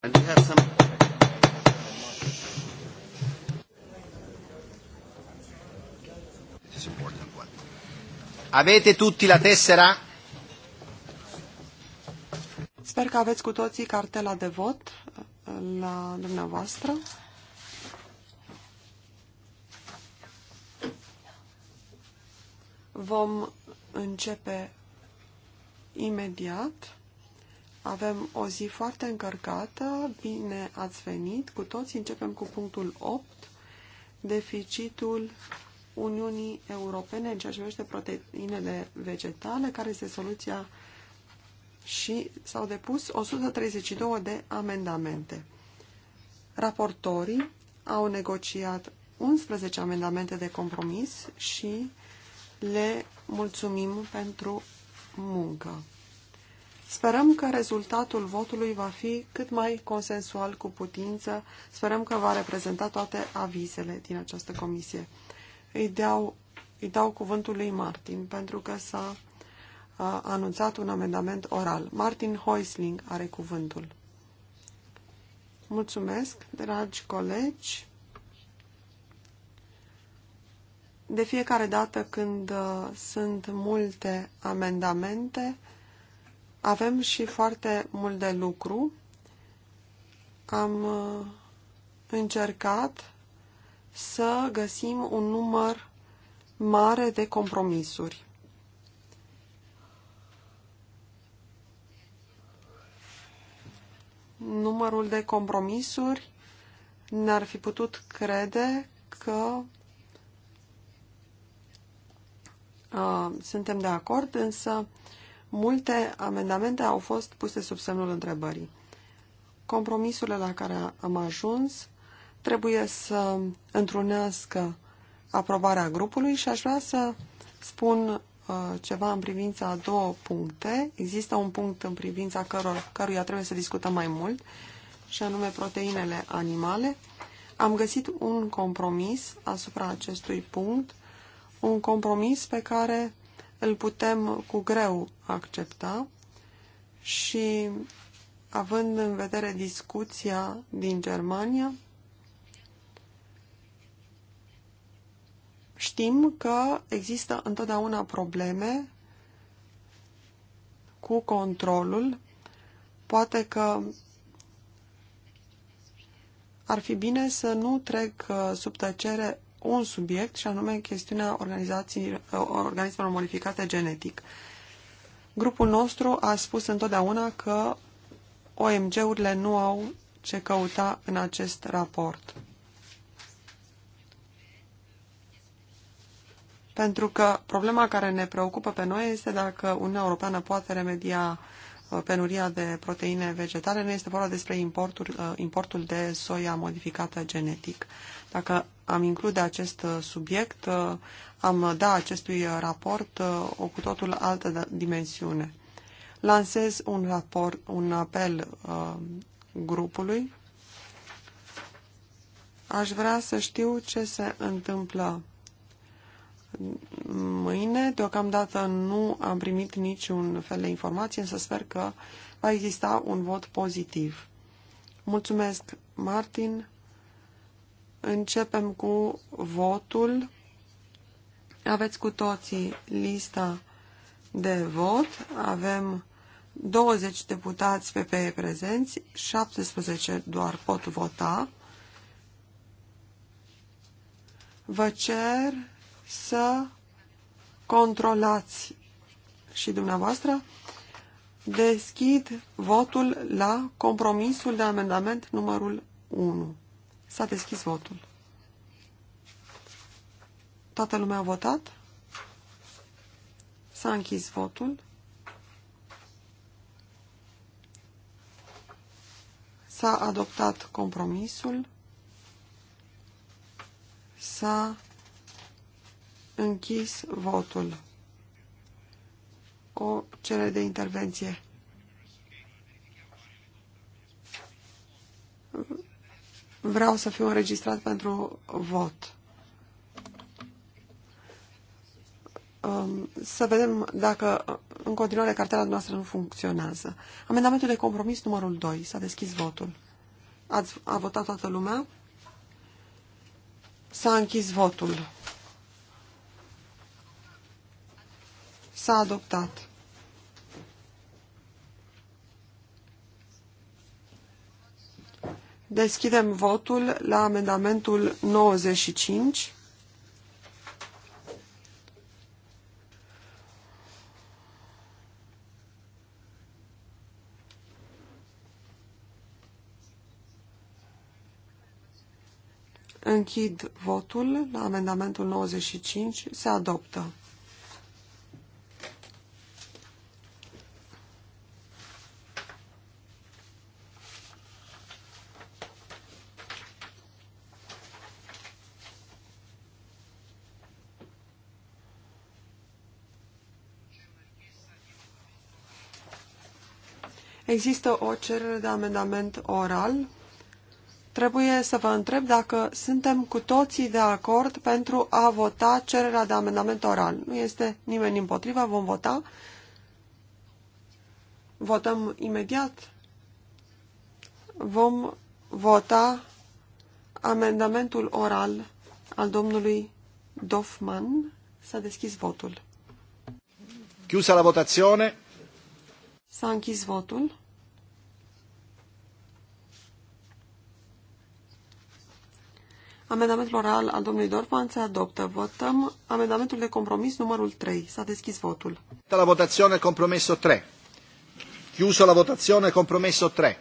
And you have some Avete tutti la tessera? Sper că aveți cu toții cartela de vot uh, la dumneavoastră. Vom începe imediat. Avem o zi foarte încărcată. Bine ați venit cu toți. Începem cu punctul 8, deficitul Uniunii Europene în ceea ce privește proteinele vegetale, care este soluția și s-au depus 132 de amendamente. Raportorii au negociat 11 amendamente de compromis și le mulțumim pentru muncă. Sperăm că rezultatul votului va fi cât mai consensual cu putință. Sperăm că va reprezenta toate avizele din această comisie. Îi dau, îi dau cuvântul lui Martin, pentru că s-a anunțat un amendament oral. Martin Hoisling are cuvântul. Mulțumesc, dragi colegi. De fiecare dată când uh, sunt multe amendamente, avem și foarte mult de lucru. Am uh, încercat să găsim un număr mare de compromisuri. Numărul de compromisuri n-ar fi putut crede că uh, suntem de acord, însă Multe amendamente au fost puse sub semnul întrebării. Compromisurile la care am ajuns trebuie să întrunească aprobarea grupului și aș vrea să spun uh, ceva în privința a două puncte. Există un punct în privința căror, căruia trebuie să discutăm mai mult, și anume proteinele animale. Am găsit un compromis asupra acestui punct, un compromis pe care îl putem cu greu accepta și având în vedere discuția din Germania, știm că există întotdeauna probleme cu controlul. Poate că ar fi bine să nu trec uh, sub tăcere un subiect și anume chestiunea organismelor modificate genetic. Grupul nostru a spus întotdeauna că OMG-urile nu au ce căuta în acest raport. Pentru că problema care ne preocupă pe noi este dacă Uniunea Europeană poate remedia uh, penuria de proteine vegetale. Nu este vorba despre importul, uh, importul de soia modificată genetic. Dacă am include acest uh, subiect, uh, am da acestui uh, raport o cu totul altă da, dimensiune. Lansez un, raport, un apel grupului. Aș vrea să știu ce se întâmplă mâine. Deocamdată nu am primit niciun fel de informație, însă sper că va exista un vot pozitiv. Mulțumesc, Martin. Începem cu votul. Aveți cu toții lista de vot. Avem 20 deputați pe prezenți, 17 doar pot vota. Vă cer să controlați și dumneavoastră. Deschid votul la compromisul de amendament numărul 1. S-a deschis votul. Toată lumea a votat? S-a închis votul. S-a adoptat compromisul. S-a închis votul. O cerere de intervenție. Vreau să fiu înregistrat pentru vot. Um, să vedem dacă în continuare cartela noastră nu funcționează. Amendamentul de compromis numărul 2. S-a deschis votul. Ați, a votat toată lumea? S-a închis votul. S-a adoptat. Deschidem votul la amendamentul 95. Închid votul la amendamentul 95. Se adoptă. Există o cerere de amendament oral. Trebuie să vă întreb dacă suntem cu toții de acord pentru a vota cererea de amendament oral. Nu este nimeni împotriva, vom vota. Votăm imediat. Vom vota amendamentul oral al domnului Dofman. S-a deschis votul. Chiusa la votazione. S-a închis votul. Amendamentul oral al domnului Dorfman se adoptă. Votăm amendamentul de compromis numărul 3. S-a deschis votul. La votazione compromisul 3. Chiusă la votazione compromisul 3.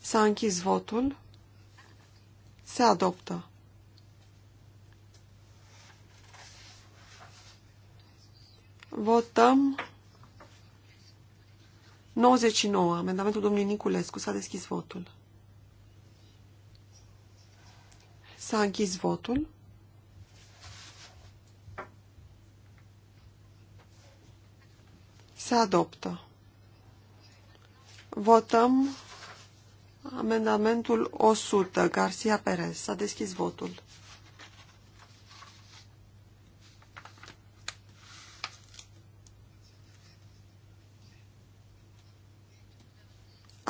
S-a închis votul. Se adoptă. Votăm 99. Amendamentul domnului Niculescu. S-a deschis votul. S-a închis votul. Se adoptă. Votăm amendamentul 100. Garcia Perez. S-a deschis votul.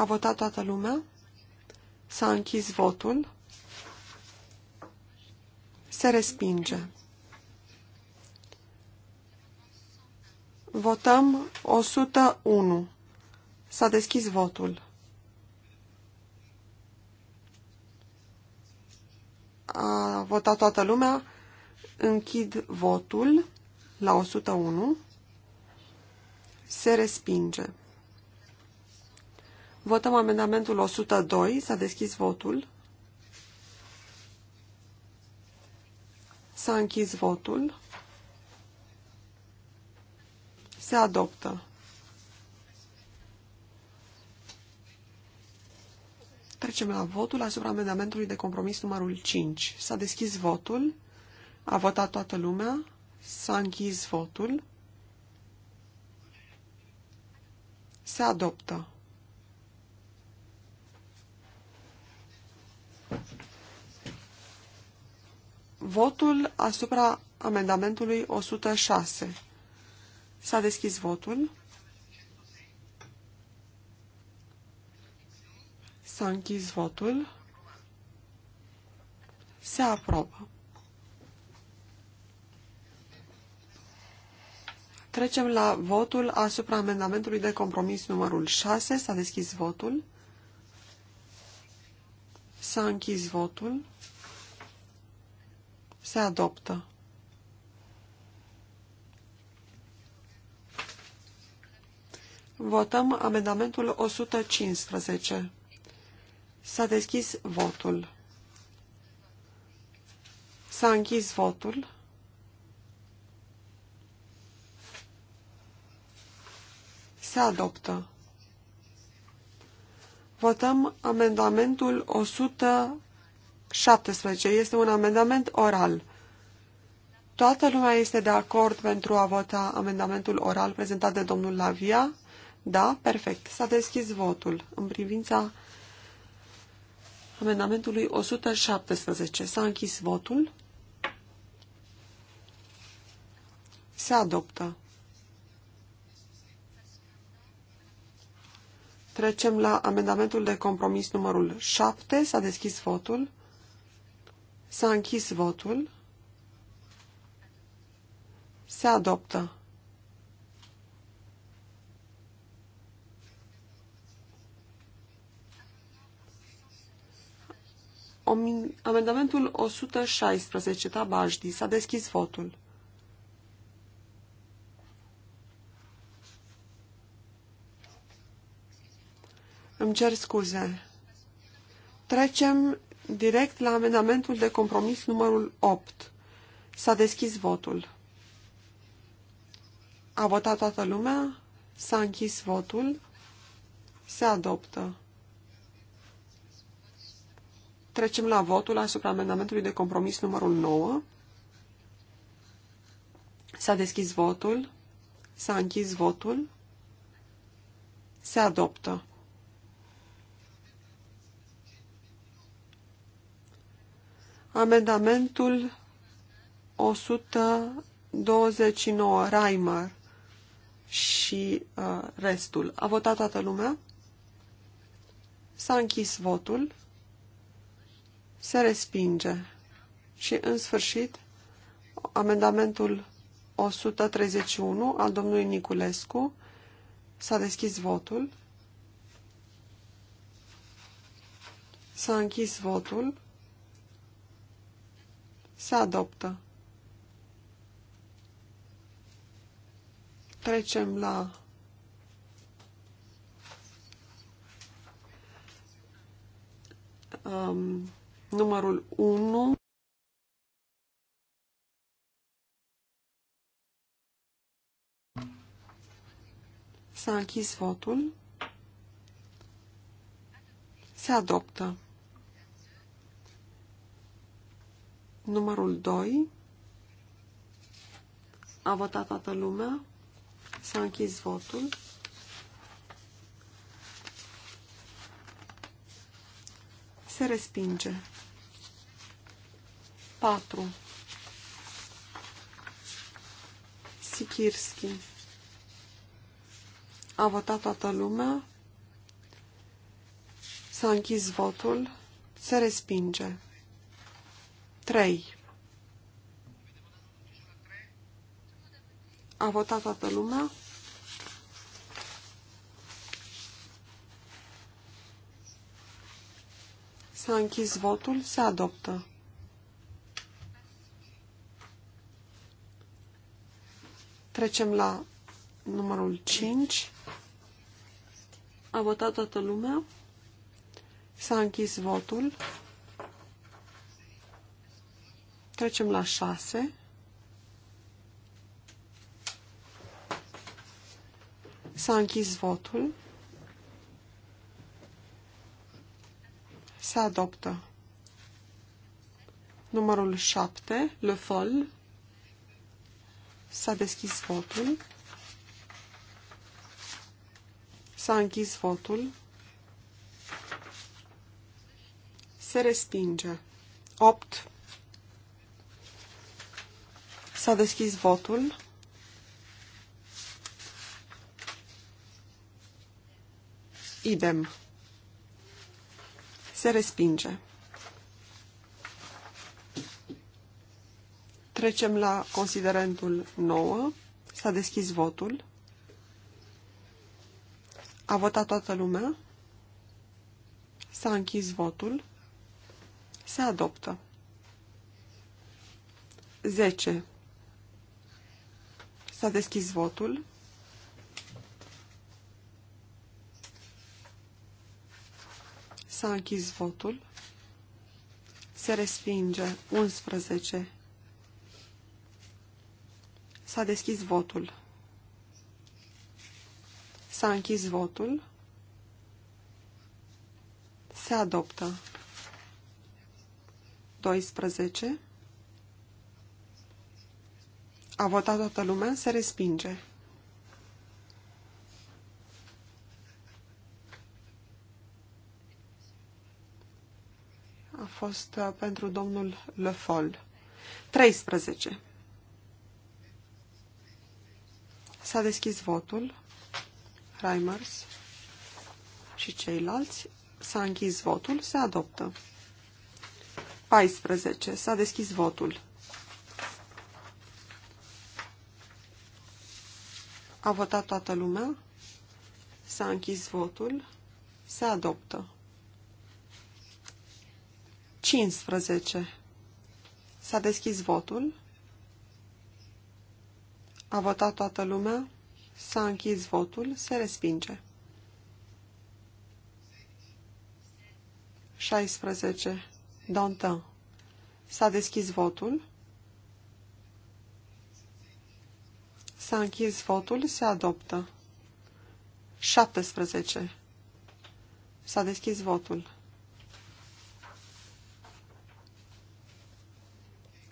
A votat toată lumea. S-a închis votul. Se respinge. Votăm 101. S-a deschis votul. A votat toată lumea. Închid votul la 101. Se respinge. Votăm amendamentul 102. S-a deschis votul. S-a închis votul. Se adoptă. Trecem la votul asupra amendamentului de compromis numărul 5. S-a deschis votul. A votat toată lumea. S-a închis votul. Se adoptă. votul asupra amendamentului 106. S-a deschis votul. S-a închis votul. Se aprobă. Trecem la votul asupra amendamentului de compromis numărul 6. S-a deschis votul. S-a închis votul. Se adoptă. Votăm amendamentul 115. S-a deschis votul. S-a închis votul. Se adoptă. Votăm amendamentul 100. 17. Este un amendament oral. Toată lumea este de acord pentru a vota amendamentul oral prezentat de domnul Lavia? Da? Perfect. S-a deschis votul în privința amendamentului 117. S-a închis votul. Se adoptă. Trecem la amendamentul de compromis numărul 7. S-a deschis votul. S-a închis votul. Se adoptă. Amendamentul 116, Tabajdi, s-a deschis votul. Îmi cer scuze. Trecem direct la amendamentul de compromis numărul 8. S-a deschis votul. A votat toată lumea, s-a închis votul, se adoptă. Trecem la votul asupra amendamentului de compromis numărul 9. S-a deschis votul, s-a închis votul, se adoptă. Amendamentul 129, Reimer și uh, restul. A votat toată lumea? S-a închis votul. Se respinge. Și, în sfârșit, amendamentul 131 al domnului Niculescu. S-a deschis votul. S-a închis votul. Se adoptă. Trecem la um, numărul 1. S-a închis votul. Se adoptă. Numărul 2. A votat toată lumea. S-a închis votul. Se respinge. 4. Sikirski. A votat toată lumea. S-a închis votul. Se respinge. 3. A votat toată lumea. S-a închis votul, se adoptă. Trecem la numărul 5. A votat toată lumea. S-a închis votul. Trecem la 6. S-a închis votul. Se adoptă. Numărul 7, Le Fol. S-a deschis votul. S-a închis votul. Se respinge. 8. S-a deschis votul. Idem. Se respinge. Trecem la considerentul 9. S-a deschis votul. A votat toată lumea. S-a închis votul. Se adoptă. 10. S-a deschis votul. S-a închis votul. Se respinge 11. S-a deschis votul. S-a închis votul. Se adoptă 12. A votat toată lumea, se respinge. A fost uh, pentru domnul Le Foll. 13. S-a deschis votul. Reimers și ceilalți. S-a închis votul. Se adoptă. 14. S-a deschis votul. A votat toată lumea. S-a închis votul. Se adoptă. 15. S-a deschis votul. A votat toată lumea. S-a închis votul. Se respinge. 16. Dantin. S-a deschis votul. S-a închis votul, se adoptă. 17. S-a deschis votul.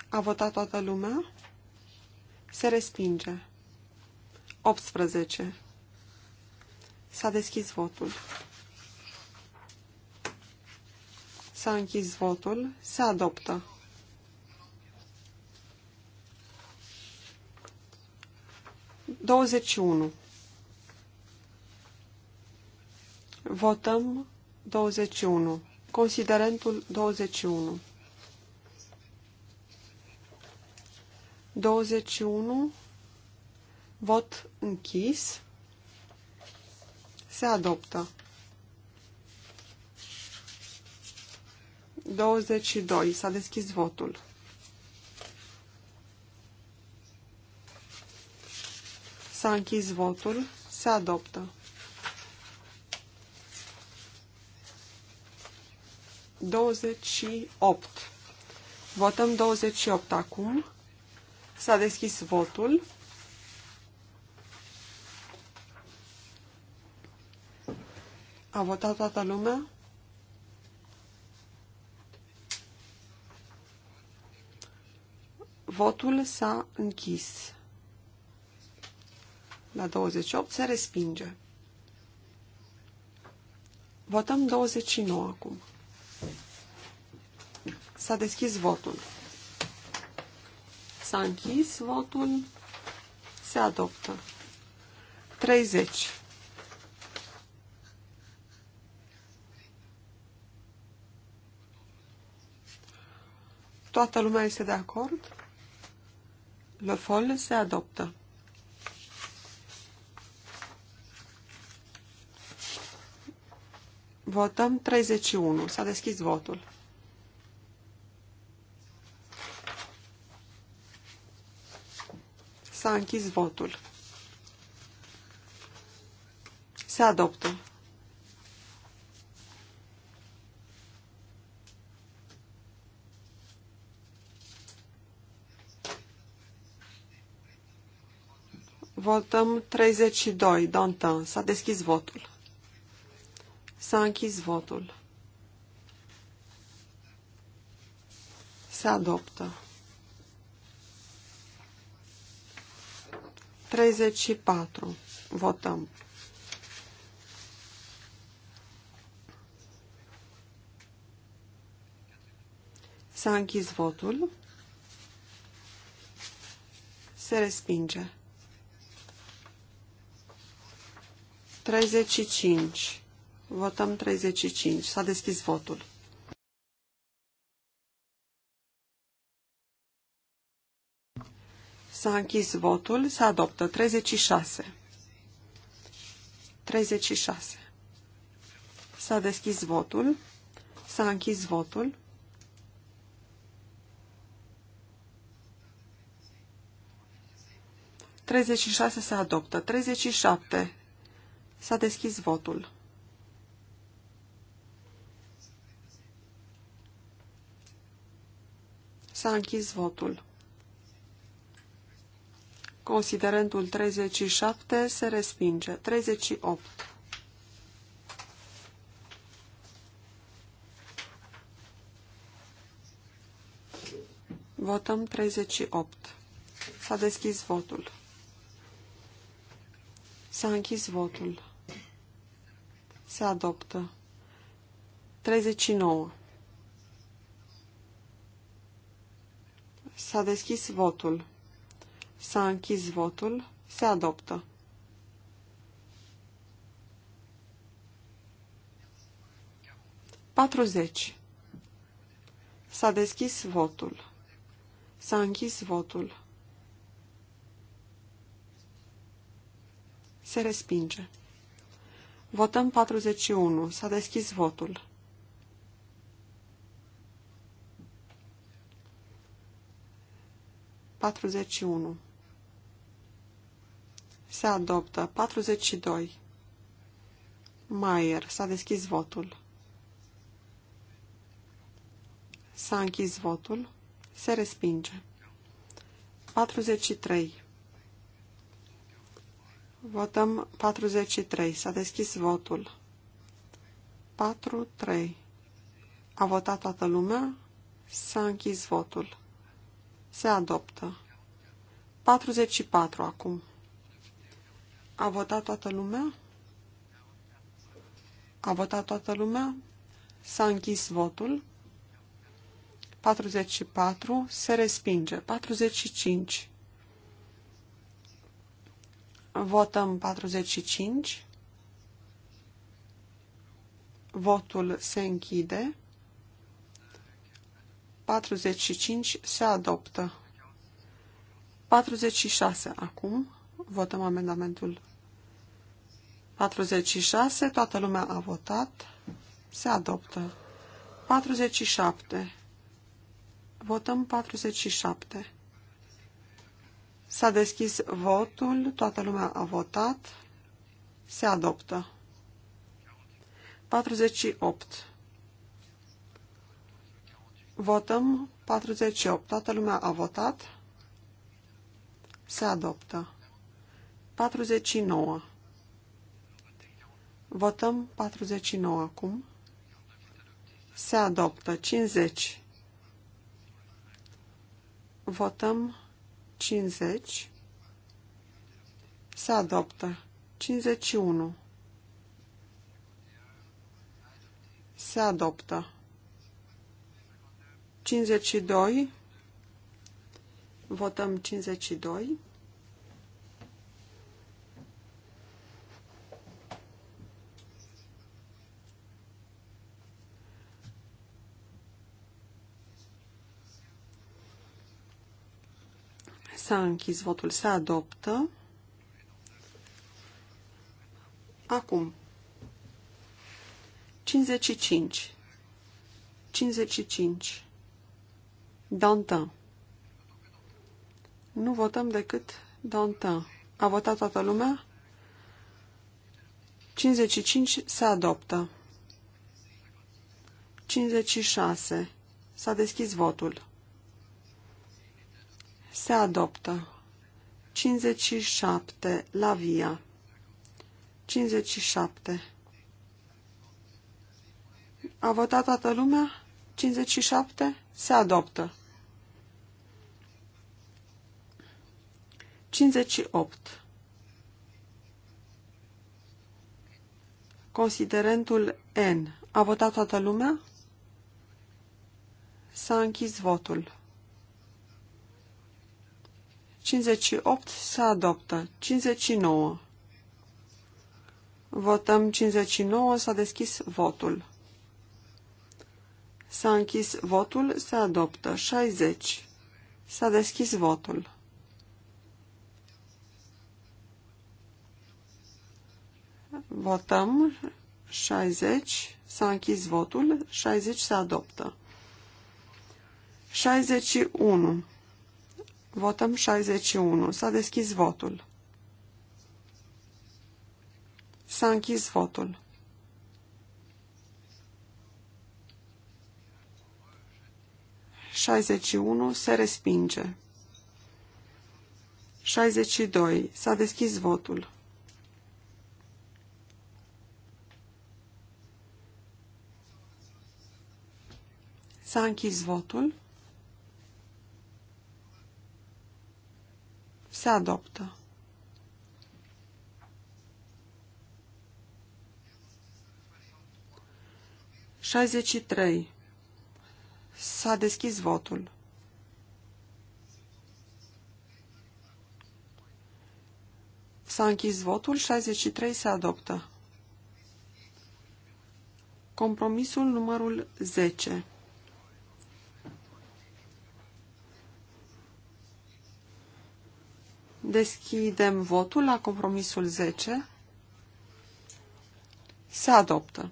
A votat toată lumea? Se respinge. 18. S-a deschis votul. S-a închis votul, se adoptă. 21. Votăm 21. Considerentul 21. 21. Vot închis. Se adoptă. 22. S-a deschis votul. S-a închis votul. Se adoptă. opt. Votăm 28 acum. S-a deschis votul. A votat toată lumea? Votul s-a închis la 28 se respinge. Votăm 29 acum. S-a deschis votul. S-a închis votul. Se adoptă. 30. Toată lumea este de acord? Le Foll se adoptă. Votăm 31. S-a deschis votul. S-a închis votul. Se adoptă. Votăm 32, Dantin. S-a deschis votul. S-a închis votul. Se adoptă. 34. Votăm. S-a închis votul. Se respinge. 35. Votăm 35. S-a deschis votul. S-a închis votul. Se adoptă 36. 36. S-a deschis votul. S-a închis votul. Treizeci și șase se adoptă. Treizeci și șapte. S-a deschis votul. S-a închis votul. Considerentul 37 se respinge. 38. Votăm 38. S-a deschis votul. S-a închis votul. Se adoptă. 39. S-a deschis votul. S-a închis votul. Se adoptă. Patruzeci. S-a deschis votul. S-a închis votul. Se respinge. Votăm 41. S-a deschis votul. 41. Se adoptă. 42. Maier. S-a deschis votul. S-a închis votul. Se respinge. 43. Votăm 43. S-a deschis votul. 4-3. A votat toată lumea? S-a închis votul. Se adoptă. 44 acum. A votat toată lumea? A votat toată lumea? S-a închis votul. 44. Se respinge. 45. Votăm 45. Votul se închide. 45 se adoptă. 46 acum. Votăm amendamentul 46. Toată lumea a votat. Se adoptă. 47. Votăm 47. S-a deschis votul. Toată lumea a votat. Se adoptă. 48. Votăm 48. Toată lumea a votat. Se adoptă. 49. Votăm 49 acum. Se adoptă. 50. Votăm 50. Se adoptă. 51. Se adoptă. 52. Votăm 52. S-a închis votul, se adoptă. Acum, 55. 55. Dantin. Nu votăm decât Dantin. A votat toată lumea? 55 se adoptă. 56. S-a deschis votul. Se adoptă. 57. La via. 57. A votat toată lumea? 57 se adoptă. 58. Considerentul N. A votat toată lumea? S-a închis votul. 58 se adoptă. 59. Votăm 59, s-a deschis votul. S-a închis votul, se adoptă. 60. S-a deschis votul. Votăm 60, s-a închis votul, 60 se adoptă. 61. Votăm 61. S-a deschis votul. S-a închis votul. 61 se respinge. 62. S-a deschis votul. S-a închis votul. Se adoptă. 63 S-a deschis votul. S-a închis votul, 63 se adoptă. Compromisul numărul 10. Deschidem votul la compromisul 10. Se adoptă.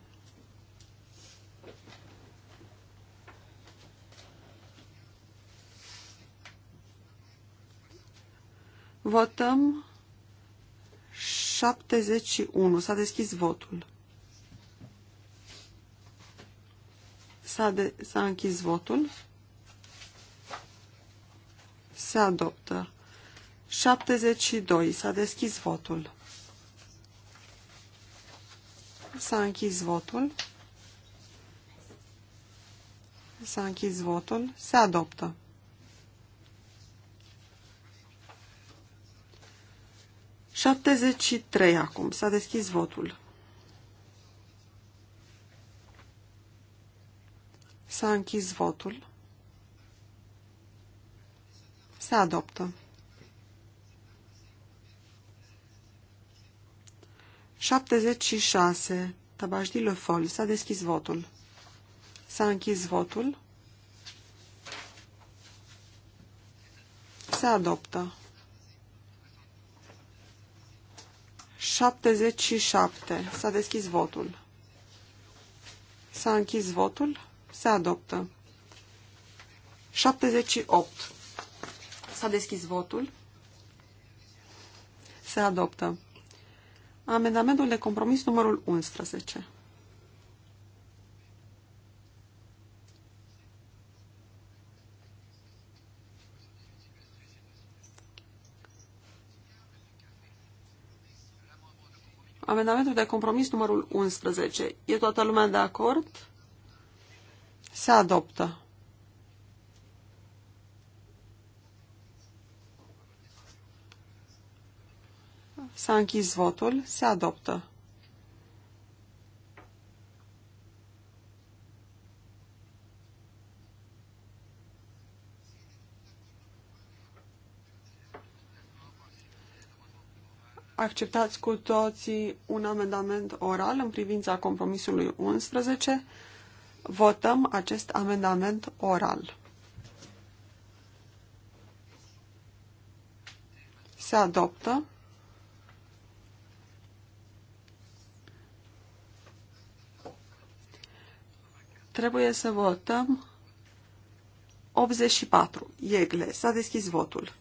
Votăm 71. S-a deschis votul. S-a, de- s-a închis votul. Se adoptă. 72. S-a deschis votul. S-a închis votul. S-a închis votul. Se adoptă. 73 acum. S-a deschis votul. S-a închis votul. Se adoptă. 76. Tabajdi Le Foll. S-a deschis votul. S-a închis votul. Se adoptă. 77. S-a deschis votul. S-a închis votul. Se adoptă. 78. S-a deschis votul. Se adoptă. Amendamentul de compromis numărul 11. Amendamentul de compromis numărul 11. E toată lumea de acord? Se adoptă. S-a închis votul. Se adoptă. acceptați cu toții un amendament oral în privința compromisului 11. Votăm acest amendament oral. Se adoptă. Trebuie să votăm 84. Iegle. S-a deschis votul.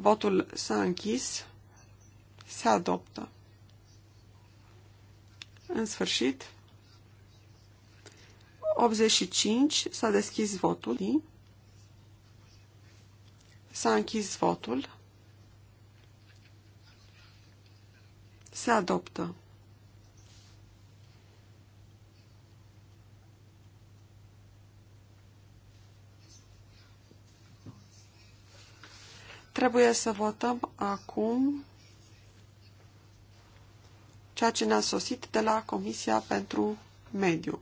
Votul s-a închis. Se adoptă. În sfârșit, 85 s-a deschis votul. S-a închis votul. Se adoptă. Trebuie să votăm acum ceea ce ne-a sosit de la Comisia pentru Mediu.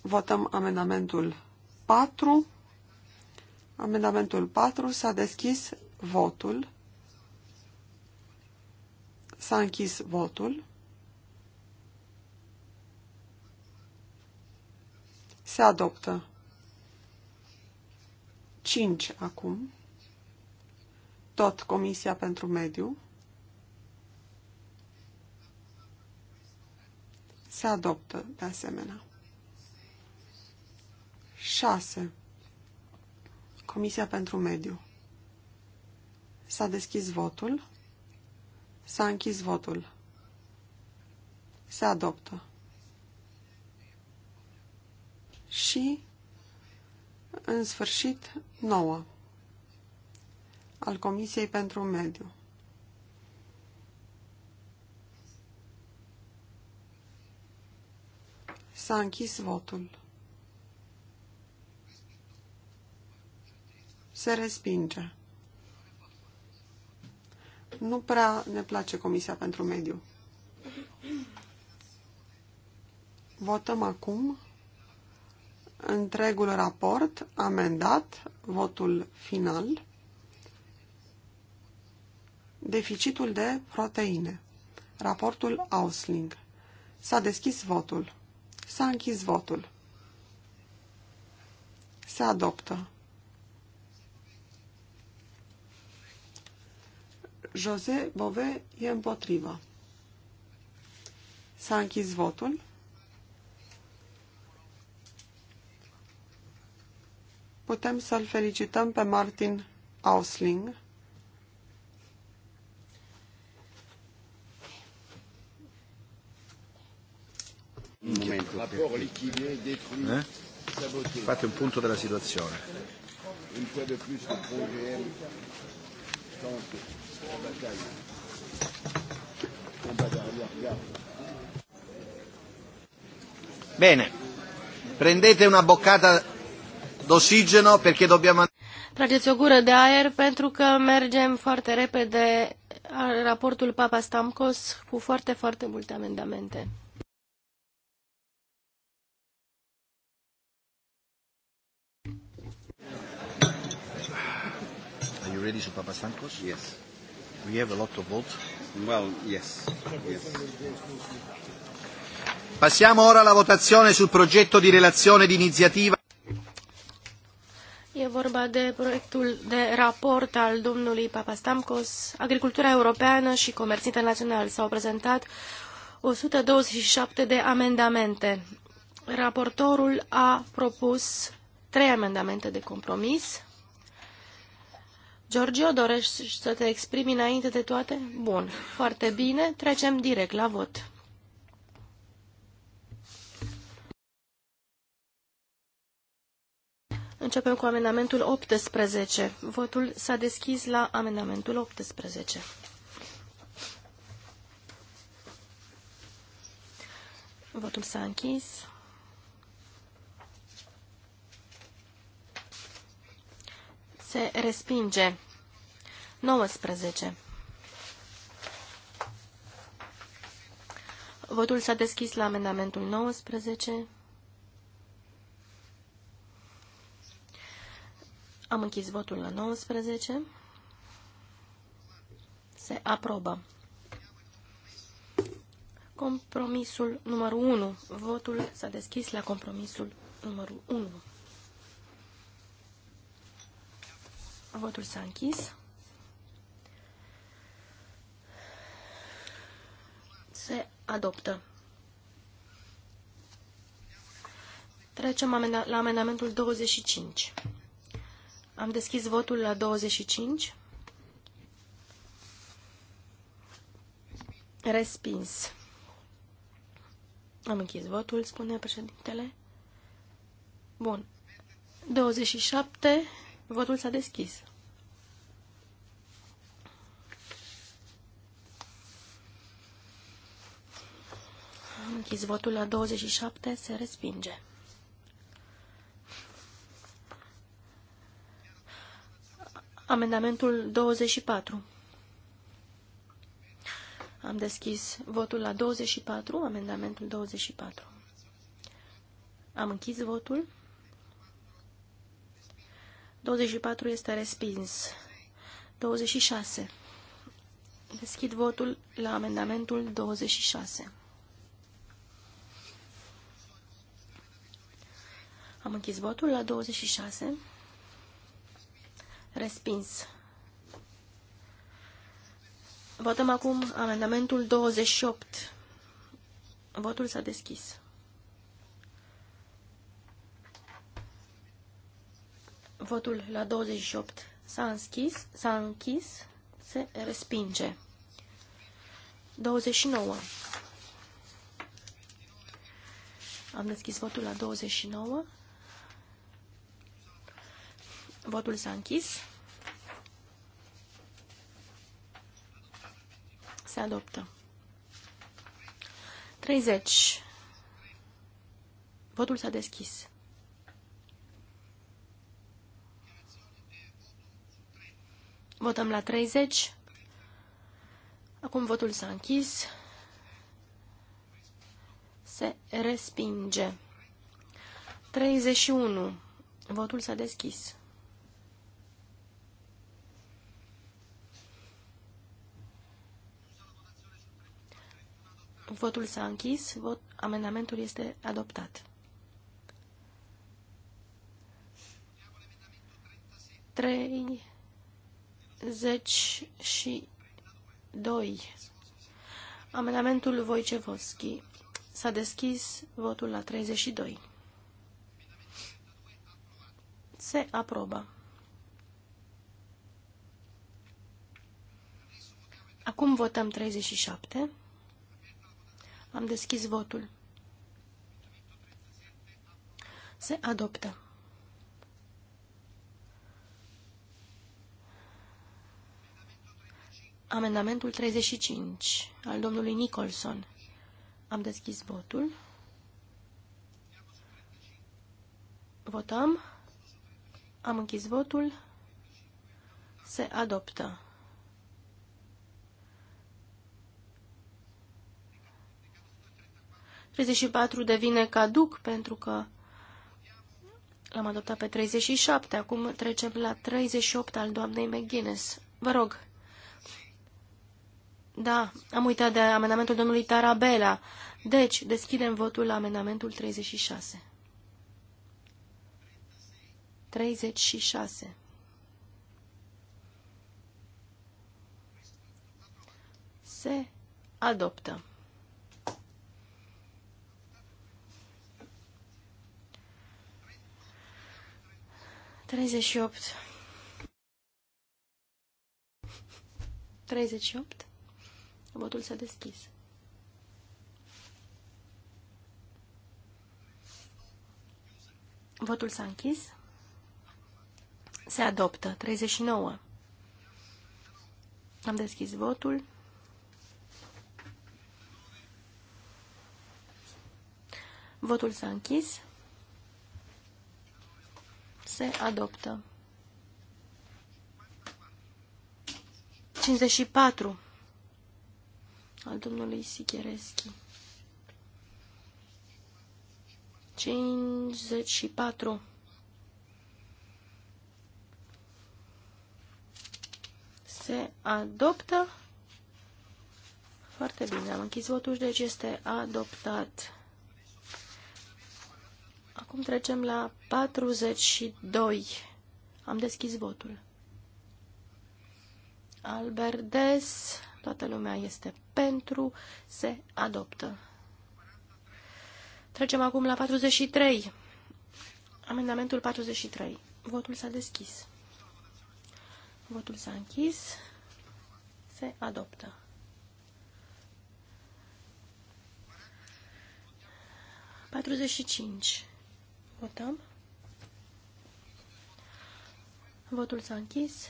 Votăm amendamentul 4. Amendamentul 4 s-a deschis votul. S-a închis votul. Se adoptă. 5 acum. Tot Comisia pentru Mediu. Se adoptă de asemenea. 6. Comisia pentru Mediu. S-a deschis votul. S-a închis votul. Se adoptă și, în sfârșit, nouă, al Comisiei pentru Mediu. S-a închis votul. Se respinge. Nu prea ne place Comisia pentru Mediu. Votăm acum întregul raport amendat, votul final, deficitul de proteine, raportul Ausling. S-a deschis votul. S-a închis votul. Se adoptă. Jose Bove e împotriva. S-a închis votul. putem să-l felicităm pe Martin Ausling. eh? Fate un punto della situazione. de la bataille. Bene, prendete una boccata d'ossigeno perché dobbiamo... Trageți o gură de aer pentru că mergem foarte repede raportul Papa Stamkos cu foarte, foarte multe amendamente. Are you ready, Papa Stamkos? Yes. We have a lot of votes. Well, yes. yes. Passiamo ora alla votazione sul progetto di relazione d'iniziativa. E vorba de proiectul de raport al domnului Papastamkos, Agricultura Europeană și Comerț Internațional. S-au prezentat 127 de amendamente. Raportorul a propus trei amendamente de compromis. Giorgio, dorești să te exprimi înainte de toate? Bun, foarte bine, trecem direct la vot. Începem cu amendamentul 18. Votul s-a deschis la amendamentul 18. Votul s-a închis. Se respinge. 19. Votul s-a deschis la amendamentul 19. Am închis votul la 19. Se aprobă. Compromisul numărul 1. Votul s-a deschis la compromisul numărul 1. Votul s-a închis. Se adoptă. Trecem la amendamentul 25. Am deschis votul la 25. Respins. Am închis votul, spune președintele. Bun. 27. Votul s-a deschis. Am închis votul la 27. Se respinge. Amendamentul 24. Am deschis votul la 24, amendamentul 24. Am închis votul. 24 este respins. 26. Deschid votul la amendamentul 26. Am închis votul la 26. Respins. Votăm acum amendamentul 28. Votul s-a deschis. Votul la 28 s-a închis, s-a închis, se respinge. 29. Am deschis votul la 29. Votul s-a închis. Se adoptă. 30. Votul s-a deschis. Votăm la 30. Acum votul s-a închis. Se respinge. 31. Votul s-a deschis. Votul s-a închis. Vot, amendamentul este adoptat. și 2. Amendamentul Voicevoschi. S-a deschis votul la 32. Se aprobă. Acum votăm 37. Am deschis votul. Se adoptă. Amendamentul 35 al domnului Nicholson. Am deschis votul. Votăm. Am închis votul. Se adoptă. 34 devine caduc pentru că l-am adoptat pe 37. Acum trecem la 38 al doamnei McGuinness. Vă rog. Da, am uitat de amendamentul domnului Tarabela. Deci, deschidem votul la amendamentul 36. 36. Se adoptă. 38. 38. Botul s-a deschis. Votul s-a închis. Se adoptă. 39. Am deschis votul. Votul s-a închis se adoptă. 54 al domnului Sichereschi. 54 se adoptă. Foarte bine, am închis votul, deci este adoptat. Acum trecem la 42. Am deschis votul. Alberdes, toată lumea este pentru, se adoptă. Trecem acum la 43. Amendamentul 43. Votul s-a deschis. Votul s-a închis. Se adoptă. Patruzeci și cinci. Votăm. Votul s-a închis.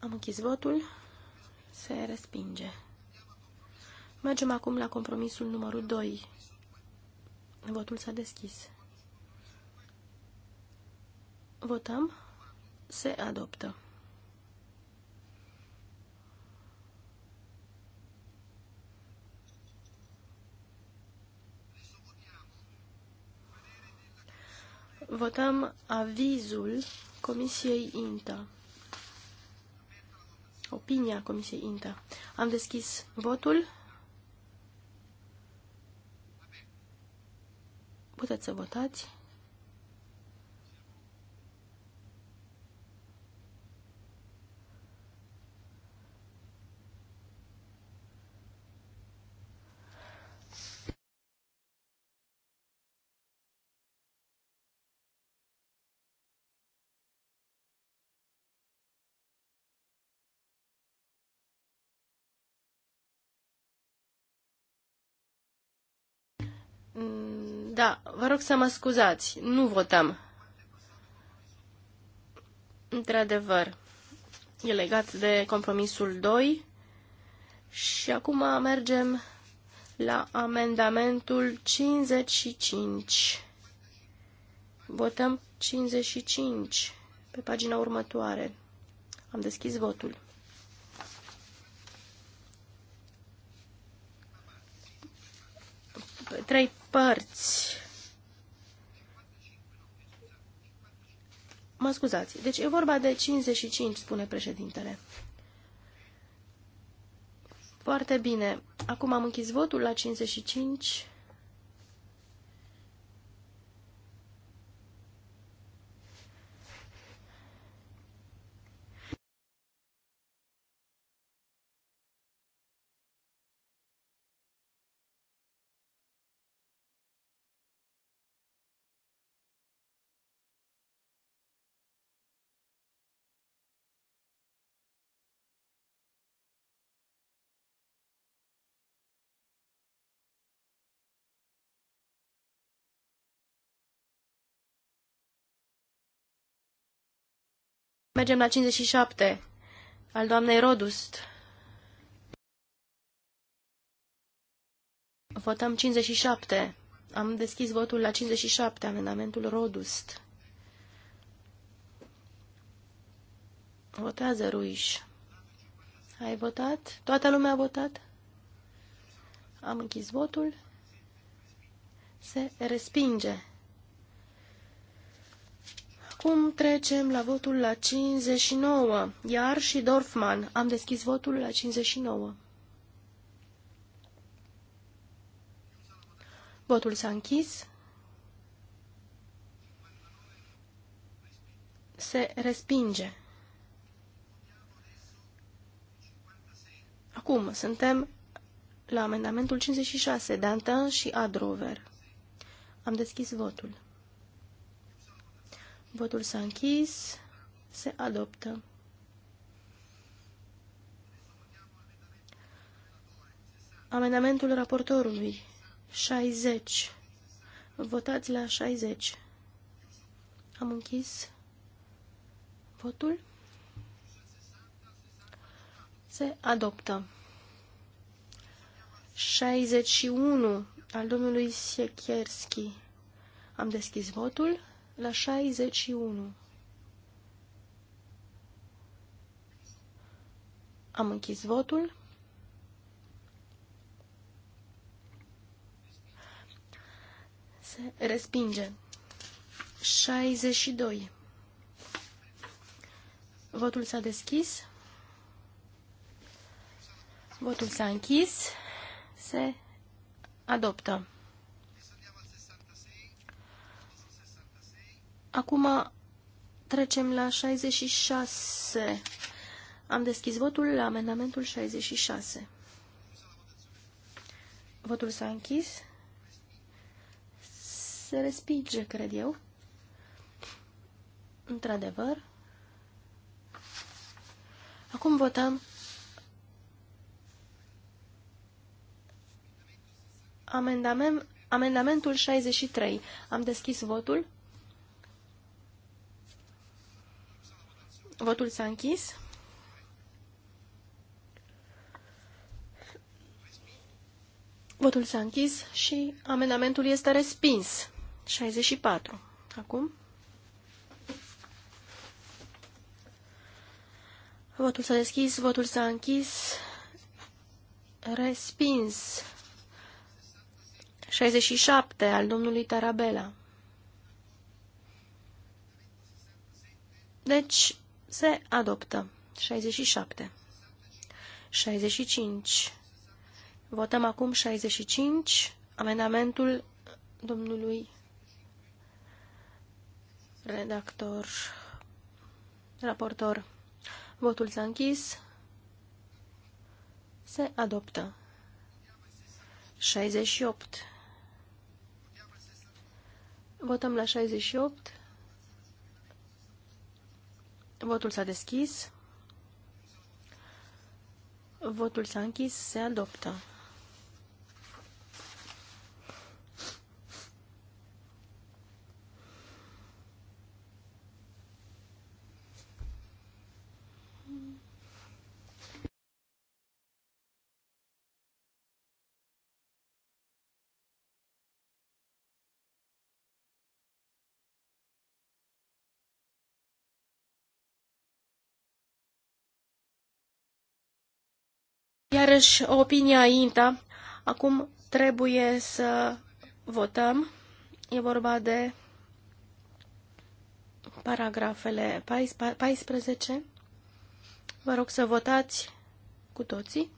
Am închis votul. Se respinge. Mergem acum la compromisul numărul 2. Votul s-a deschis. Votăm. Se adoptă. Votăm avizul Comisiei INTA. Opinia Comisiei INTA. Am deschis votul. Puteți să votați. Da, vă rog să mă scuzați, nu votăm. Într-adevăr, e legat de compromisul 2 și acum mergem la amendamentul 55. Votăm 55 pe pagina următoare. Am deschis votul. Trei părți. Mă scuzați, deci e vorba de 55, spune președintele. Foarte bine. Acum am închis votul la 55. Mergem la 57, al doamnei Rodust. Votăm 57. Am deschis votul la 57, amendamentul Rodust. Votează Ruiș. Ai votat? Toată lumea a votat? Am închis votul. Se respinge. Acum trecem la votul la 59. Iar și Dorfman. Am deschis votul la 59. Votul s-a închis. Se respinge. Acum suntem la amendamentul 56, Dantin și Adrover. Am deschis votul. Votul s-a închis. Se adoptă. Amendamentul raportorului. 60. Votați la 60. Am închis votul. Se adoptă. 61 al domnului Siekierski. Am deschis votul la 61. Am închis votul. Se respinge. 62. Votul s-a deschis. Votul s-a închis. Se adoptă. Acum trecem la 66. Am deschis votul la amendamentul 66. Votul s-a închis. Se respinge, cred eu. Într-adevăr. Acum votăm amendament, amendamentul 63. Am deschis votul. Votul s-a închis. Votul s-a închis și amendamentul este respins. 64. Acum. Votul s-a deschis, votul s-a închis. Respins. 67 al domnului Tarabela. Deci, se adoptă. 67. 65. Votăm acum 65, amendamentul domnului redactor, raportor. Votul s-a închis. Se adoptă. 68. Votăm la 68. Votul s-a deschis. Votul s-a închis. Se adoptă. Iarăși, opinia INTA, acum trebuie să votăm. E vorba de paragrafele 14. Vă rog să votați cu toții.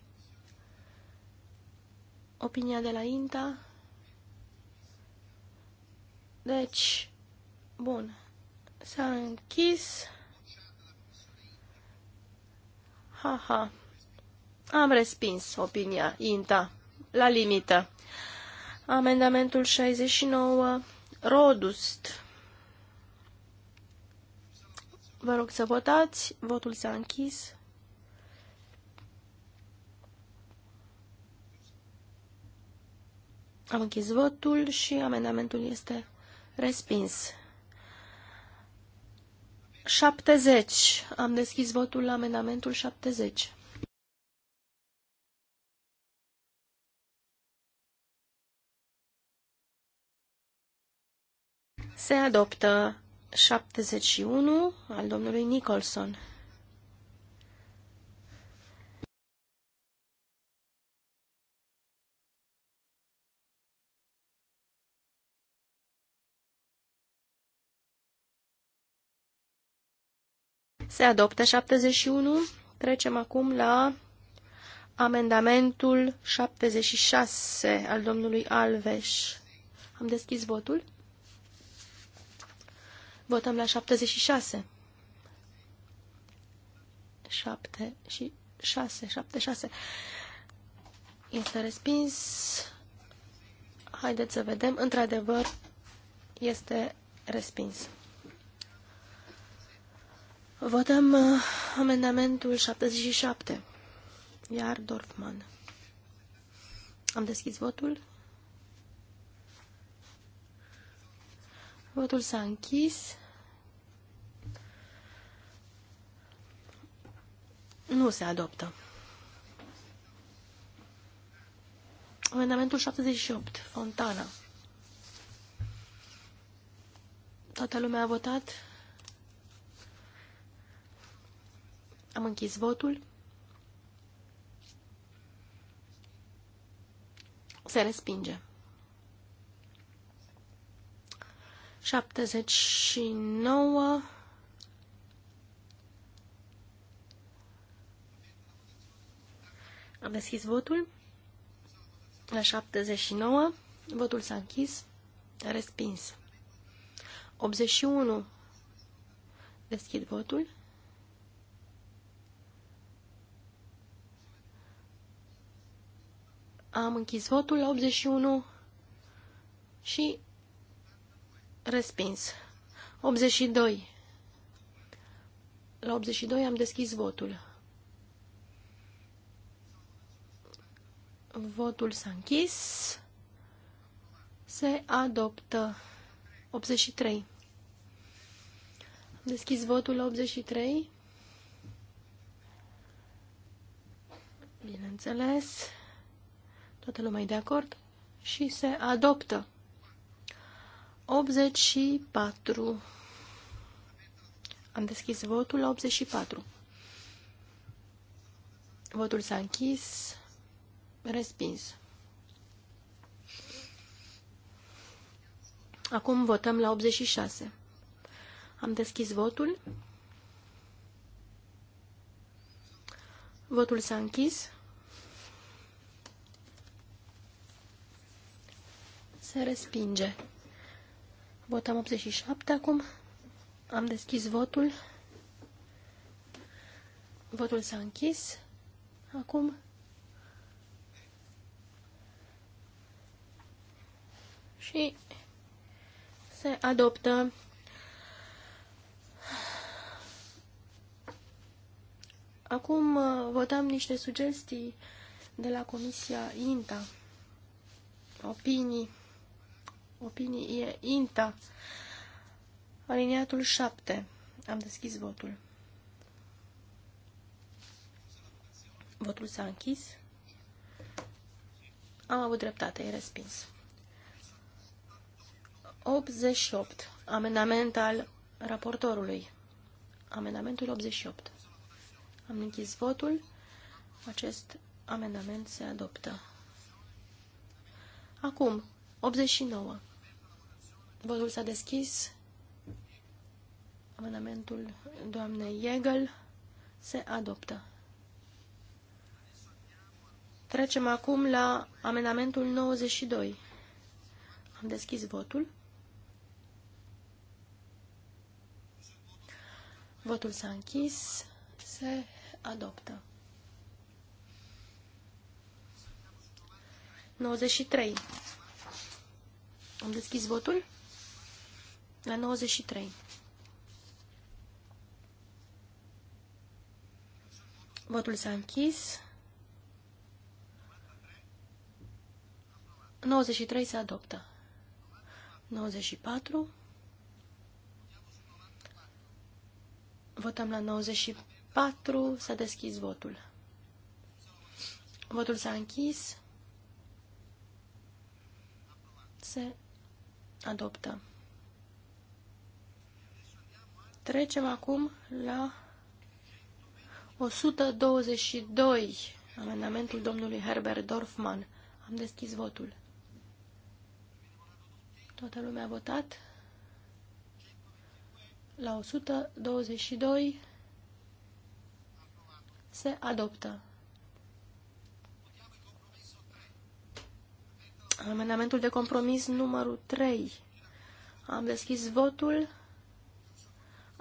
Opinia de la INTA. Deci, bun, s-a închis. Ha, ha. Am respins opinia INTA la limită. Amendamentul 69, Rodust. Vă rog să votați. Votul s-a închis. Am închis votul și amendamentul este respins. 70. Am deschis votul la amendamentul 70. Se adoptă 71 al domnului Nicholson. Se adoptă 71. Trecem acum la amendamentul 76 al domnului Alveș. Am deschis votul. Votăm la 76. 7 și 6, 7, 6. Este respins. Haideți să vedem. Într-adevăr, este respins. Votăm uh, amendamentul 77. Iar Dorfman. Am deschis votul. Votul s-a închis. Nu se adoptă. Amendamentul 78. Fontana. Toată lumea a votat. Am închis votul. Se respinge. 79 Am deschis votul la 79. Votul s-a închis. Respins. 81. Deschid votul. Am închis votul la 81 și respins. 82. La 82 am deschis votul. Votul s-a închis. Se adoptă. 83. Am deschis votul 83. Bineînțeles. Toată lumea e de acord. Și se adoptă. 84. Am deschis votul la 84. Votul s-a închis. Respins. Acum votăm la 86. Am deschis votul. Votul s-a închis. Se respinge. Votăm 87 acum. Am deschis votul. Votul s-a închis. Acum și se adoptă Acum uh, votăm niște sugestii de la Comisia INTA. Opinii. Opinii e INTA. Aliniatul 7. Am deschis votul. Votul s-a închis. Am avut dreptate, e respins. 88. Amendament al raportorului. Amendamentul 88. Am închis votul. Acest amendament se adoptă. Acum, 89. Votul s-a deschis. Amendamentul doamnei Iegel se adoptă. Trecem acum la amendamentul 92. Am deschis votul. Votul s-a închis. Se adoptă. 93. Am deschis votul? La 93. Votul s-a închis. 93 se adoptă. 94. Votăm la 94. S-a deschis votul. Votul s-a închis. Se adoptă. Trecem acum la 122, amendamentul domnului Herbert Dorfman. Am deschis votul. Toată lumea a votat la 122 se adoptă. Amendamentul de compromis numărul 3. Am deschis votul.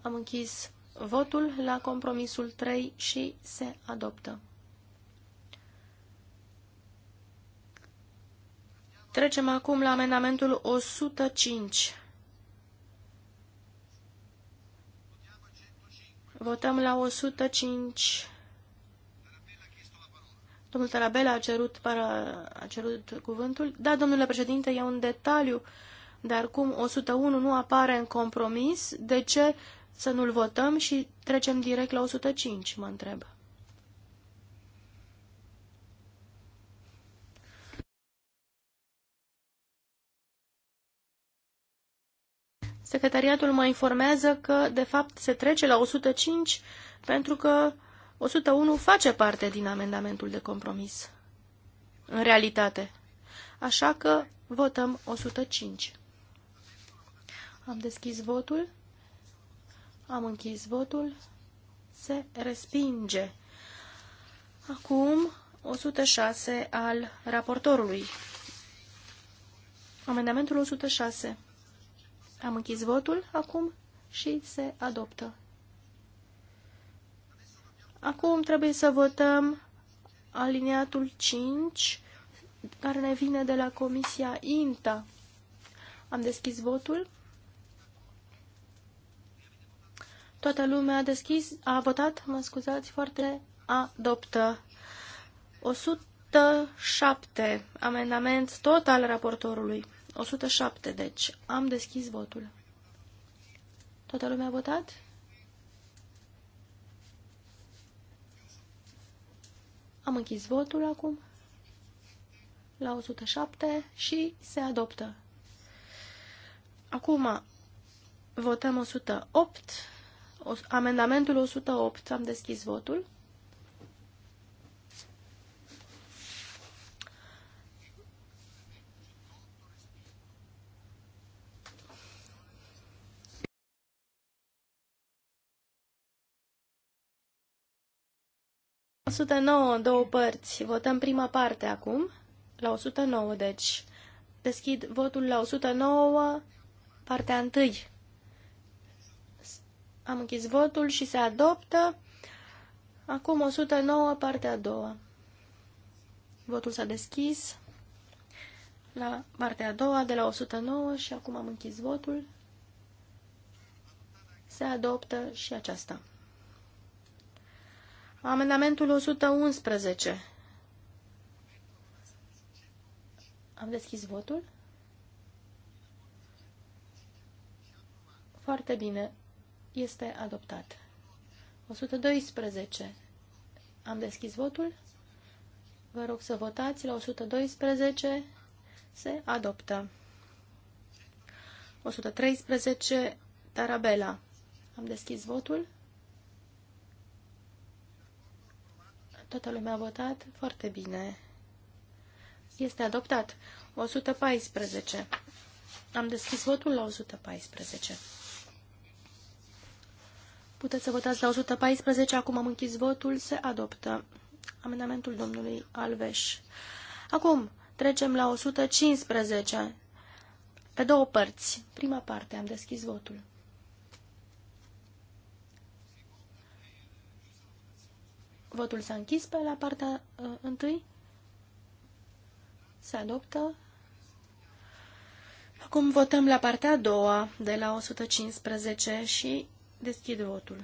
Am închis votul la compromisul 3 și se adoptă. Trecem acum la amendamentul 105. Votăm la 105. Domnul Tarabela a cerut, para, a cerut cuvântul. Da, domnule președinte, e un detaliu, dar cum 101 nu apare în compromis, de ce să nu-l votăm și trecem direct la 105, mă întreb. Secretariatul mă informează că, de fapt, se trece la 105 pentru că 101 face parte din amendamentul de compromis. În realitate. Așa că votăm 105. Am deschis votul. Am închis votul. Se respinge. Acum 106 al raportorului. Amendamentul 106. Am închis votul acum și se adoptă. Acum trebuie să votăm aliniatul 5, care ne vine de la Comisia INTA. Am deschis votul. Toată lumea a deschis, a votat, mă scuzați, foarte adoptă. 107. Amendament total raportorului. 107, deci. Am deschis votul. Toată lumea a votat? Am închis votul acum la 107 și se adoptă. Acum votăm 108, amendamentul 108, am deschis votul. 109 în două părți. Votăm prima parte acum. La 109, deci. Deschid votul la 109, partea 1. Am închis votul și se adoptă. Acum 109, partea a doua. Votul s-a deschis la partea a doua de la 109 și acum am închis votul. Se adoptă și aceasta. Amendamentul 111. Am deschis votul? Foarte bine. Este adoptat. 112. Am deschis votul? Vă rog să votați. La 112 se adoptă. 113. Tarabela. Am deschis votul? Toată lumea a votat foarte bine. Este adoptat. 114. Am deschis votul la 114. Puteți să votați la 114. Acum am închis votul. Se adoptă amendamentul domnului Alveș. Acum trecem la 115. Pe două părți. Prima parte. Am deschis votul. Votul s-a închis pe la partea uh, întâi. Se adoptă. Acum votăm la partea a doua, de la 115 și deschid votul.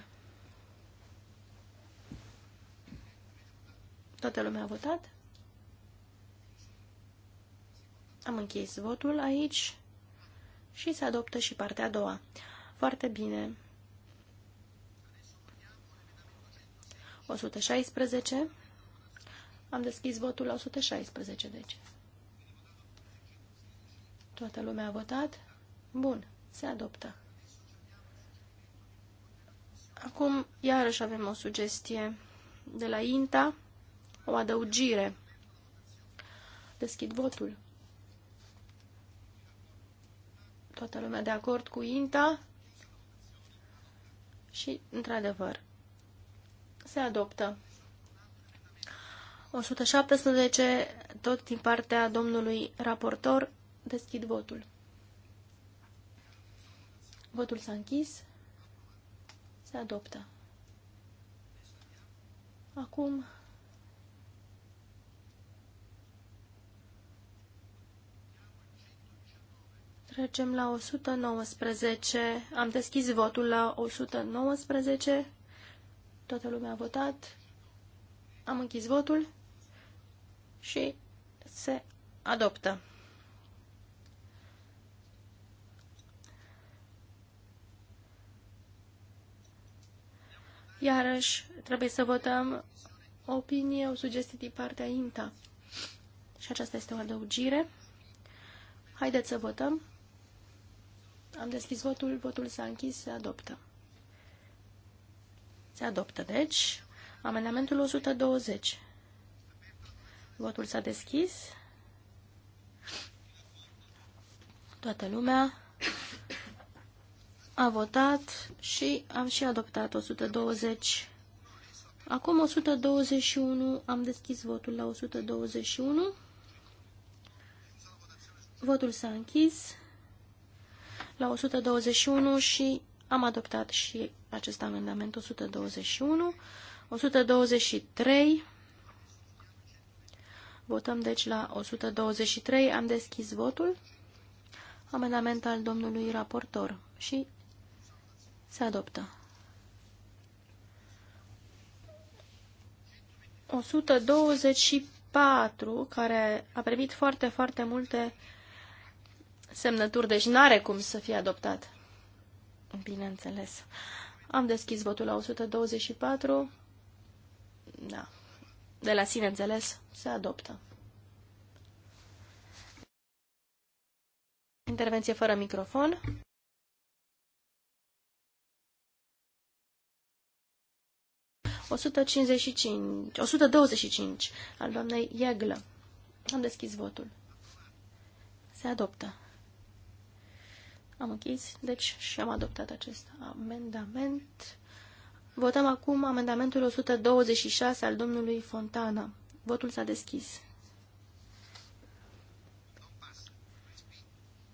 Toată lumea a votat? Am închis votul aici și se adoptă și partea a doua. Foarte bine. 116. Am deschis votul la 116, deci. Toată lumea a votat? Bun, se adoptă. Acum, iarăși avem o sugestie de la INTA, o adăugire. Deschid votul. Toată lumea de acord cu INTA și, într-adevăr, se adoptă. 117, tot din partea domnului raportor, deschid votul. Votul s-a închis. Se adoptă. Acum... Trecem la 119. Am deschis votul la 119. Toată lumea a votat. Am închis votul și se adoptă. Iarăși, trebuie să votăm opinie, o sugestie din partea INTA. Și aceasta este o adăugire. Haideți să votăm. Am deschis votul, votul s-a închis, se adoptă. Se adoptă, deci, amendamentul 120. Votul s-a deschis. Toată lumea a votat și am și adoptat 120. Acum 121, am deschis votul la 121. Votul s-a închis la 121 și am adoptat și acest amendament 121. 123. Votăm deci la 123. Am deschis votul. Amendament al domnului raportor și se adoptă. 124, care a primit foarte, foarte multe semnături, deci n-are cum să fie adoptat. Bineînțeles. Am deschis votul la 124. Da. De la sine înțeles, se adoptă. Intervenție fără microfon. O 155, 125 al doamnei Ieglă. Am deschis votul. Se adoptă. Am închis, deci, și am adoptat acest amendament. Votăm acum amendamentul 126 al domnului Fontana. Votul s-a deschis.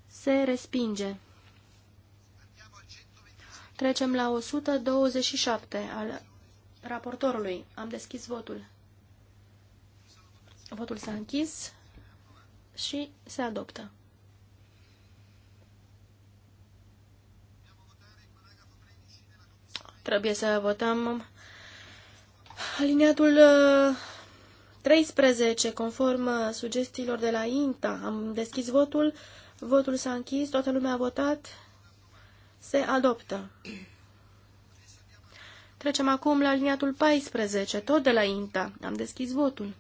Se respinge. Trecem la 127 al raportorului. Am deschis votul. Votul s-a închis și se adoptă. Trebuie să votăm aliniatul 13, uh, conform uh, sugestiilor de la INTA. Am deschis votul, votul s-a închis, toată lumea a votat, se adoptă. Trecem acum la aliniatul 14, tot de la INTA. Am deschis votul.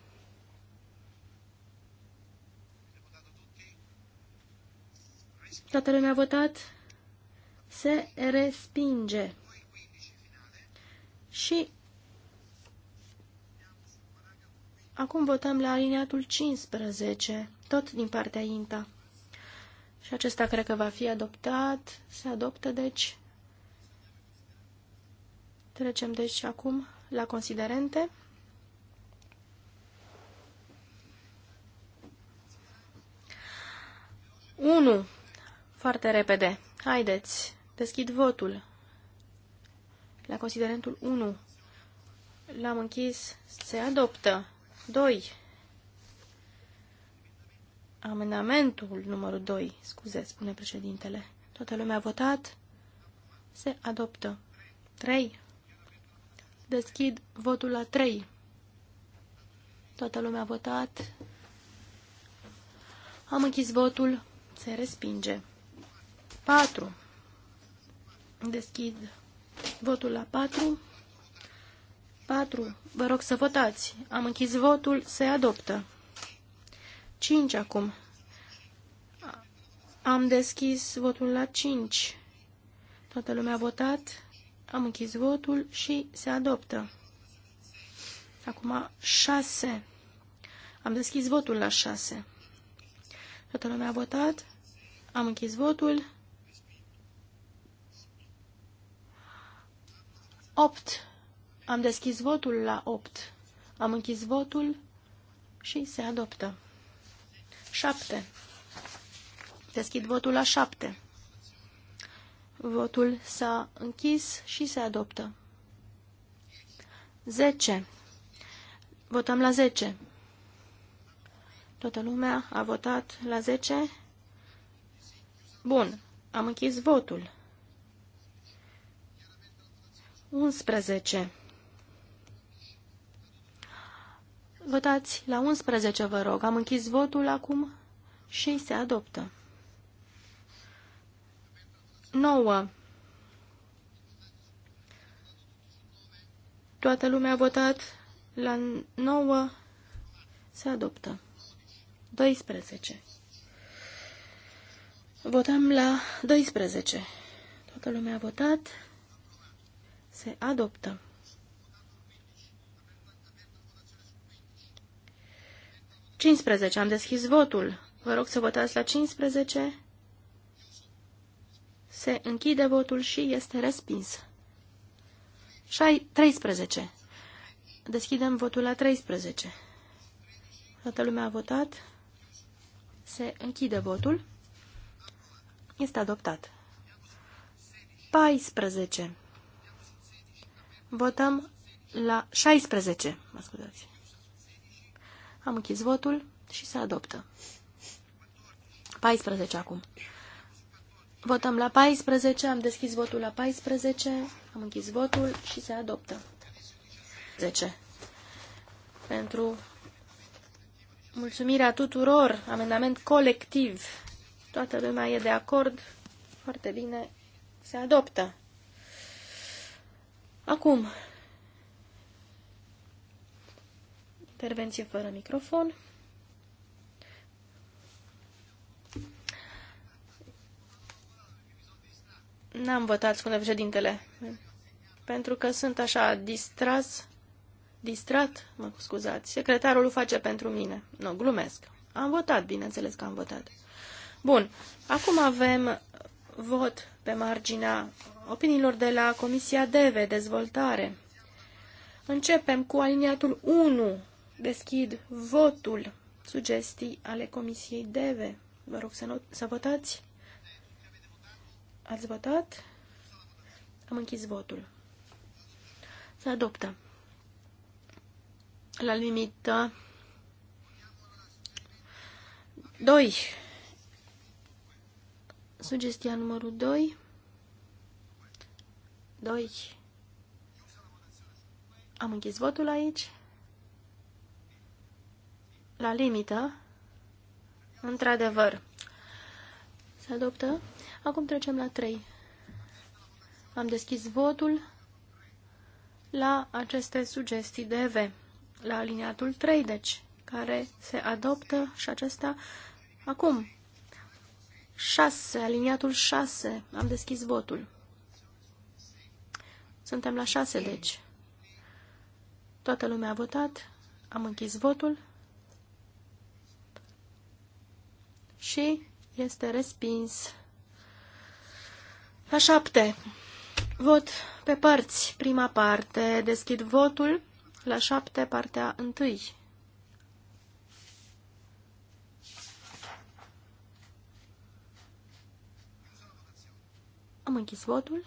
Toată lumea a votat, se respinge. Și acum votăm la alineatul 15, tot din partea INTA. Și acesta cred că va fi adoptat. Se adoptă, deci. Trecem, deci, acum la considerente. Unu. Foarte repede. Haideți. Deschid votul. La considerentul 1 l-am închis, se adoptă. 2. Amendamentul numărul 2, scuze, spune președintele. Toată lumea a votat, se adoptă. 3. Deschid votul la 3. Toată lumea a votat. Am închis votul. Se respinge. 4. Deschid Votul la 4. 4. Vă rog să votați. Am închis votul. Se adoptă. 5 acum. Am deschis votul la 5. Toată lumea a votat. Am închis votul și se adoptă. Acum 6. Am deschis votul la 6. Toată lumea a votat. Am închis votul. 8. Am deschis votul la 8. Am închis votul și se adoptă. 7. Deschid votul la 7. Votul s-a închis și se adoptă. 10. Votăm la 10. Toată lumea a votat la 10. Bun. Am închis votul. 11. Votați la 11, vă rog. Am închis votul acum și se adoptă. 9. Toată lumea a votat la 9. Se adoptă. 12. Votăm la 12. Toată lumea a votat. Se adoptă. Cincisprezece. Am deschis votul. Vă rog să votați la 15. Se închide votul și este respins. 13. Deschidem votul la 13. Toată lumea a votat. Se închide votul. Este adoptat. 14. Votăm la 16. Mă scuzați. Am închis votul și se adoptă. 14 acum. Votăm la 14, am deschis votul la 14, am închis votul și se adoptă. 10. Pentru mulțumirea tuturor, amendament colectiv. Toată lumea e de acord. Foarte bine. Se adoptă. Acum, intervenție fără microfon. N-am votat, spune președintele, pentru că sunt așa distras, distrat, mă scuzați, secretarul face pentru mine. Nu, glumesc. Am votat, bineînțeles că am votat. Bun, acum avem vot pe marginea opiniilor de la Comisia DEVE, dezvoltare. Începem cu aliniatul 1. Deschid votul. Sugestii ale Comisiei DEVE. Vă rog să, să votați. Ați votat? Am închis votul. Se adoptă. La limită 2. Sugestia numărul 2. 2. Am închis votul aici. La limită. Într-adevăr. Se adoptă. Acum trecem la 3. Am deschis votul la aceste sugestii de V. La aliniatul 3, deci, care se adoptă și acesta acum. 6, aliniatul 6. Am deschis votul. Suntem la 6, deci. Toată lumea a votat. Am închis votul. Și este respins. La 7. Vot pe părți. Prima parte. Deschid votul. La 7, partea 1. Am închis votul.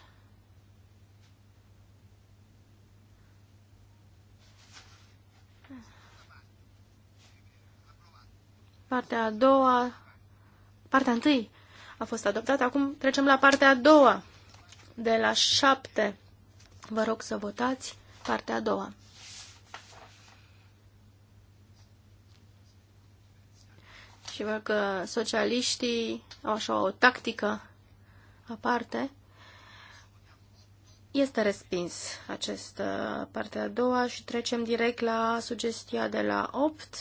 Partea a doua, partea întâi a fost adoptată. Acum trecem la partea a doua, de la șapte. Vă rog să votați partea a doua. Și văd că socialiștii au așa o tactică aparte. Este respins acest uh, partea a doua și trecem direct la sugestia de la 8.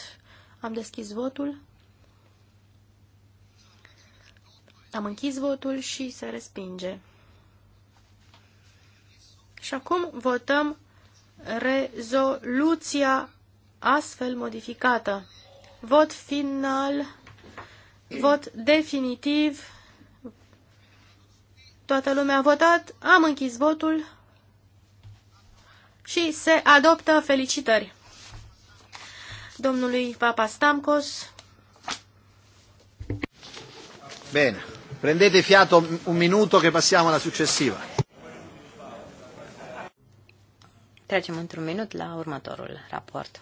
Am deschis votul. Am închis votul și se respinge. Și acum votăm rezoluția astfel modificată. Vot final, vot definitiv Toată lumea a votat, am închis votul și se adoptă felicitări domnului Papa Stamcos. Bene, prendete fiato un minuto che passiamo alla successiva. Trecem într-un minut la următorul raport.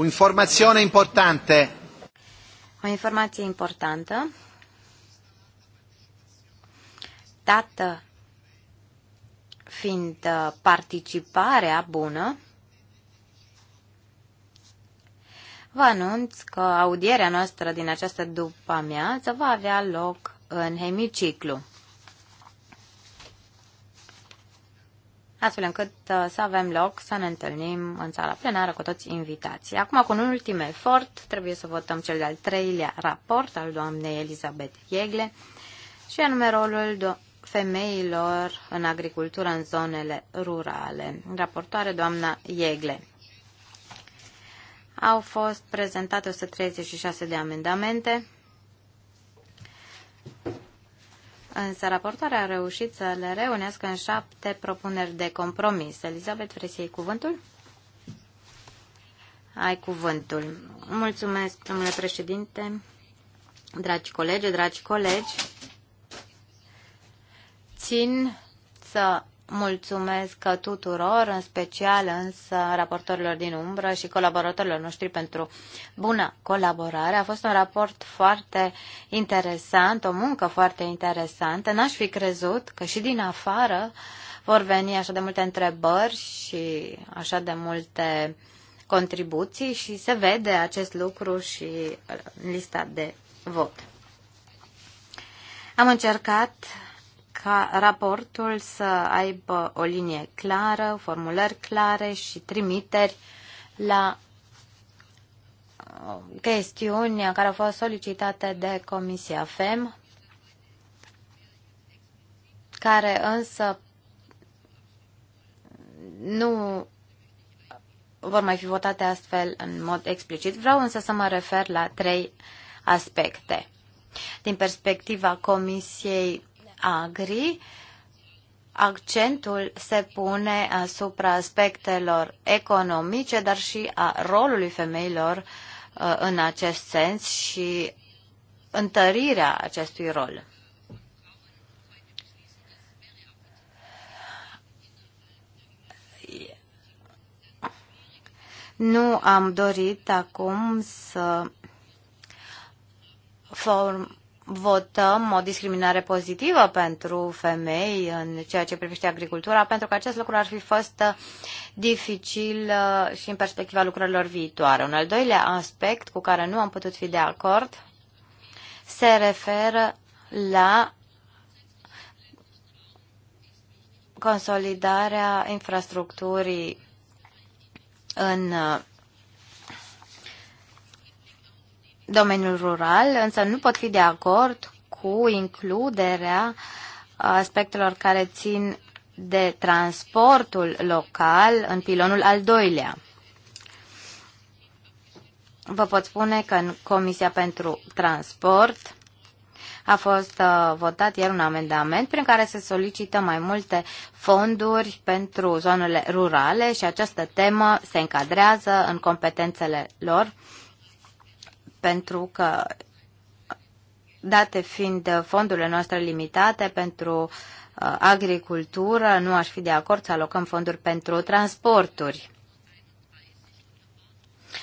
O informazione importante. O informație importantă dată fiind uh, participarea bună, vă anunț că audierea noastră din această după-amiază va avea loc în hemiciclu. astfel încât uh, să avem loc să ne întâlnim în sala plenară cu toți invitații. Acum, cu un ultim efort, trebuie să votăm cel de-al treilea raport al doamnei Elizabeth Iegle și anume rolul femeilor în agricultură în zonele rurale. Raportoare doamna Iegle. Au fost prezentate 136 de amendamente însă raportoarea a reușit să le reunească în șapte propuneri de compromis. Elizabeth, vrei să iei cuvântul? Ai cuvântul. Mulțumesc, domnule președinte, dragi colegi, dragi colegi. Țin să mulțumesc tuturor, în special însă raportorilor din umbră și colaboratorilor noștri pentru bună colaborare. A fost un raport foarte interesant, o muncă foarte interesantă. N-aș fi crezut că și din afară vor veni așa de multe întrebări și așa de multe contribuții și se vede acest lucru și lista de vot. Am încercat ca raportul să aibă o linie clară, formulări clare și trimiteri la uh, chestiuni care au fost solicitate de Comisia FEM, care însă nu vor mai fi votate astfel în mod explicit. Vreau însă să mă refer la trei aspecte. Din perspectiva Comisiei Agri, accentul se pune asupra aspectelor economice, dar și a rolului femeilor uh, în acest sens și întărirea acestui rol. Nu am dorit acum să form votăm o discriminare pozitivă pentru femei în ceea ce privește agricultura, pentru că acest lucru ar fi fost uh, dificil uh, și în perspectiva lucrărilor viitoare. Un al doilea aspect cu care nu am putut fi de acord se referă la consolidarea infrastructurii în uh, domeniul rural, însă nu pot fi de acord cu includerea aspectelor care țin de transportul local în pilonul al doilea. Vă pot spune că în Comisia pentru Transport a fost uh, votat ieri un amendament prin care se solicită mai multe fonduri pentru zonele rurale și această temă se încadrează în competențele lor pentru că date fiind fondurile noastre limitate pentru uh, agricultură, nu aș fi de acord să alocăm fonduri pentru transporturi.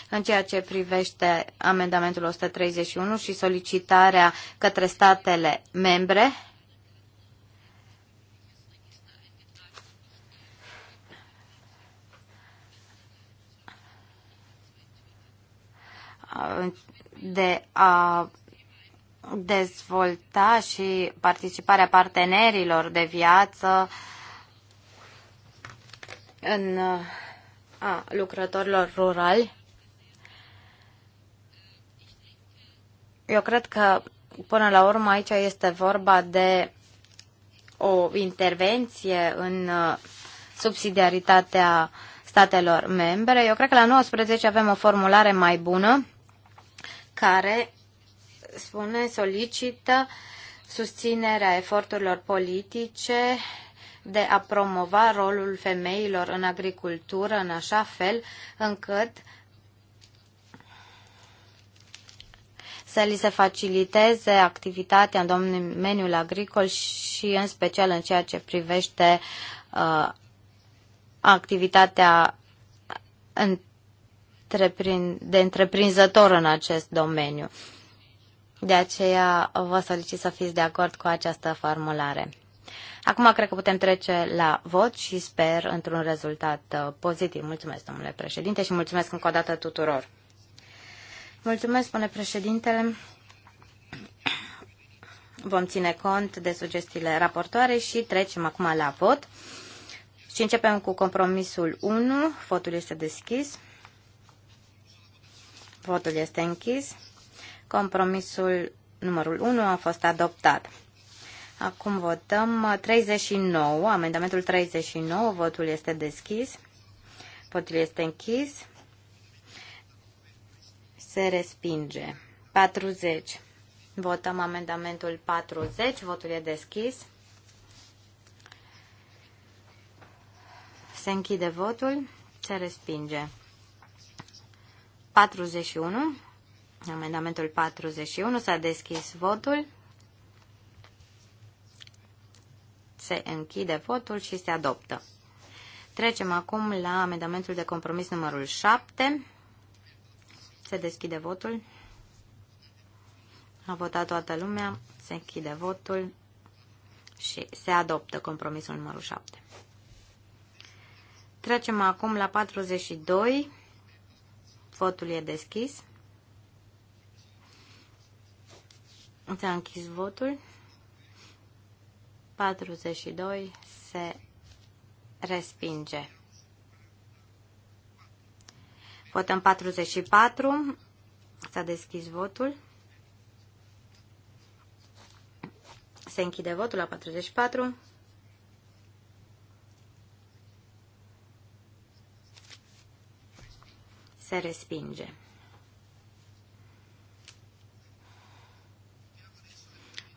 În ceea ce privește amendamentul 131 și solicitarea către statele membre, în de a dezvolta și participarea partenerilor de viață în a lucrătorilor rurali. Eu cred că până la urmă aici este vorba de o intervenție în subsidiaritatea statelor membre. Eu cred că la 19 avem o formulare mai bună care spune, solicită susținerea eforturilor politice de a promova rolul femeilor în agricultură în așa fel încât să li se faciliteze activitatea în domeniul agricol și în special în ceea ce privește uh, activitatea în de întreprinzător în acest domeniu. De aceea vă solicit să fiți de acord cu această formulare. Acum cred că putem trece la vot și sper într-un rezultat uh, pozitiv. Mulțumesc, domnule președinte, și mulțumesc încă o dată tuturor. Mulțumesc, domnule președintele. Vom ține cont de sugestiile raportoare și trecem acum la vot. Și începem cu compromisul 1. Votul este deschis. Votul este închis. Compromisul numărul 1 a fost adoptat. Acum votăm 39, uh, amendamentul 39, votul este deschis. Votul este închis. Se respinge. 40. Votăm amendamentul 40, votul e deschis. Se închide votul, se respinge. 41. Amendamentul 41. S-a deschis votul. Se închide votul și se adoptă. Trecem acum la amendamentul de compromis numărul 7. Se deschide votul. A votat toată lumea. Se închide votul și se adoptă compromisul numărul 7. Trecem acum la 42. Votul e deschis. S-a închis votul. 42 se respinge. Votăm 44. S-a deschis votul. Se închide votul la 44. se respinge.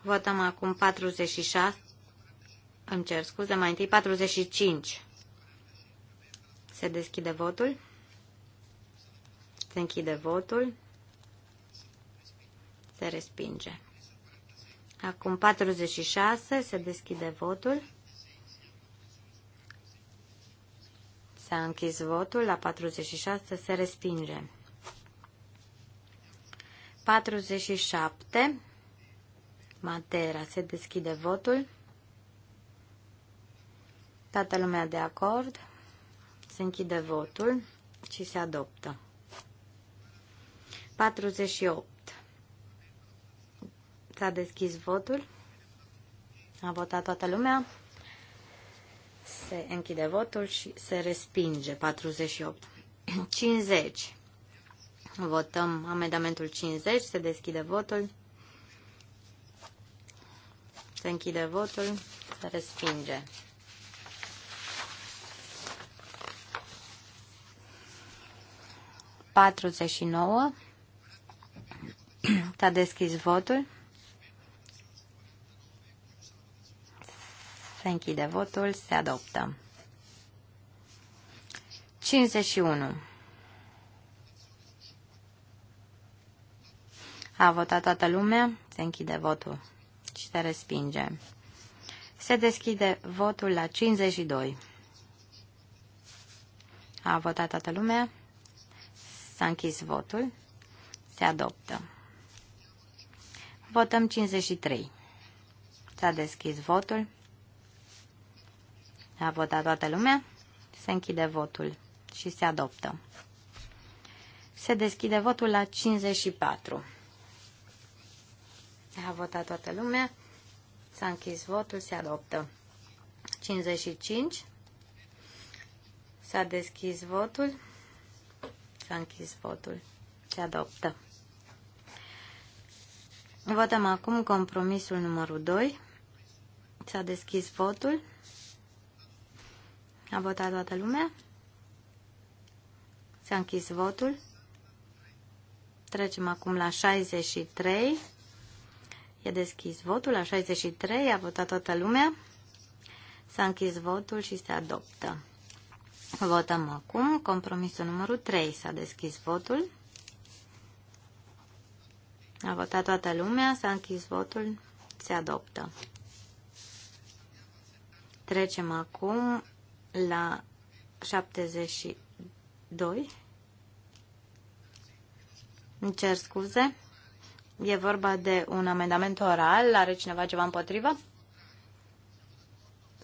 Votăm acum 46, îmi cer scuze, mai întâi 45. Se deschide votul. Se închide votul. Se respinge. Acum 46, se deschide votul. S-a închis votul. La 46 se respinge. 47. Matera. Se deschide votul. Toată lumea de acord. Se închide votul și se adoptă. 48. S-a deschis votul. A votat toată lumea. Se închide votul și se respinge. 48. 50. Votăm amendamentul 50. Se deschide votul. Se închide votul. Se respinge. Patruzeci și nouă. S-a deschis votul. Se închide votul. Se adoptă. 51. A votat toată lumea. Se închide votul. Și se respinge. Se deschide votul la 52. A votat toată lumea. S-a închis votul. Se adoptă. Votăm 53. S-a deschis votul. A votat toată lumea? Se închide votul și se adoptă. Se deschide votul la 54. A votat toată lumea. S-a închis votul, se adoptă. 55. S-a deschis votul. S-a închis votul. Se adoptă. Votăm acum compromisul numărul 2. S-a deschis votul. A votat toată lumea? S-a închis votul. Trecem acum la 63. E deschis votul la 63. A votat toată lumea. S-a închis votul și se adoptă. Votăm acum compromisul numărul 3. S-a deschis votul. A votat toată lumea, s-a închis votul, se adoptă. Trecem acum la 72. Îmi cer scuze. E vorba de un amendament oral. Are cineva ceva împotrivă?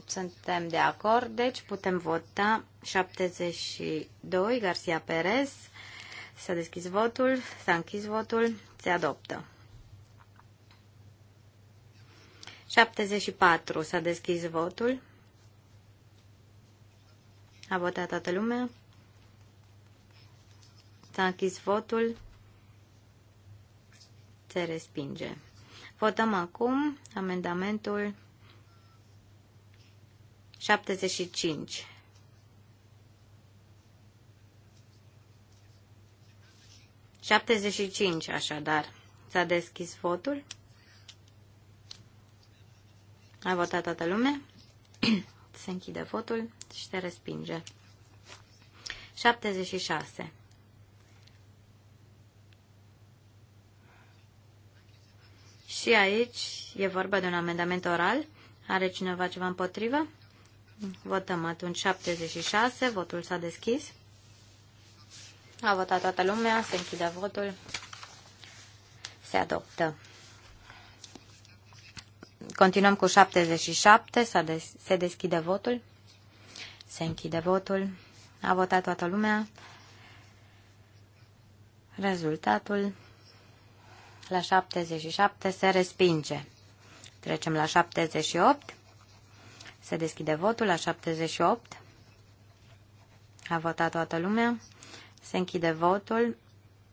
Suntem de acord, deci putem vota 72, Garcia Perez. S-a deschis votul, s-a închis votul, se adoptă. 74. S-a deschis votul. A votat toată lumea. S-a închis votul. Se respinge. Votăm acum amendamentul 75. Șaptezeci așadar. S-a deschis votul. A votat toată lumea. se închide votul și se respinge. 76. Și aici e vorba de un amendament oral. Are cineva ceva împotrivă? Votăm atunci 76. Votul s-a deschis. A votat toată lumea. Se închide votul. Se adoptă. Continuăm cu 77. s des, se deschide votul. Se închide votul. A votat toată lumea. Rezultatul la 77 se respinge. Trecem la 78. Se deschide votul la 78. A votat toată lumea. Se închide votul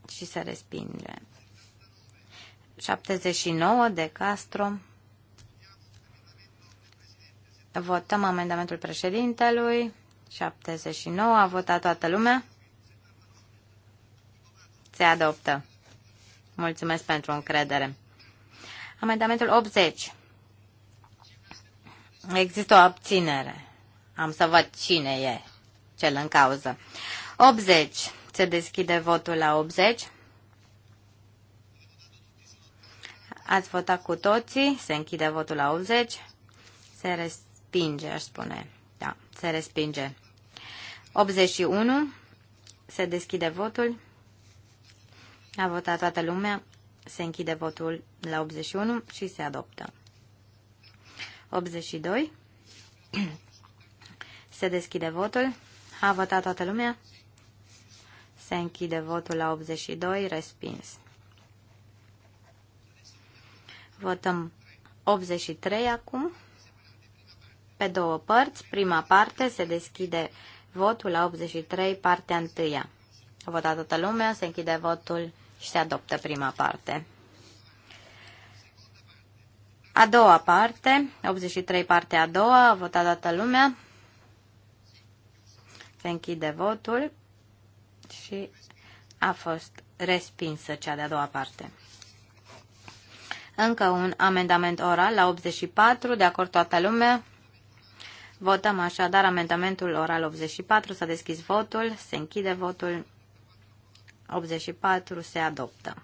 și se respinge. 79 de Castro. Votăm amendamentul președintelui. 79. A votat toată lumea. Se adoptă. Mulțumesc pentru încredere. Amendamentul 80. Există o abținere. Am să văd cine e cel în cauză. 80. Se deschide votul la 80. Ați votat cu toții. Se închide votul la 80. Se rest respinge, aș spune. Da, se respinge. 81. Se deschide votul. A votat toată lumea. Se închide votul la 81 și se adoptă. 82. Se deschide votul. A votat toată lumea. Se închide votul la 82, respins. Votăm 83 acum pe două părți. Prima parte se deschide votul la 83, partea întâia. A votat toată lumea, se închide votul și se adoptă prima parte. A doua parte, 83 partea a doua, a votat toată lumea. Se închide votul și a fost respinsă cea de-a doua parte. Încă un amendament oral la 84, de acord toată lumea. Votăm așadar amendamentul oral 84. S-a deschis votul, se închide votul. 84 se adoptă.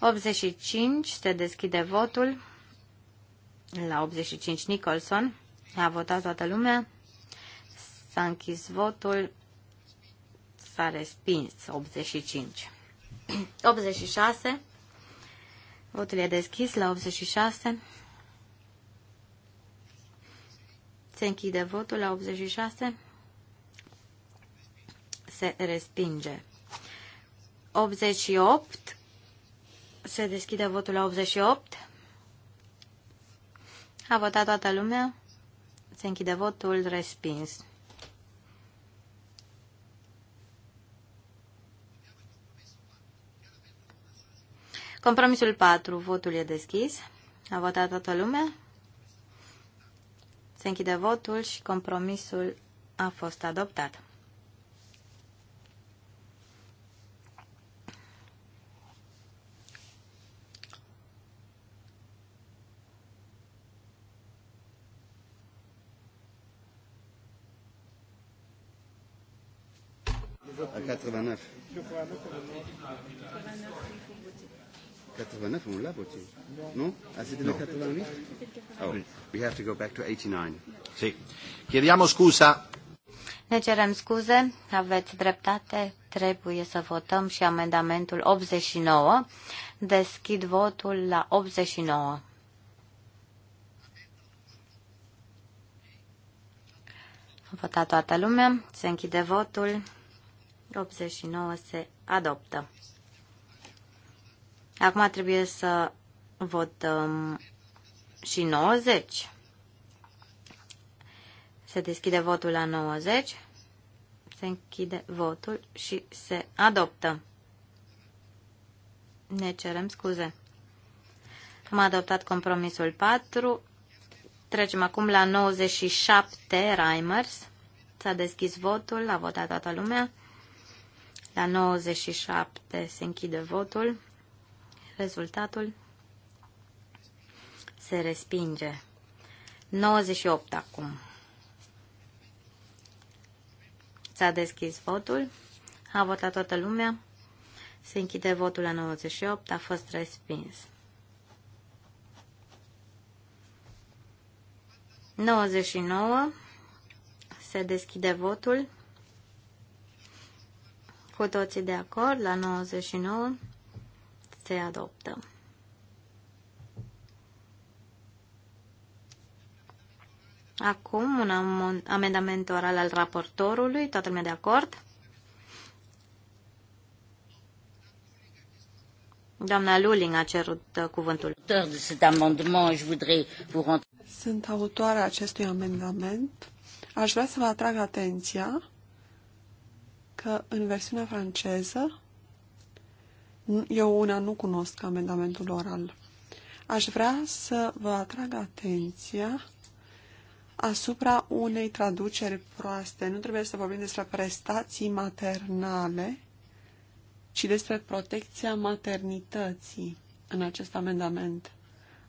85 se deschide votul. La 85 Nicholson a votat toată lumea. S-a închis votul. S-a respins 85. 86. Votul e deschis la 86. Se închide votul la 86. Se respinge. 88. Se deschide votul la 88. A votat toată lumea. Se închide votul. Respins. Compromisul 4. Votul e deschis. A votat toată lumea. Se închide votul și compromisul a fost adoptat. A 89. 89, on l'a voté. Non Ah, c'était le 88 Oh, we have to go back to 89. Sì. Chiediamo scusa. Ne cerem scuze, aveți dreptate, trebuie să votăm și amendamentul 89. Deschid votul la 89. A votat toată lumea, se închide votul, 89 se adoptă. Acum trebuie să votăm și 90. Se deschide votul la 90. Se închide votul și se adoptă. Ne cerem scuze. Am adoptat compromisul 4. Trecem acum la 97 Reimers. S-a deschis votul, a votat toată lumea. La 97 se închide votul. Rezultatul se respinge. 98 acum. S-a deschis votul. A votat toată lumea. Se închide votul la 98. A fost respins. 99. Se deschide votul. Cu toții de acord la 99 se adoptă. Acum un amendament oral al raportorului. Toată lumea de acord? Doamna Luling a cerut uh, cuvântul. Sunt autoarea acestui amendament. Aș vrea să vă atrag atenția că în versiunea franceză eu una nu cunosc amendamentul oral. Aș vrea să vă atrag atenția asupra unei traduceri proaste. Nu trebuie să vorbim despre prestații maternale, ci despre protecția maternității în acest amendament.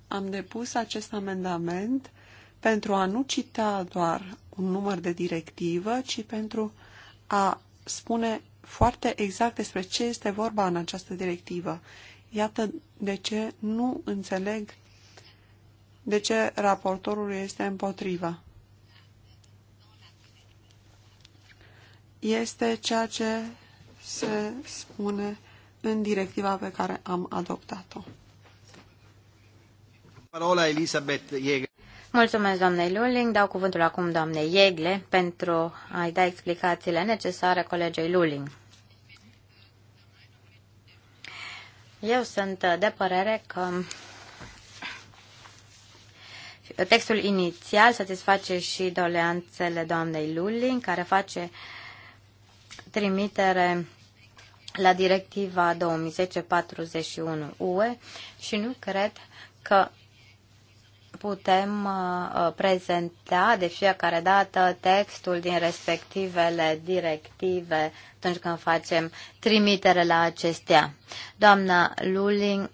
Am depus acest amendament pentru a nu cita doar un număr de directivă, ci pentru a spune foarte exact despre ce este vorba în această directivă. Iată de ce nu înțeleg de ce raportorul este împotriva. Este ceea ce se spune în directiva pe care am adoptat-o. Parola Elisabeth Jäger. Mulțumesc, doamnei Luling. Dau cuvântul acum doamnei Iegle pentru a-i da explicațiile necesare colegei Luling. Eu sunt de părere că textul inițial satisface și doleanțele doamnei Luling, care face trimitere la directiva 2010-41 UE și nu cred că putem uh, uh, prezenta de fiecare dată textul din respectivele directive atunci când facem trimitere la acestea. Doamna Luling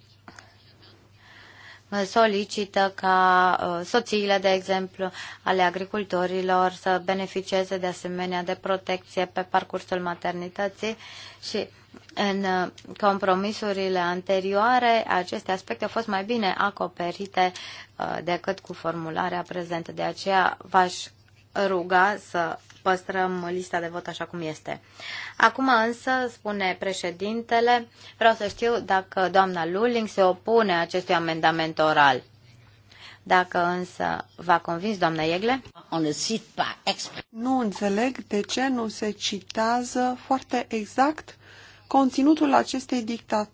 solicită ca uh, soțiile, de exemplu, ale agricultorilor să beneficieze de asemenea de protecție pe parcursul maternității și în uh, compromisurile anterioare, aceste aspecte au fost mai bine acoperite uh, decât cu formularea prezentă. De aceea v-aș ruga să păstrăm lista de vot așa cum este. Acum însă, spune președintele, vreau să știu dacă doamna Luling se opune acestui amendament oral. Dacă însă va a convins, doamna Iegle? Nu înțeleg de ce nu se citează foarte exact conținutul acestei, dicta,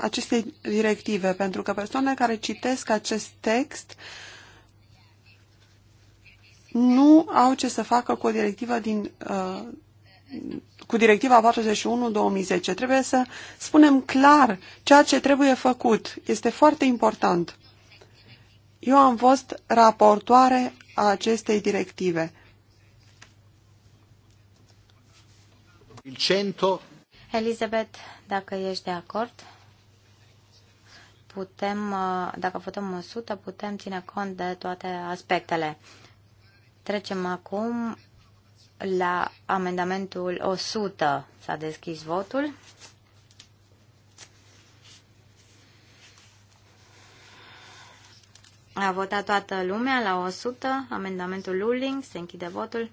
acestei directive, pentru că persoanele care citesc acest text nu au ce să facă cu o directivă din, uh, cu directiva 41-2010. Trebuie să spunem clar ceea ce trebuie făcut. Este foarte important. Eu am fost raportoare a acestei directive. Il 100 Elizabeth, dacă ești de acord, putem, uh, dacă votăm 100, putem ține cont de toate aspectele. Trecem acum la amendamentul 100. S-a deschis votul. A votat toată lumea la 100. Amendamentul Luling. Se închide votul.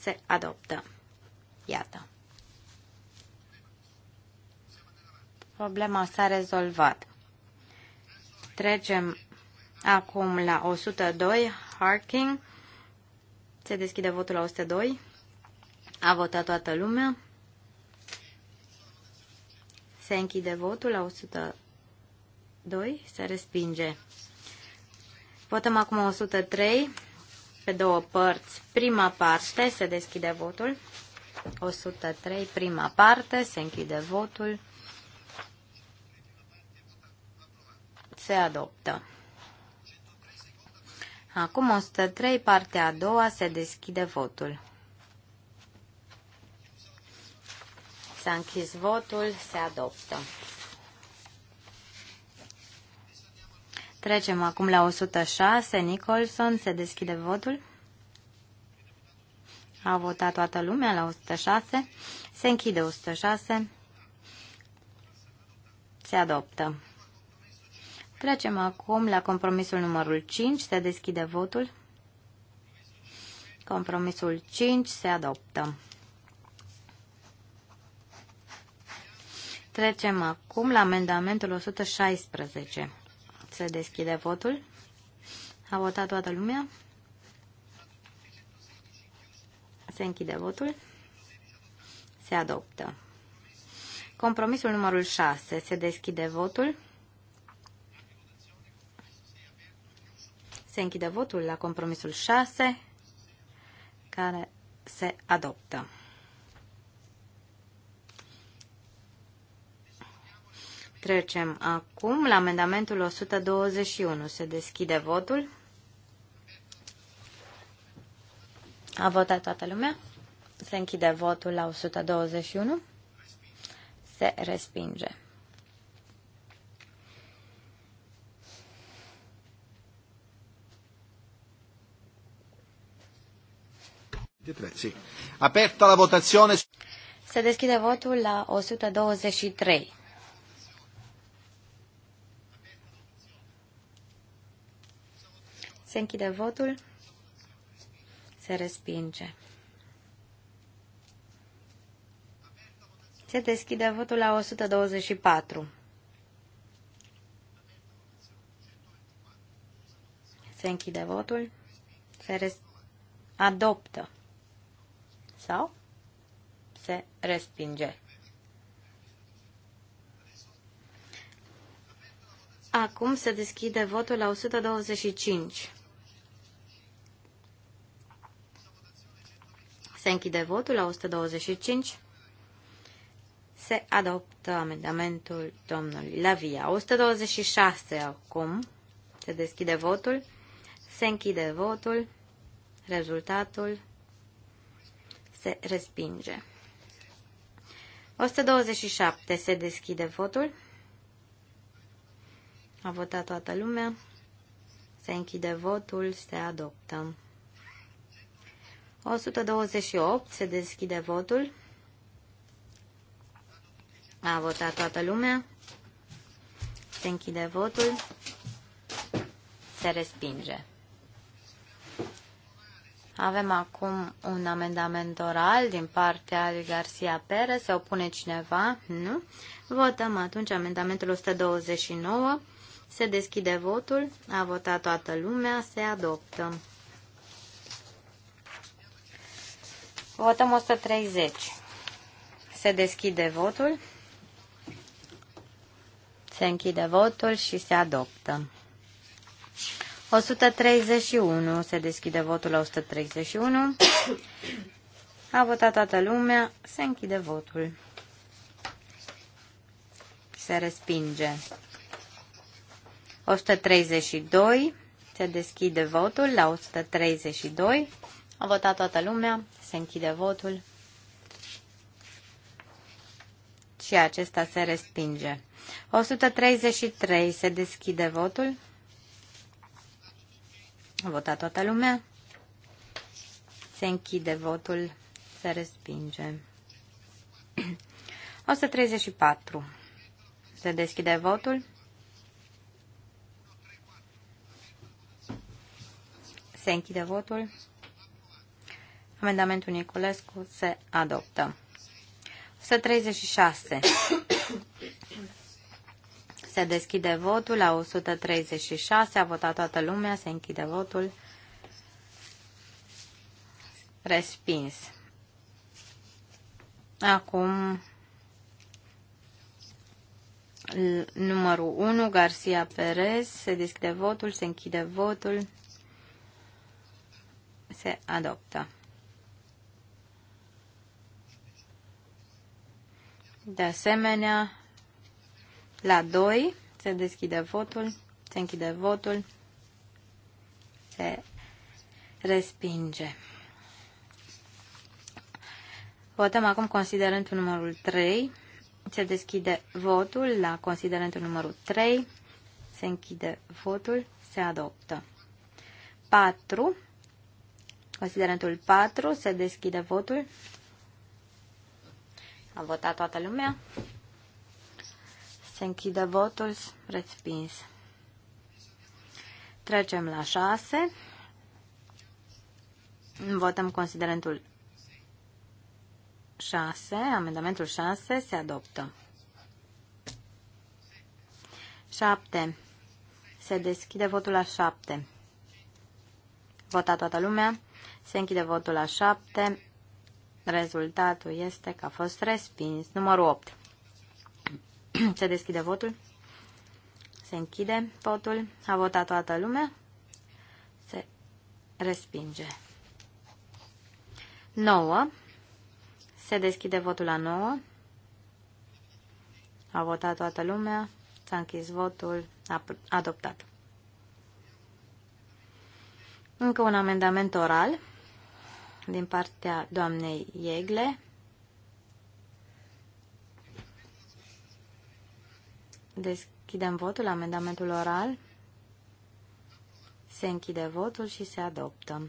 Se adoptă. Iată. Problema s-a rezolvat. Trecem acum la 102, Harking. Se deschide votul la 102. A votat toată lumea. Se închide votul la 102. Se respinge. Votăm acum 103 pe două părți. Prima parte se deschide votul. 103, prima parte, se închide votul. se adoptă. Acum 103, partea a doua, se deschide votul. S-a închis votul, se adoptă. Trecem acum la 106, Nicholson, se deschide votul. A votat toată lumea la 106, se închide 106, se adoptă. Trecem acum la compromisul numărul 5. Se deschide votul. Compromisul 5 se adoptă. Trecem acum la amendamentul 116. Se deschide votul. A votat toată lumea. Se închide votul. Se adoptă. Compromisul numărul 6. Se deschide votul. Se închide votul la compromisul 6, care se adoptă. Trecem acum la amendamentul 121. Se deschide votul. A votat toată lumea. Se închide votul la 121. Se respinge. Sì. Aperta la votazione. Se deschide votul la 123. Se închide votul. Se respinge. Se deschide votul la 124. Se închide votul. Se res- adoptă sau se respinge. Acum se deschide votul la 125. Se închide votul la 125. Se adoptă amendamentul domnului Lavia. 126 acum. Se deschide votul. Se închide votul. Rezultatul se respinge. 127. Se deschide votul. A votat toată lumea. Se închide votul. Se adoptă. 128. Se deschide votul. A votat toată lumea. Se închide votul. Se respinge. Avem acum un amendament oral din partea lui Garcia Pérez. Se opune cineva? Nu. Votăm atunci amendamentul 129. Se deschide votul. A votat toată lumea. Se adoptă. Votăm 130. Se deschide votul. Se închide votul și se adoptă. 131. Se deschide votul la 131. A votat toată lumea. Se închide votul. Se respinge. 132. Se deschide votul la 132. A votat toată lumea. Se închide votul. Și acesta se respinge. 133. Se deschide votul. A votat toată lumea. Se închide votul. Se respinge. 134. Se deschide votul. Se închide votul. Amendamentul Niculescu se adoptă. 136. Se deschide votul la 136. A votat toată lumea. Se închide votul. Respins. Acum numărul 1, Garcia Perez. Se deschide votul, se închide votul, se adoptă. De asemenea, la 2 se deschide votul, se închide votul, se respinge. Votăm acum considerentul numărul 3. Se deschide votul la considerentul numărul 3. Se închide votul. Se adoptă. 4. Considerentul 4. Se deschide votul. A votat toată lumea. Se închide votul. Respins. Trecem la 6. Votăm considerentul 6. Amendamentul 6 se adoptă. 7. Se deschide votul la 7. Vota toată lumea. Se închide votul la 7. Rezultatul este că a fost respins. Numărul 8. Se deschide votul. Se închide votul. A votat toată lumea. Se respinge. 9. Se deschide votul la 9. A votat toată lumea. S-a închis votul. A adoptat. Încă un amendament oral din partea doamnei Iegle. Deschidem votul, amendamentul oral. Se închide votul și se adoptă.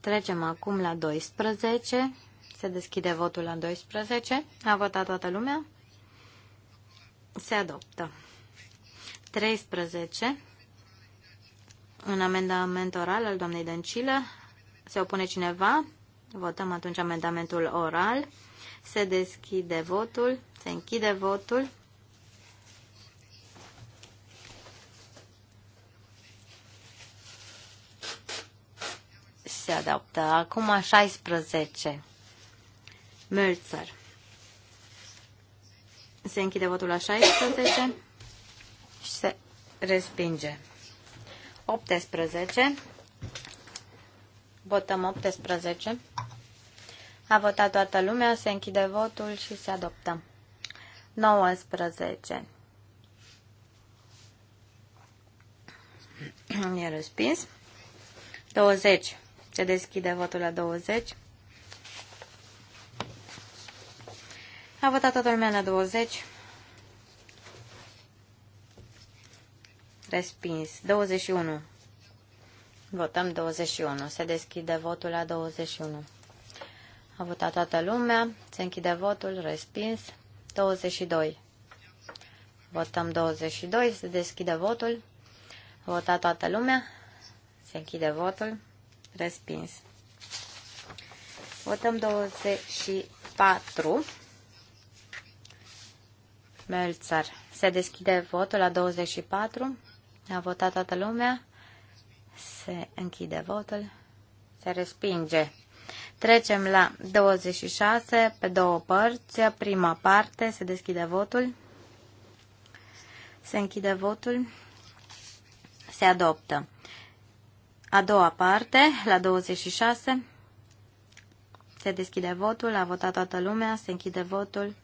Trecem acum la 12. Se deschide votul la 12. A votat toată lumea? Se adoptă. 13. Un amendament oral al doamnei Dăncilă. Se opune cineva? Votăm atunci amendamentul oral. Se deschide votul. Se închide votul. Se adaptă. Acum 16. Mölzer. Se închide votul la 16 și se respinge. 18. Votăm 18. A votat toată lumea, se închide votul și se adoptăm. 19. E respins. 20. Se deschide votul la 20. A votat toată lumea la 20. Respins. 21. Votăm 21. Se deschide votul la 21. A votat toată lumea. Se închide votul. Respins. 22. Votăm 22. Se deschide votul. Vota toată lumea. Se închide votul. Respins. Votăm 24. Melțar. Se deschide votul la 24. A votat toată lumea. Se închide votul. Se respinge. Trecem la 26 pe două părți. Prima parte se deschide votul. Se închide votul. Se adoptă. A doua parte, la 26, se deschide votul. A votat toată lumea. Se închide votul.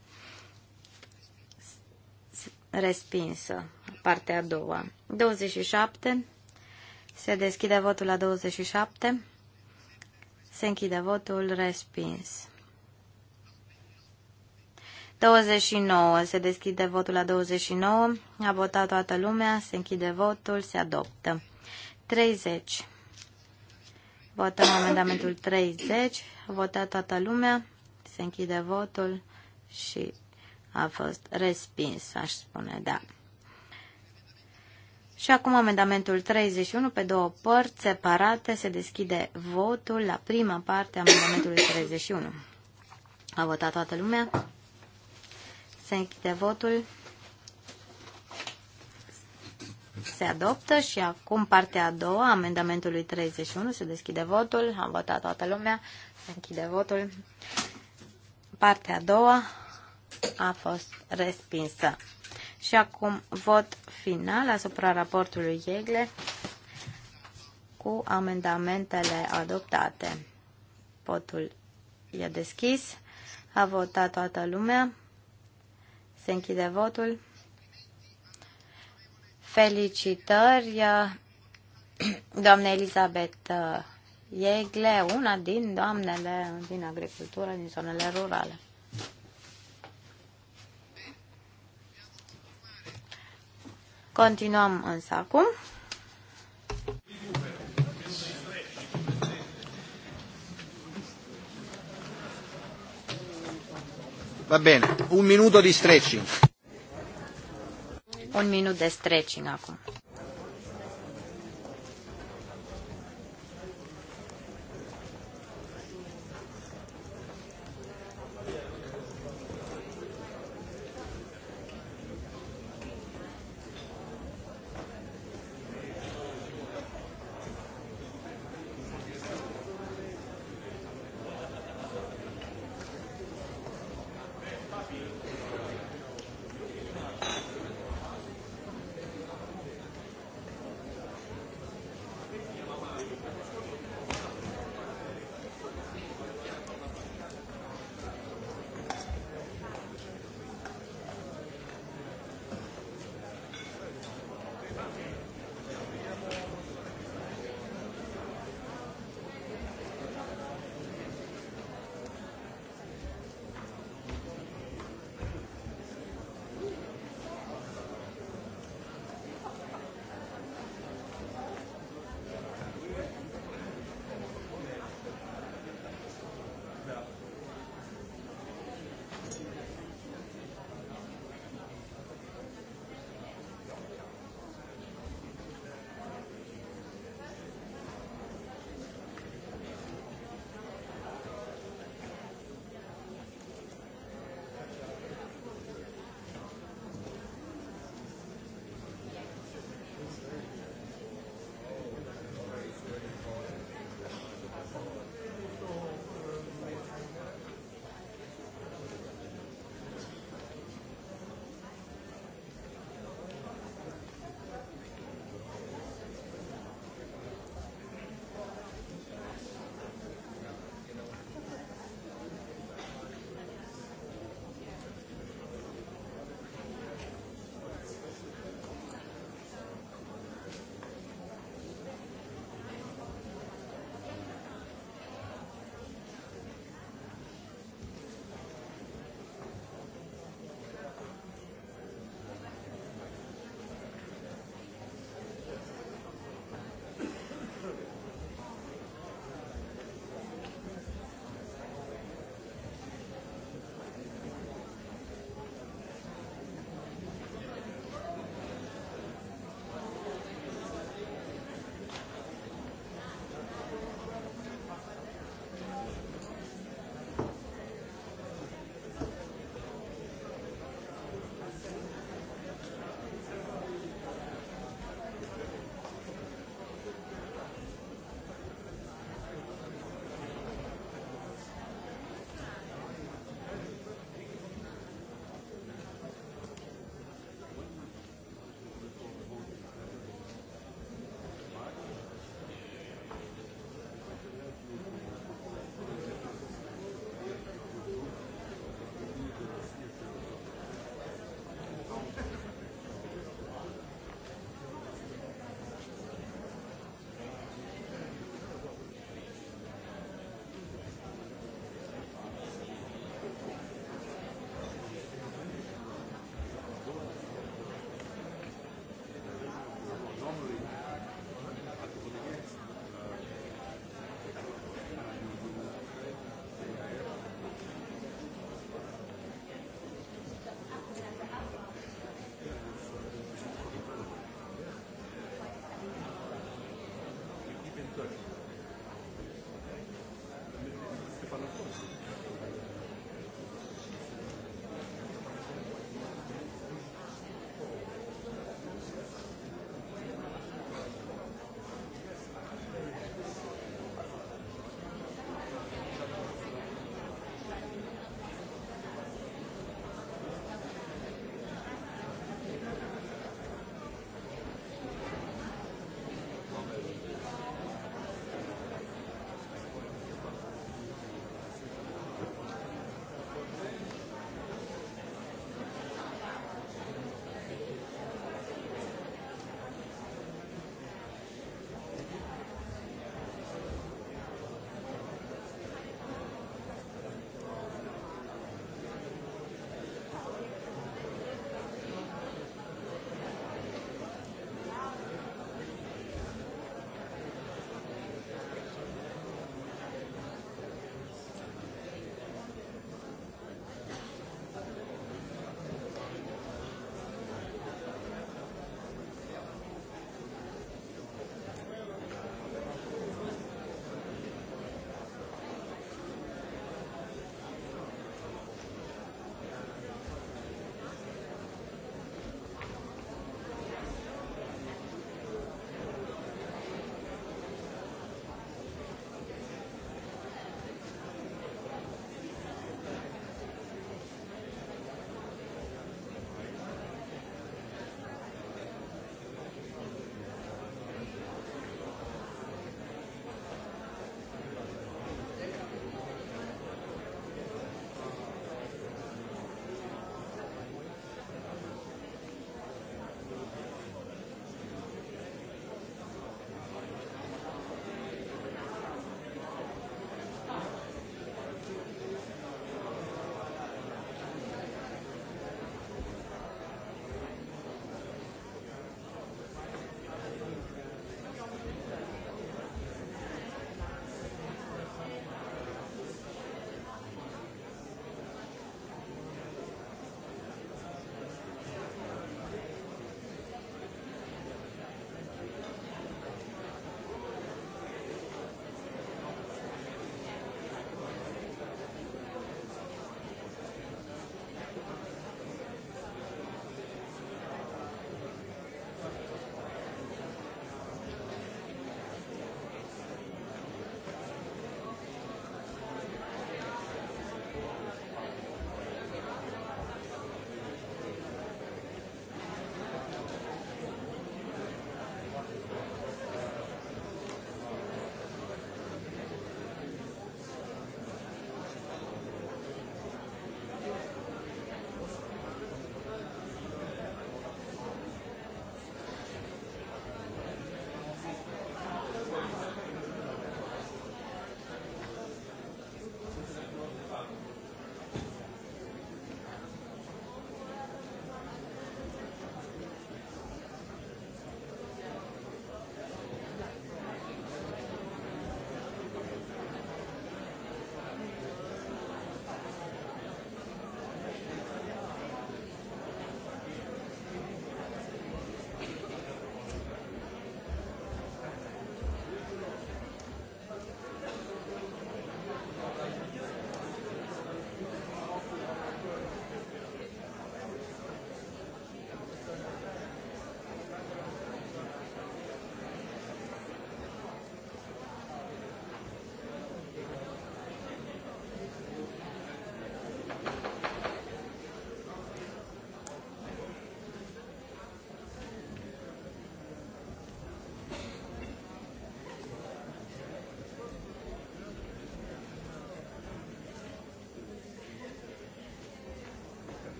Respinsă. Partea a doua. 27. Se deschide votul la 27. Se închide votul. Respins. 29. Se deschide votul la 29. A votat toată lumea. Se închide votul. Se adoptă. 30. Votăm amendamentul 30. A votat toată lumea. Se închide votul și a fost respins, aș spune, da. Și acum amendamentul 31 pe două părți separate se deschide votul la prima parte a amendamentului 31. A votat toată lumea. Se închide votul. Se adoptă și acum partea a doua a amendamentului 31 se deschide votul. A votat toată lumea. Se închide votul. Partea a doua a fost respinsă. Și acum vot final asupra raportului Iegle cu amendamentele adoptate. Votul e deschis. A votat toată lumea. Se închide votul. Felicitări doamne Elizabeth Iegle, una din doamnele din agricultură, din zonele rurale. Continuăm însă acum. Va bene, un minuto di stretching. Un minut de stretching acum.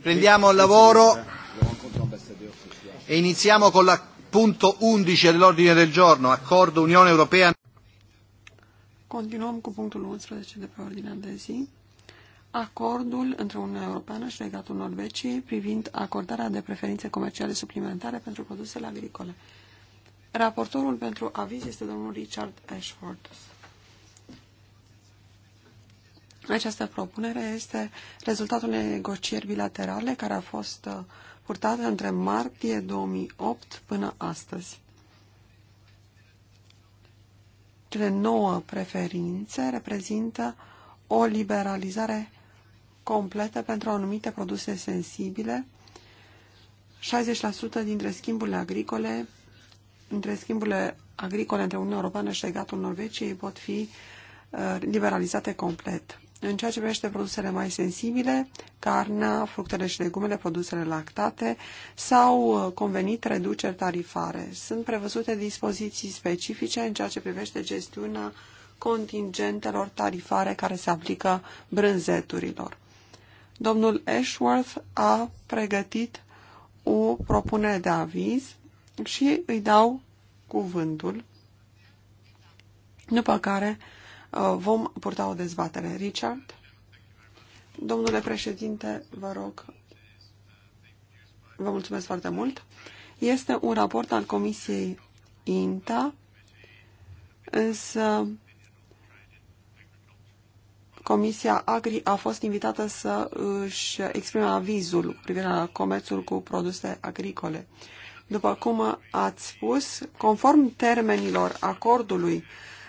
Prendiamo il lavoro e iniziamo con la punto 11 dell'ordine del giorno, accordo Unione Europea. Continuăm cu punctul 11 de pe ordinea de zi. Acordul între Uniunea Europeană și Regatul Norvegiei privind acordarea de preferințe comerciale suplimentare pentru produsele agricole. Raportorul pentru aviz este domnul Richard Ashford. Această propunere este rezultatul unei negocieri bilaterale care a fost uh, purtată între martie 2008 până astăzi. Cele nouă preferințe reprezintă o liberalizare completă pentru anumite produse sensibile, 60% dintre schimburile agricole, între schimburile agricole între Uniunea Europeană și Regatul Norvegiei pot fi uh, liberalizate complet. În ceea ce privește produsele mai sensibile, carnea, fructele și legumele, produsele lactate, s-au uh, convenit reduceri tarifare. Sunt prevăzute dispoziții specifice în ceea ce privește gestiunea contingentelor tarifare care se aplică brânzeturilor. Domnul Ashworth a pregătit o propunere de aviz și îi dau cuvântul, după care Uh, vom purta o dezbatere. Richard? Domnule președinte, vă rog, vă mulțumesc foarte mult. Este un raport al Comisiei INTA, însă Comisia Agri a fost invitată să își exprime avizul cu privire la comerțul cu produse agricole. După cum ați spus, conform termenilor acordului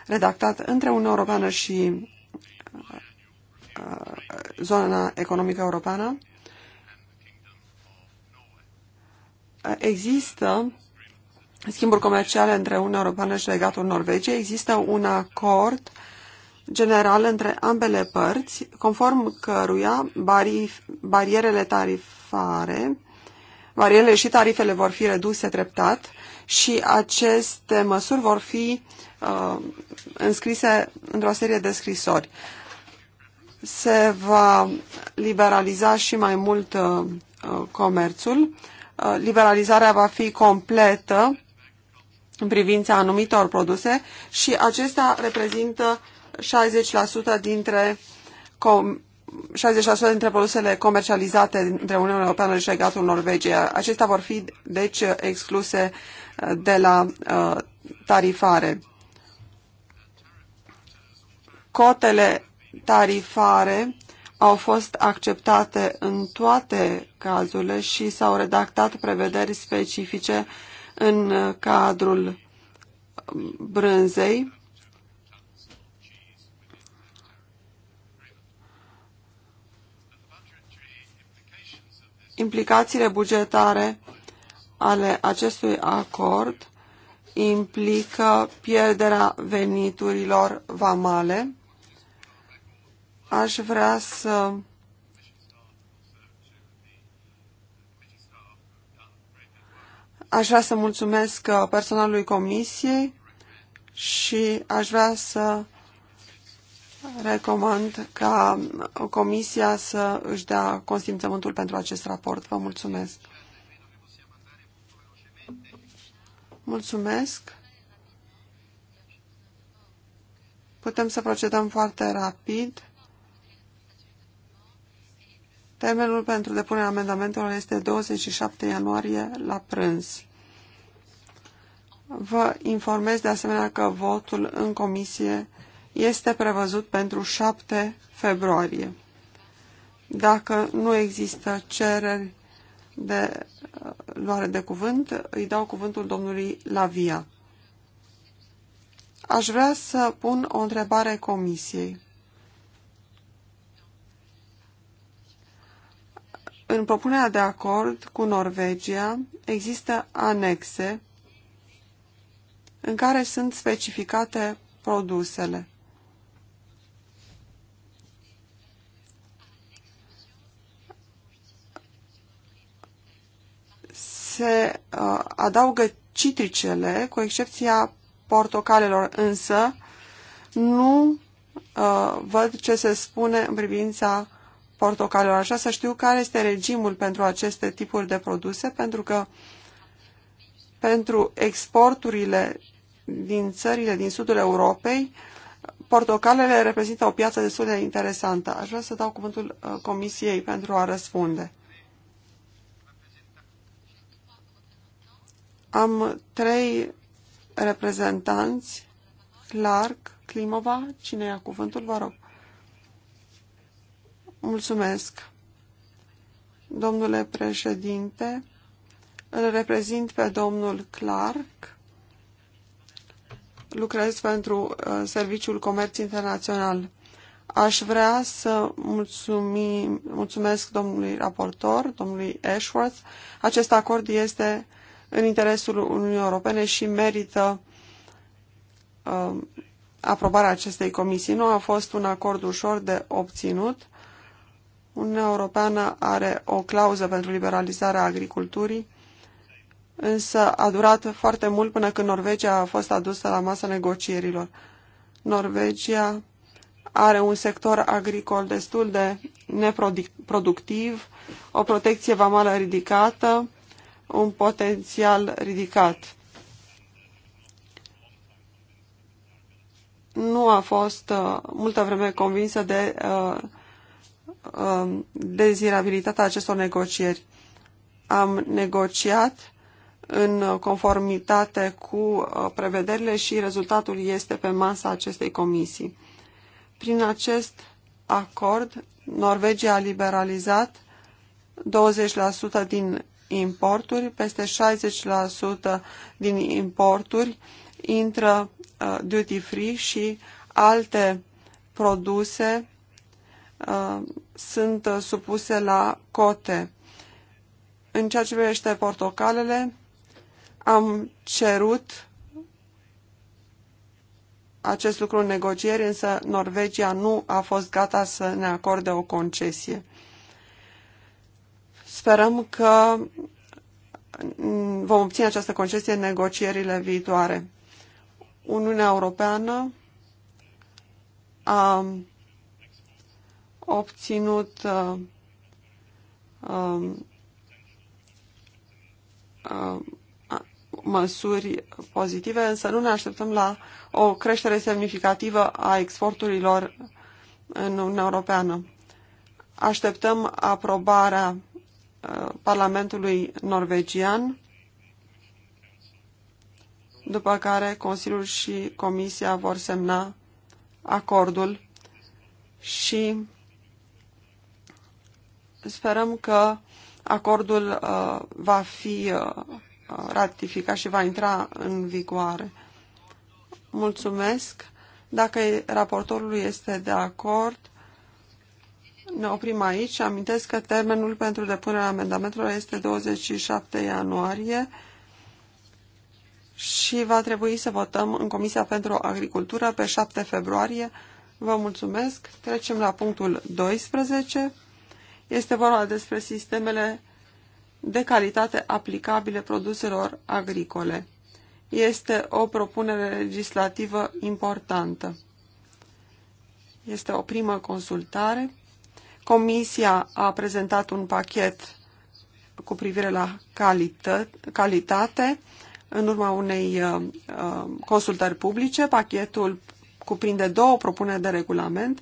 redactat între Uniunea Europeană și uh, uh, zona economică europeană, există schimburi comerciale între Uniunea Europeană și Legatul Norvegiei, există un acord general între ambele părți, conform căruia barif, barierele tarifare, barierele și tarifele vor fi reduse treptat și aceste măsuri vor fi uh, uh, înscrise într-o serie de scrisori. Se va liberaliza și mai mult uh, uh, comerțul. Uh, liberalizarea va fi completă în privința anumitor produse și acestea reprezintă 60% dintre com- 60% dintre produsele comercializate între Uniunea Europeană și Regatul Norvegia. Acestea vor fi, deci, excluse uh, de la uh, tarifare. Cotele tarifare au fost acceptate în toate cazurile și s-au redactat prevederi specifice în cadrul um, brânzei. Implicațiile bugetare ale acestui acord implică pierderea veniturilor vamale aș vrea să aș vrea să mulțumesc uh, personalului comisiei și aș vrea să recomand ca comisia să își dea consimțământul pentru acest raport. Vă mulțumesc. Mulțumesc. Putem să procedăm foarte rapid. Termenul pentru depunerea amendamentelor este 27 ianuarie la prânz. Vă informez de asemenea că votul în comisie este prevăzut pentru 7 februarie. Dacă nu există cereri de uh, luare de cuvânt, îi dau cuvântul domnului Lavia. Aș vrea să pun o întrebare comisiei. În propunerea de acord cu Norvegia există anexe în care sunt specificate produsele. Se uh, adaugă citricele, cu excepția portocalelor, însă nu uh, văd ce se spune în privința uh, portocaliu. Așa să știu care este regimul pentru aceste tipuri de produse, pentru că pentru exporturile din țările din sudul Europei, portocalele reprezintă o piață destul de interesantă. Aș vrea să dau cuvântul uh, Comisiei pentru a răspunde. Am trei reprezentanți, Clark, Climova, cine ia cuvântul, vă rog. Mulțumesc. Domnule președinte, îl reprezint pe domnul Clark. Lucrez pentru uh, Serviciul Comerț Internațional. Aș vrea să mulțumim, mulțumesc domnului raportor, domnului Ashworth. Acest acord este în interesul Uniunii Europene și merită uh, aprobarea acestei comisii. Nu a fost un acord ușor de obținut Uniunea Europeană are o clauză pentru liberalizarea agriculturii, însă a durat foarte mult până când Norvegia a fost adusă la masa negocierilor. Norvegia are un sector agricol destul de neproductiv, o protecție vamală ridicată, un potențial ridicat. Nu a fost uh, multă vreme convinsă de uh, Um, dezirabilitatea acestor negocieri. Am negociat în conformitate cu uh, prevederile și rezultatul este pe masa acestei comisii. Prin acest acord, Norvegia a liberalizat 20% din importuri, peste 60% din importuri intră uh, duty free și alte produse uh, sunt uh, supuse la cote. În ceea ce privește portocalele, am cerut acest lucru în negocieri, însă Norvegia nu a fost gata să ne acorde o concesie. Sperăm că vom obține această concesie în negocierile viitoare. Uniunea Europeană a obținut uh, uh, uh, măsuri pozitive, însă nu ne așteptăm la o creștere semnificativă a exporturilor în Uniunea Europeană. Așteptăm aprobarea uh, Parlamentului norvegian, după care Consiliul și Comisia vor semna acordul și Sperăm că acordul uh, va fi uh, ratificat și va intra în vigoare. Mulțumesc. Dacă raportorul este de acord, ne oprim aici. Amintesc că termenul pentru depunerea amendamentelor este 27 ianuarie și va trebui să votăm în Comisia pentru Agricultură pe 7 februarie. Vă mulțumesc. Trecem la punctul 12. Este vorba despre sistemele de calitate aplicabile produselor agricole. Este o propunere legislativă importantă. Este o primă consultare. Comisia a prezentat un pachet cu privire la calită, calitate în urma unei uh, uh consultări publice. Pachetul cuprinde două propuneri de regulament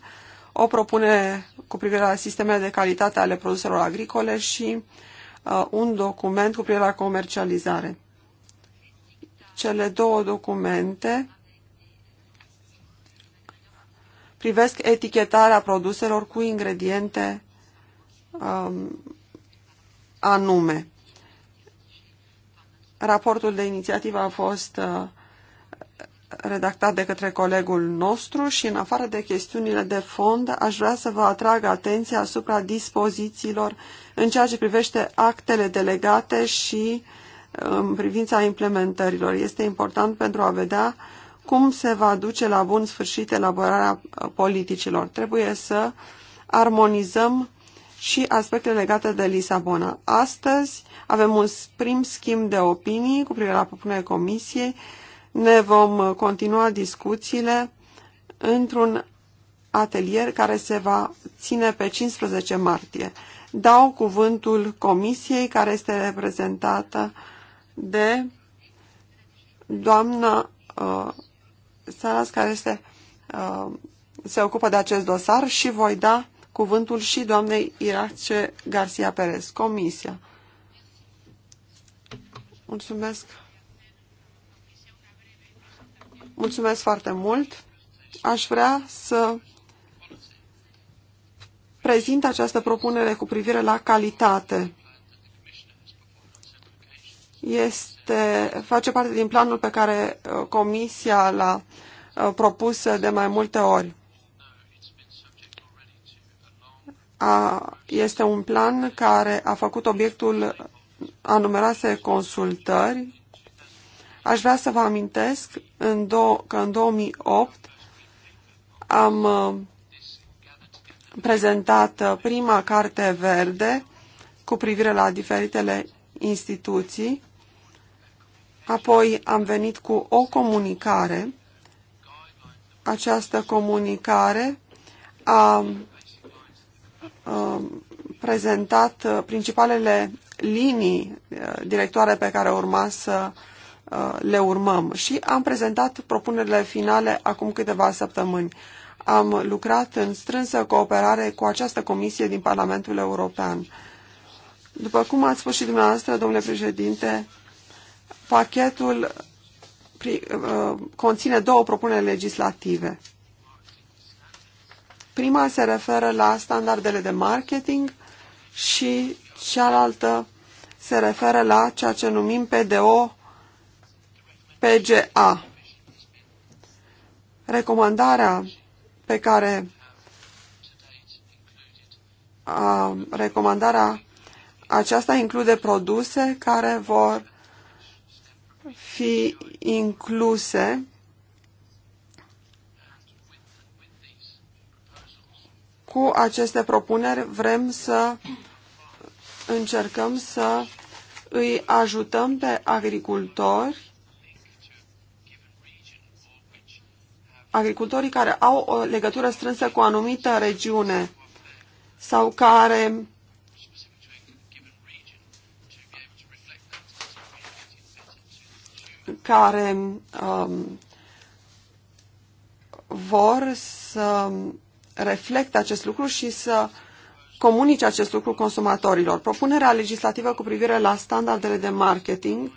o propune cu privire la sistemele de calitate ale produselor agricole și uh, un document cu privire la comercializare. Cele două documente privesc etichetarea produselor cu ingrediente um, anume. Raportul de inițiativă a fost uh, redactat de către colegul nostru și în afară de chestiunile de fond, aș vrea să vă atrag atenția asupra dispozițiilor în ceea ce privește actele delegate și în privința implementărilor. Este important pentru a vedea cum se va duce la bun sfârșit elaborarea politicilor. Trebuie să armonizăm și aspecte legate de Lisabona. Astăzi avem un prim schimb de opinii cu privire la propunerea Comisiei ne vom uh, continua discuțiile într-un atelier care se va ține pe 15 martie. Dau cuvântul comisiei care este reprezentată de doamna uh, Saras care este, uh, se ocupă de acest dosar și voi da cuvântul și doamnei Irace Garcia Perez, comisia. Mulțumesc! Mulțumesc foarte mult. Aș vrea să prezint această propunere cu privire la calitate. Este, face parte din planul pe care uh, Comisia l-a uh, propus de mai multe ori. A, este un plan care a făcut obiectul a numeroase consultări Aș vrea să vă amintesc în do- că în 2008 am uh, prezentat uh, prima carte verde cu privire la diferitele instituții. Apoi am venit cu o comunicare. Această comunicare a, a uh, prezentat principalele linii directoare pe care urma să Uh, le urmăm și am prezentat propunerile finale acum câteva săptămâni. Am lucrat în strânsă cooperare cu această comisie din Parlamentul European. După cum ați spus și dumneavoastră, domnule președinte, pachetul uh, conține două propuneri legislative. Prima se referă la standardele de marketing și cealaltă se referă la ceea ce numim PDO PGA. Recomandarea pe care a, recomandarea aceasta include produse care vor fi incluse cu aceste propuneri vrem să încercăm să îi ajutăm pe agricultori agricultorii care au o legătură strânsă cu o anumită regiune sau care care um, vor să reflecte acest lucru și să comunice acest lucru consumatorilor. Propunerea legislativă cu privire la standardele de marketing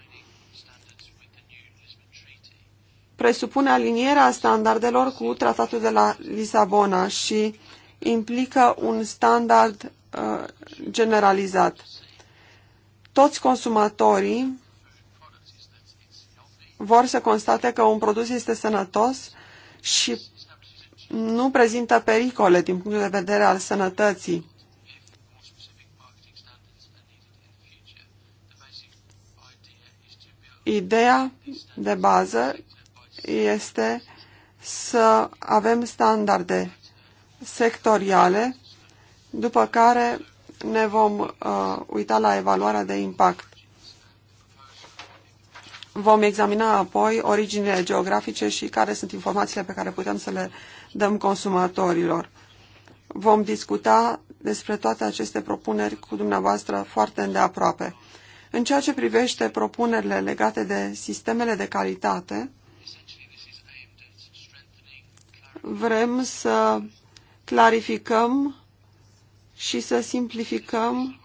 presupune alinierea standardelor cu tratatul de la Lisabona și implică un standard uh, generalizat. Toți consumatorii vor să constate că un produs este sănătos și nu prezintă pericole din punctul de vedere al sănătății. Ideea de bază este să avem standarde sectoriale, după care ne vom uh, uita la evaluarea de impact. Vom examina apoi originile geografice și care sunt informațiile pe care putem să le dăm consumatorilor. Vom discuta despre toate aceste propuneri cu dumneavoastră foarte îndeaproape. În ceea ce privește propunerile legate de sistemele de calitate, vrem să clarificăm și să simplificăm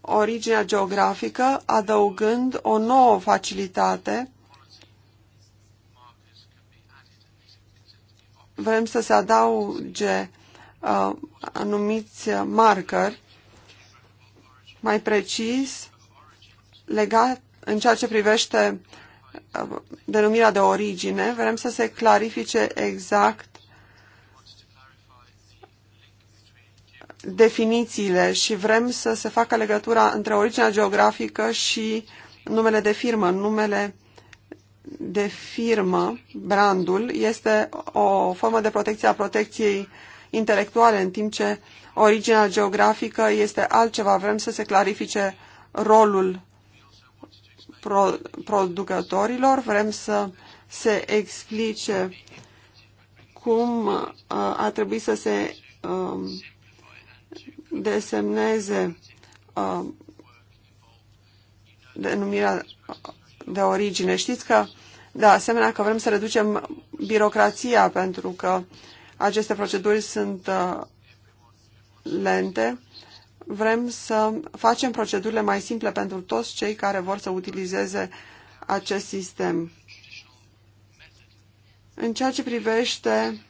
originea geografică, adăugând o nouă facilitate. Vrem să se adauge uh, anumiți marcări, mai precis, legat în ceea ce privește uh, denumirea de origine, vrem să se clarifice exact definițiile și vrem să se facă legătura între originea geografică și numele de firmă. Numele de firmă, brandul, este o formă de protecție a protecției intelectuale, în timp ce originea geografică este altceva. Vrem să se clarifice rolul pro, producătorilor, vrem să se explice cum uh, a trebuit să se um, desemneze um, denumirea de origine. Știți că, de asemenea, că vrem să reducem birocrația pentru că aceste proceduri sunt uh, lente vrem să facem procedurile mai simple pentru toți cei care vor să utilizeze acest sistem. În ceea ce privește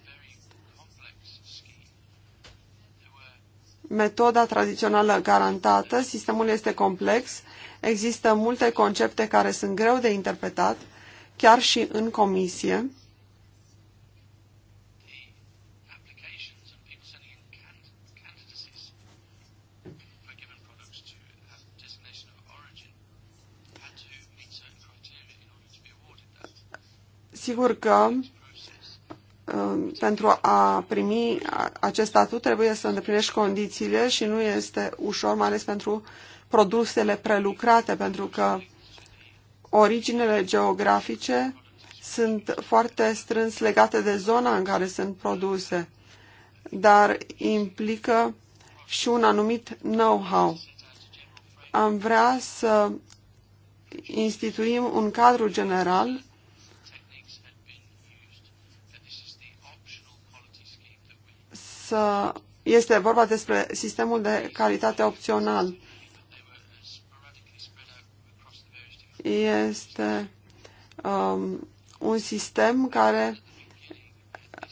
metoda tradițională garantată, sistemul este complex, există multe concepte care sunt greu de interpretat, chiar și în comisie. Sigur că um, pentru a primi acest statut trebuie să îndeplinești condițiile și nu este ușor, mai ales pentru produsele prelucrate, pentru că originele geografice sunt foarte strâns legate de zona în care sunt produse, dar implică și un anumit know-how. Am vrea să instituim un cadru general să... Este vorba despre sistemul de calitate opțional. Este um, un sistem care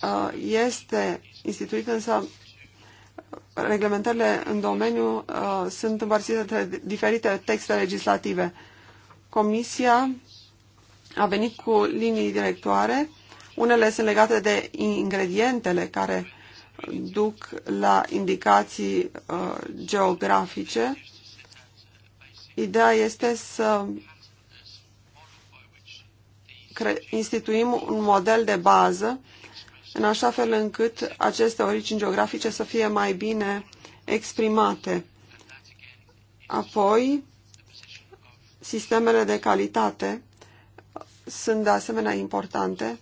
uh, este instituit, însă reglementările în domeniu uh, sunt împărțite între diferite texte legislative. Comisia a venit cu linii directoare. Unele sunt legate de ingredientele care duc la indicații uh, geografice. Ideea este să instituim un model de bază în așa fel încât aceste origini geografice să fie mai bine exprimate. Apoi, sistemele de calitate sunt de asemenea importante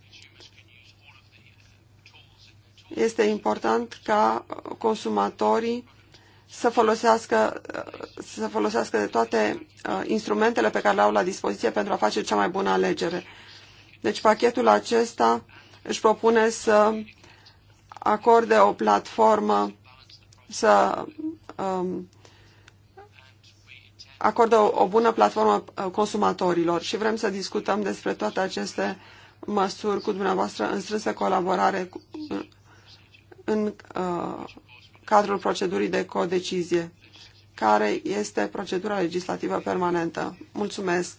este important ca consumatorii să folosească, să folosească de toate uh, instrumentele pe care le au la dispoziție pentru a face cea mai bună alegere. Deci pachetul acesta își propune să acorde o platformă, să um, acordă o, o bună platformă uh, consumatorilor și vrem să discutăm despre toate aceste măsuri cu dumneavoastră în strânsă colaborare cu, uh, în uh, cadrul procedurii de codecizie, care este procedura legislativă permanentă. Mulțumesc!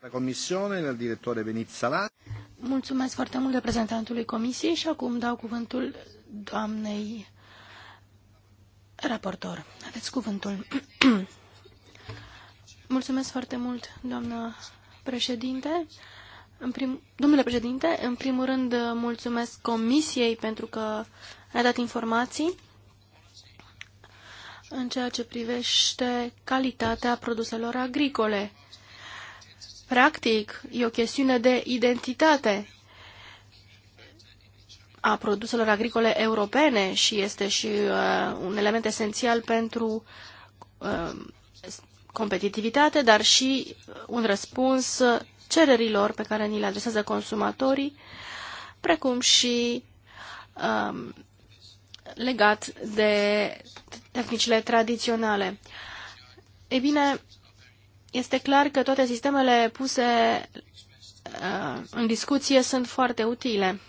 La Comisiune, la directore Benit Salat. Mulțumesc foarte mult reprezentantului Comisiei și acum dau cuvântul doamnei raportor. Aveți cuvântul. Mulțumesc foarte mult, doamnă președinte. În prim... Domnule președinte, în primul rând mulțumesc Comisiei pentru că uh, ne-a dat informații în ceea ce privește calitatea produselor agricole. Practic, e o chestiune de identitate a produselor agricole europene și este și uh, un element esențial pentru uh, competitivitate, dar și un răspuns cererilor pe care ni le adresează consumatorii, precum și uh, legat de tehnicile tradiționale. Ei bine, este clar că toate sistemele puse uh, în discuție sunt foarte utile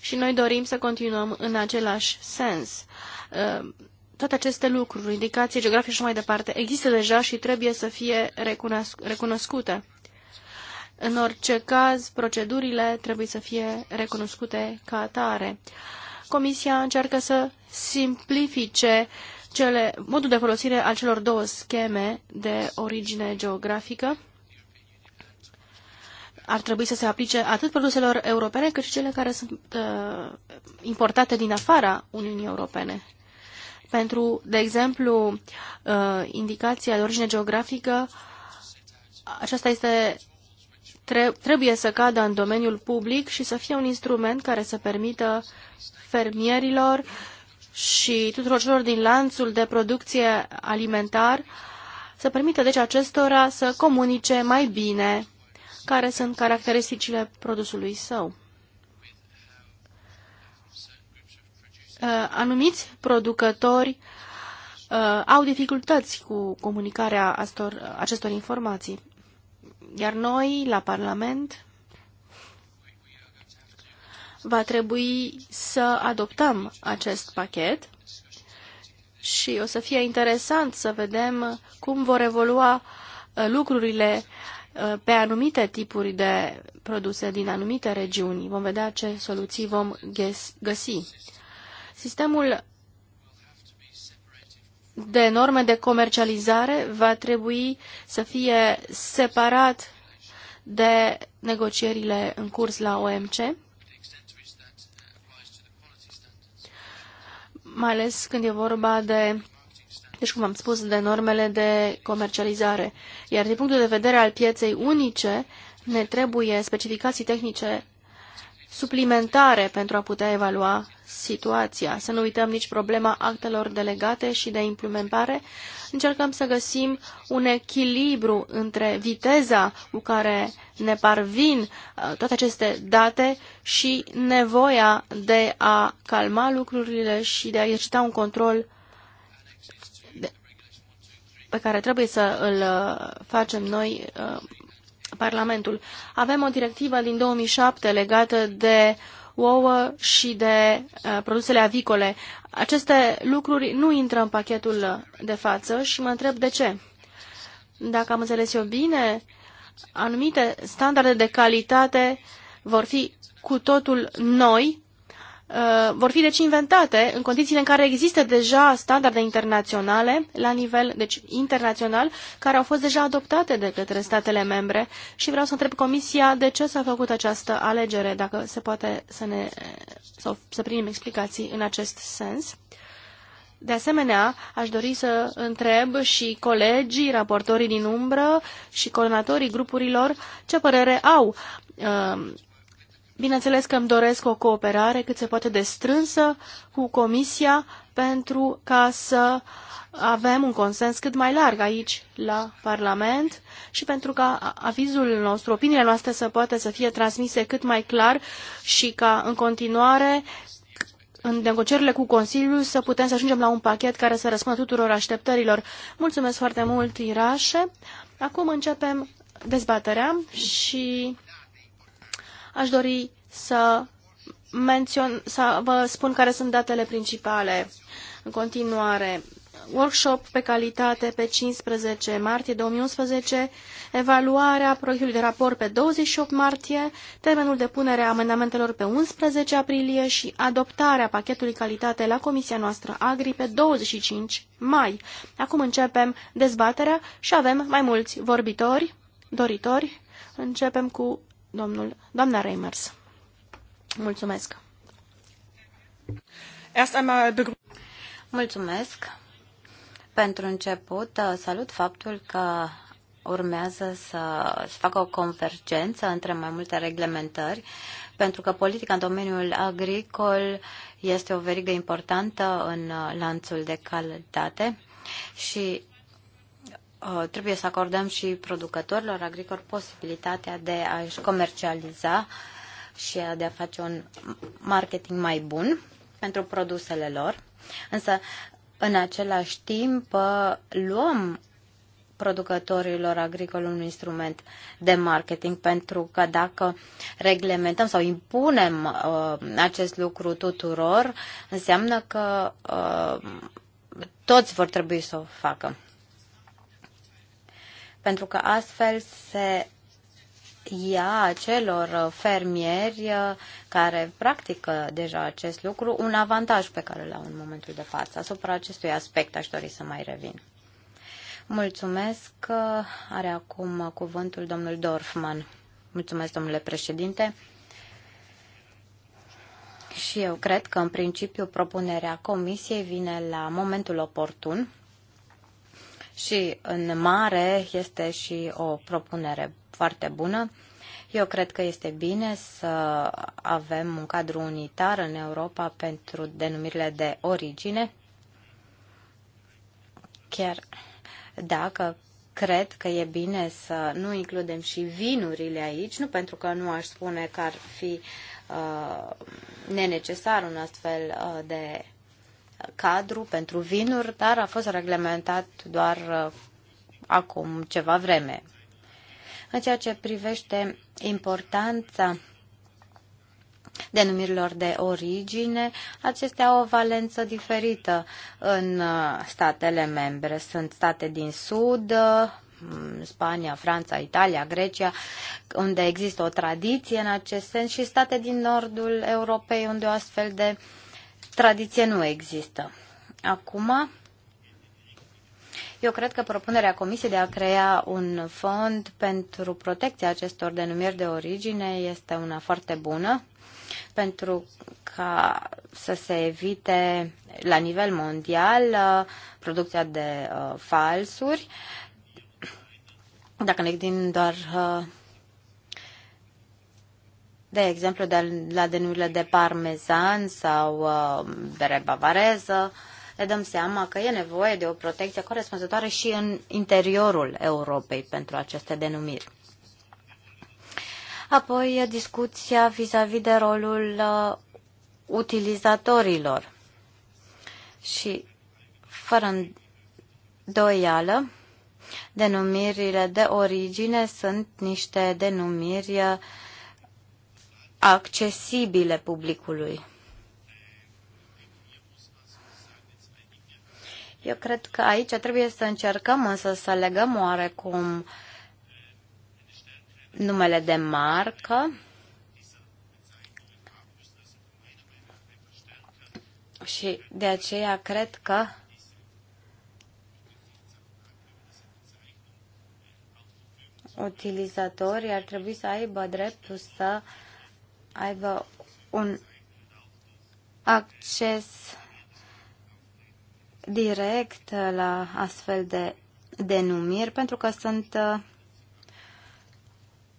și noi dorim să continuăm în același sens. Uh, toate aceste lucruri, indicații geografice și mai departe, există deja și trebuie să fie recunoscute. În orice caz, procedurile trebuie să fie recunoscute ca atare. Uh, Comisia încearcă să simplifice cele, modul de folosire al celor două scheme de origine geografică. Ar trebui să se aplice atât produselor europene cât și cele care sunt uh, importate din afara Uniunii Europene. Pentru, de exemplu, uh, indicația de origine geografică, aceasta este trebuie să cadă în domeniul public și să fie un instrument care să permită fermierilor și tuturor celor din lanțul de producție alimentar să permită deci acestora să comunice mai bine care sunt caracteristicile produsului său. Uh, anumiți producători uh, au dificultăți cu comunicarea acestor informații. Iar noi, la Parlament, va trebui să adoptăm acest pachet și o să fie interesant să vedem cum vor evolua uh, lucrurile uh, pe anumite tipuri de produse din anumite regiuni. Vom vedea ce soluții vom găsi. Sistemul de norme de comercializare va trebui să fie separat de negocierile în curs la OMC, mai ales când e vorba de, deci cum am spus, de normele de comercializare. Iar din punctul de vedere al pieței unice, ne trebuie specificații tehnice suplimentare pentru a putea evalua situația. Să nu uităm nici problema actelor delegate și de implementare. Încercăm să găsim un echilibru între viteza cu care ne parvin uh, toate aceste date și nevoia de a calma lucrurile și de a exercita un control pe care trebuie să îl uh, facem noi uh, Parlamentul. Avem o directivă din 2007 legată de ouă și de uh, produsele avicole. Aceste lucruri nu intră în pachetul de față și mă întreb de ce. Dacă am înțeles eu bine, anumite standarde de calitate vor fi cu totul noi Uh, vor fi deci inventate în condițiile în care există deja standarde internaționale la nivel deci, internațional care au fost deja adoptate de către statele membre și vreau să întreb Comisia de ce s-a făcut această alegere, dacă se poate să ne sau să primim explicații în acest sens. De asemenea, aș dori să întreb și colegii, raportorii din umbră și coordonatorii grupurilor ce părere au uh, Bineînțeles că îmi doresc o cooperare cât se poate de strânsă cu Comisia pentru ca să avem un consens cât mai larg aici la Parlament și pentru ca avizul nostru, opiniile noastre să poată să fie transmise cât mai clar și ca în continuare în negocierile cu Consiliul să putem să ajungem la un pachet care să răspundă tuturor așteptărilor. Mulțumesc foarte mult, Irașe. Acum începem dezbaterea și Aș dori să, mențion, să vă spun care sunt datele principale în continuare. Workshop pe calitate pe 15 martie 2011, evaluarea proiectului de raport pe 28 martie, termenul de punere a amendamentelor pe 11 aprilie și adoptarea pachetului calitate la comisia noastră Agri pe 25 mai. Acum începem dezbaterea și avem mai mulți vorbitori, doritori. Începem cu domnul, doamna Reimers. Mulțumesc. Mulțumesc. Pentru început, uh, salut faptul că urmează să se facă o convergență între mai multe reglementări, pentru că politica în domeniul agricol este o verigă importantă în uh, lanțul de calitate și Uh, trebuie să acordăm și producătorilor agricoli posibilitatea de a-și comercializa și a de a face un marketing mai bun pentru produsele lor. Însă, în același timp, uh, luăm producătorilor agricoli un instrument de marketing, pentru că dacă reglementăm sau impunem uh, acest lucru tuturor, înseamnă că uh, toți vor trebui să o facă pentru că astfel se ia celor uh, fermieri uh, care practică deja acest lucru un avantaj pe care l-au în momentul de față. Asupra acestui aspect aș dori să mai revin. Mulțumesc. Uh, are acum cuvântul domnul Dorfman. Mulțumesc, domnule președinte. Și eu cred că, în principiu, propunerea comisiei vine la momentul oportun și în mare este și o propunere foarte bună. Eu cred că este bine să avem un cadru unitar în Europa pentru denumirile de origine, chiar dacă cred că e bine să nu includem și vinurile aici, nu pentru că nu aș spune că ar fi uh, nenecesar un astfel uh, de cadru pentru vinuri, dar a fost reglementat doar uh, acum ceva vreme. În ceea ce privește importanța denumirilor de origine, acestea au o valență diferită în uh, statele membre. Sunt state din sud, uh, Spania, Franța, Italia, Grecia, unde există o tradiție în acest sens și state din nordul Europei unde o astfel de uh, tradiție nu există. Acum, eu cred că propunerea Comisiei de a crea un fond pentru protecția acestor denumiri de origine este una foarte bună pentru ca să se evite la nivel mondial uh, producția de uh, falsuri. Dacă ne gândim doar uh, de exemplu de la denurile de parmezan sau uh, bere bavareză, ne dăm seama că e nevoie de o protecție corespunzătoare și în interiorul Europei pentru aceste denumiri. Apoi discuția vis-a-vis -vis de rolul uh, utilizatorilor. Și fără îndoială, denumirile de origine sunt niște denumiri uh, accesibile publicului. Eu cred că aici trebuie să încercăm însă să legăm oarecum numele de marcă și de aceea cred că utilizatorii ar trebui să aibă dreptul să uh, aibă un acces direct la astfel de denumiri, pentru că sunt uh,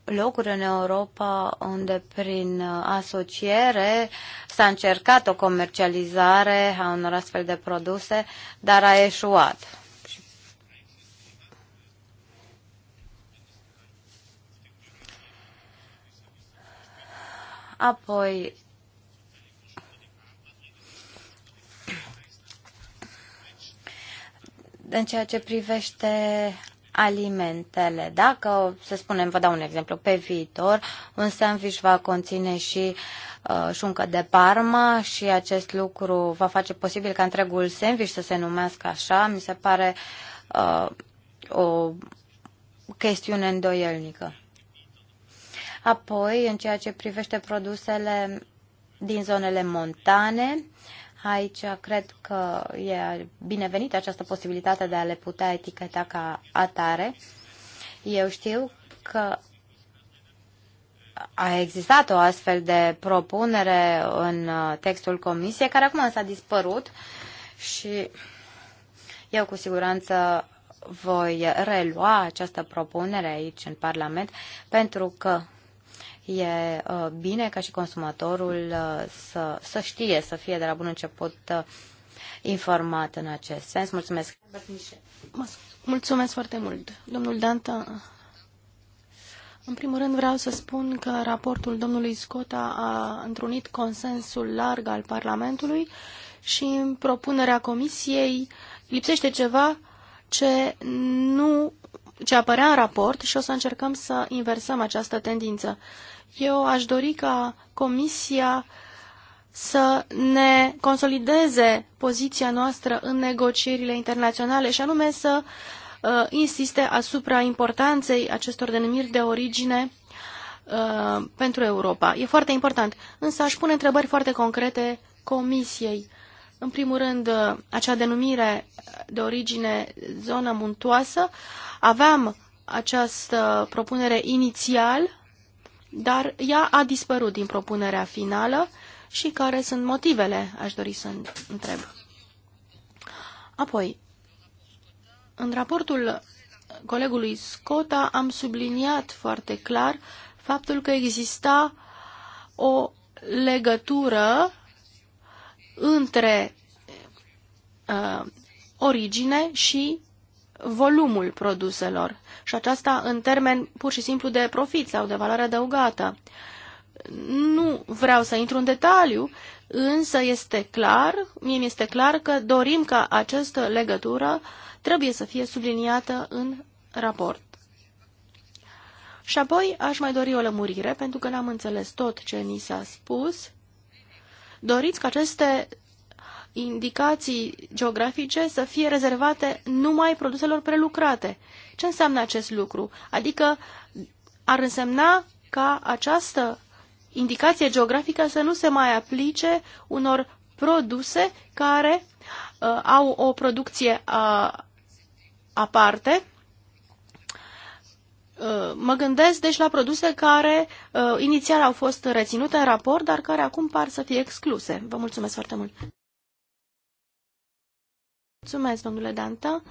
locuri în Europa unde prin uh, asociere s-a încercat o comercializare a unor astfel de produse, dar a eșuat. Apoi, în ceea ce privește alimentele. Dacă, să spunem, vă dau un exemplu, pe viitor, un sandwich va conține și uh, șuncă de parma și acest lucru va face posibil ca întregul sandwich să se numească așa, mi se pare uh, o chestiune îndoielnică. Apoi, în ceea ce privește produsele din zonele montane, aici cred că e binevenită această posibilitate de a le putea eticheta ca atare. Eu știu că a existat o astfel de propunere în uh, textul comisiei, care acum s-a dispărut și eu cu siguranță voi relua această propunere aici în Parlament, pentru că E uh, bine ca și consumatorul uh, să, să știe, să fie de la bun început uh, informat în acest sens. Mulțumesc. Mulțumesc foarte mult. Domnul Danta, în primul rând vreau să spun că raportul domnului Scota a întrunit consensul larg al Parlamentului și în propunerea comisiei lipsește ceva ce nu ce apărea în raport și o să încercăm să inversăm această tendință. Eu aș dori ca Comisia să ne consolideze poziția noastră în negocierile internaționale și anume să uh, insiste asupra importanței acestor denumiri de origine uh, pentru Europa. E foarte important, însă aș pune întrebări foarte concrete Comisiei. În primul rând, uh, acea denumire de origine zonă muntoasă, aveam această propunere inițial dar ea a dispărut din propunerea finală și care sunt motivele, aș dori să întreb. Apoi, în raportul colegului Scota am subliniat foarte clar faptul că exista o legătură între uh, origine și volumul produselor și aceasta în termen pur și simplu de profit sau de valoare adăugată. Nu vreau să intru în detaliu, însă este clar, mie mi este clar că dorim ca această legătură trebuie să fie subliniată în raport. Și apoi aș mai dori o lămurire, pentru că n-am înțeles tot ce ni s-a spus. Doriți ca aceste indicații geografice să fie rezervate numai produselor prelucrate. Ce înseamnă acest lucru? Adică ar însemna ca această indicație geografică să nu se mai aplice unor produse care uh, au o producție uh, aparte. Uh, mă gândesc deci la produse care uh, inițial au fost reținute în raport, dar care acum par să fie excluse. Vă mulțumesc foarte mult! Mulțumesc, domnule Danta.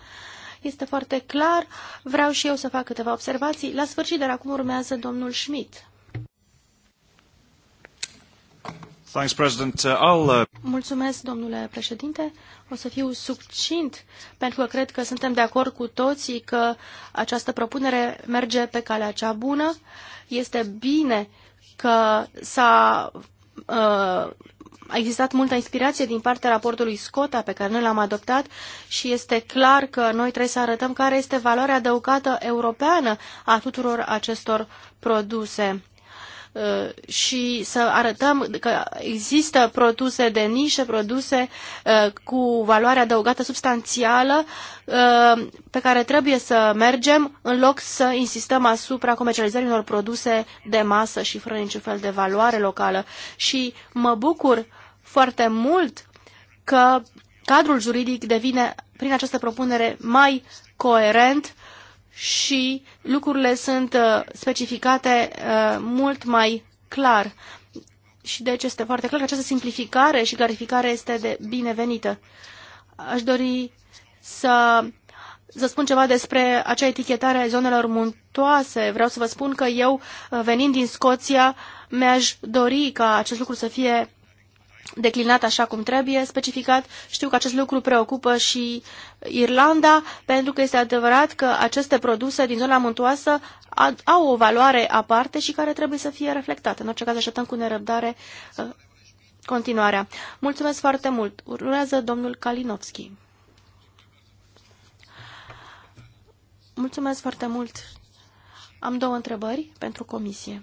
Este foarte clar. Vreau și eu să fac câteva observații. La sfârșit, dar acum urmează domnul Schmidt. Thanks, President. Uh, I'll... Uh, Mulțumesc, domnule președinte. O să fiu succint, pentru că cred că suntem de acord cu toții că această propunere merge pe calea cea bună. Este bine că s-a uh, a existat multă inspirație din partea raportului Scota pe care noi l-am adoptat și este clar că noi trebuie să arătăm care este valoarea adăugată europeană a tuturor acestor produse uh, și să arătăm că există produse de nișe, produse uh, cu valoare adăugată substanțială uh, pe care trebuie să mergem în loc să insistăm asupra comercializării unor produse de masă și fără niciun fel de valoare locală. Și mă bucur foarte mult că cadrul juridic devine prin această propunere mai coerent și lucrurile sunt uh, specificate uh, mult mai clar. Și deci este foarte clar că această simplificare și clarificare este de binevenită. Aș dori să, să spun ceva despre acea etichetare a zonelor muntoase. Vreau să vă spun că eu, uh, venind din Scoția, mi-aș dori ca acest lucru să fie declinat așa cum trebuie, specificat. Știu că acest lucru preocupă și Irlanda, pentru că este adevărat că aceste produse din zona muntoasă au o valoare aparte și care trebuie să fie reflectată. În orice caz, așteptăm cu nerăbdare uh, continuarea. Mulțumesc foarte mult. Urmează domnul Kalinowski. Mulțumesc foarte mult. Am două întrebări pentru comisie.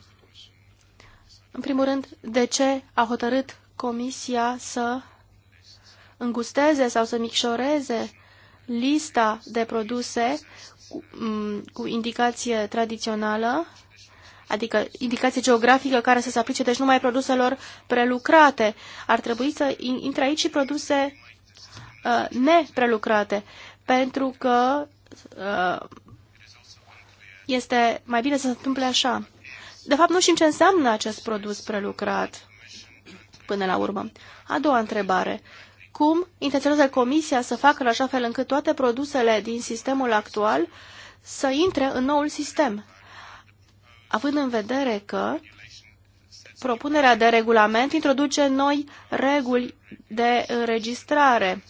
În primul rând, de ce a hotărât Comisia să îngusteze sau să micșoreze lista de produse mm, cu, indicație tradițională, adică indicație geografică care să se aplice deci numai produselor prelucrate. Ar trebui să intre aici și produse uh, neprelucrate, pentru că uh, este mai bine să se întâmple așa. De fapt, nu știm ce înseamnă acest produs prelucrat până la urmă. A doua întrebare. Cum intenționează Comisia să facă în așa fel încât toate produsele din sistemul actual să intre în noul sistem? Având în vedere că propunerea de regulament introduce noi reguli de înregistrare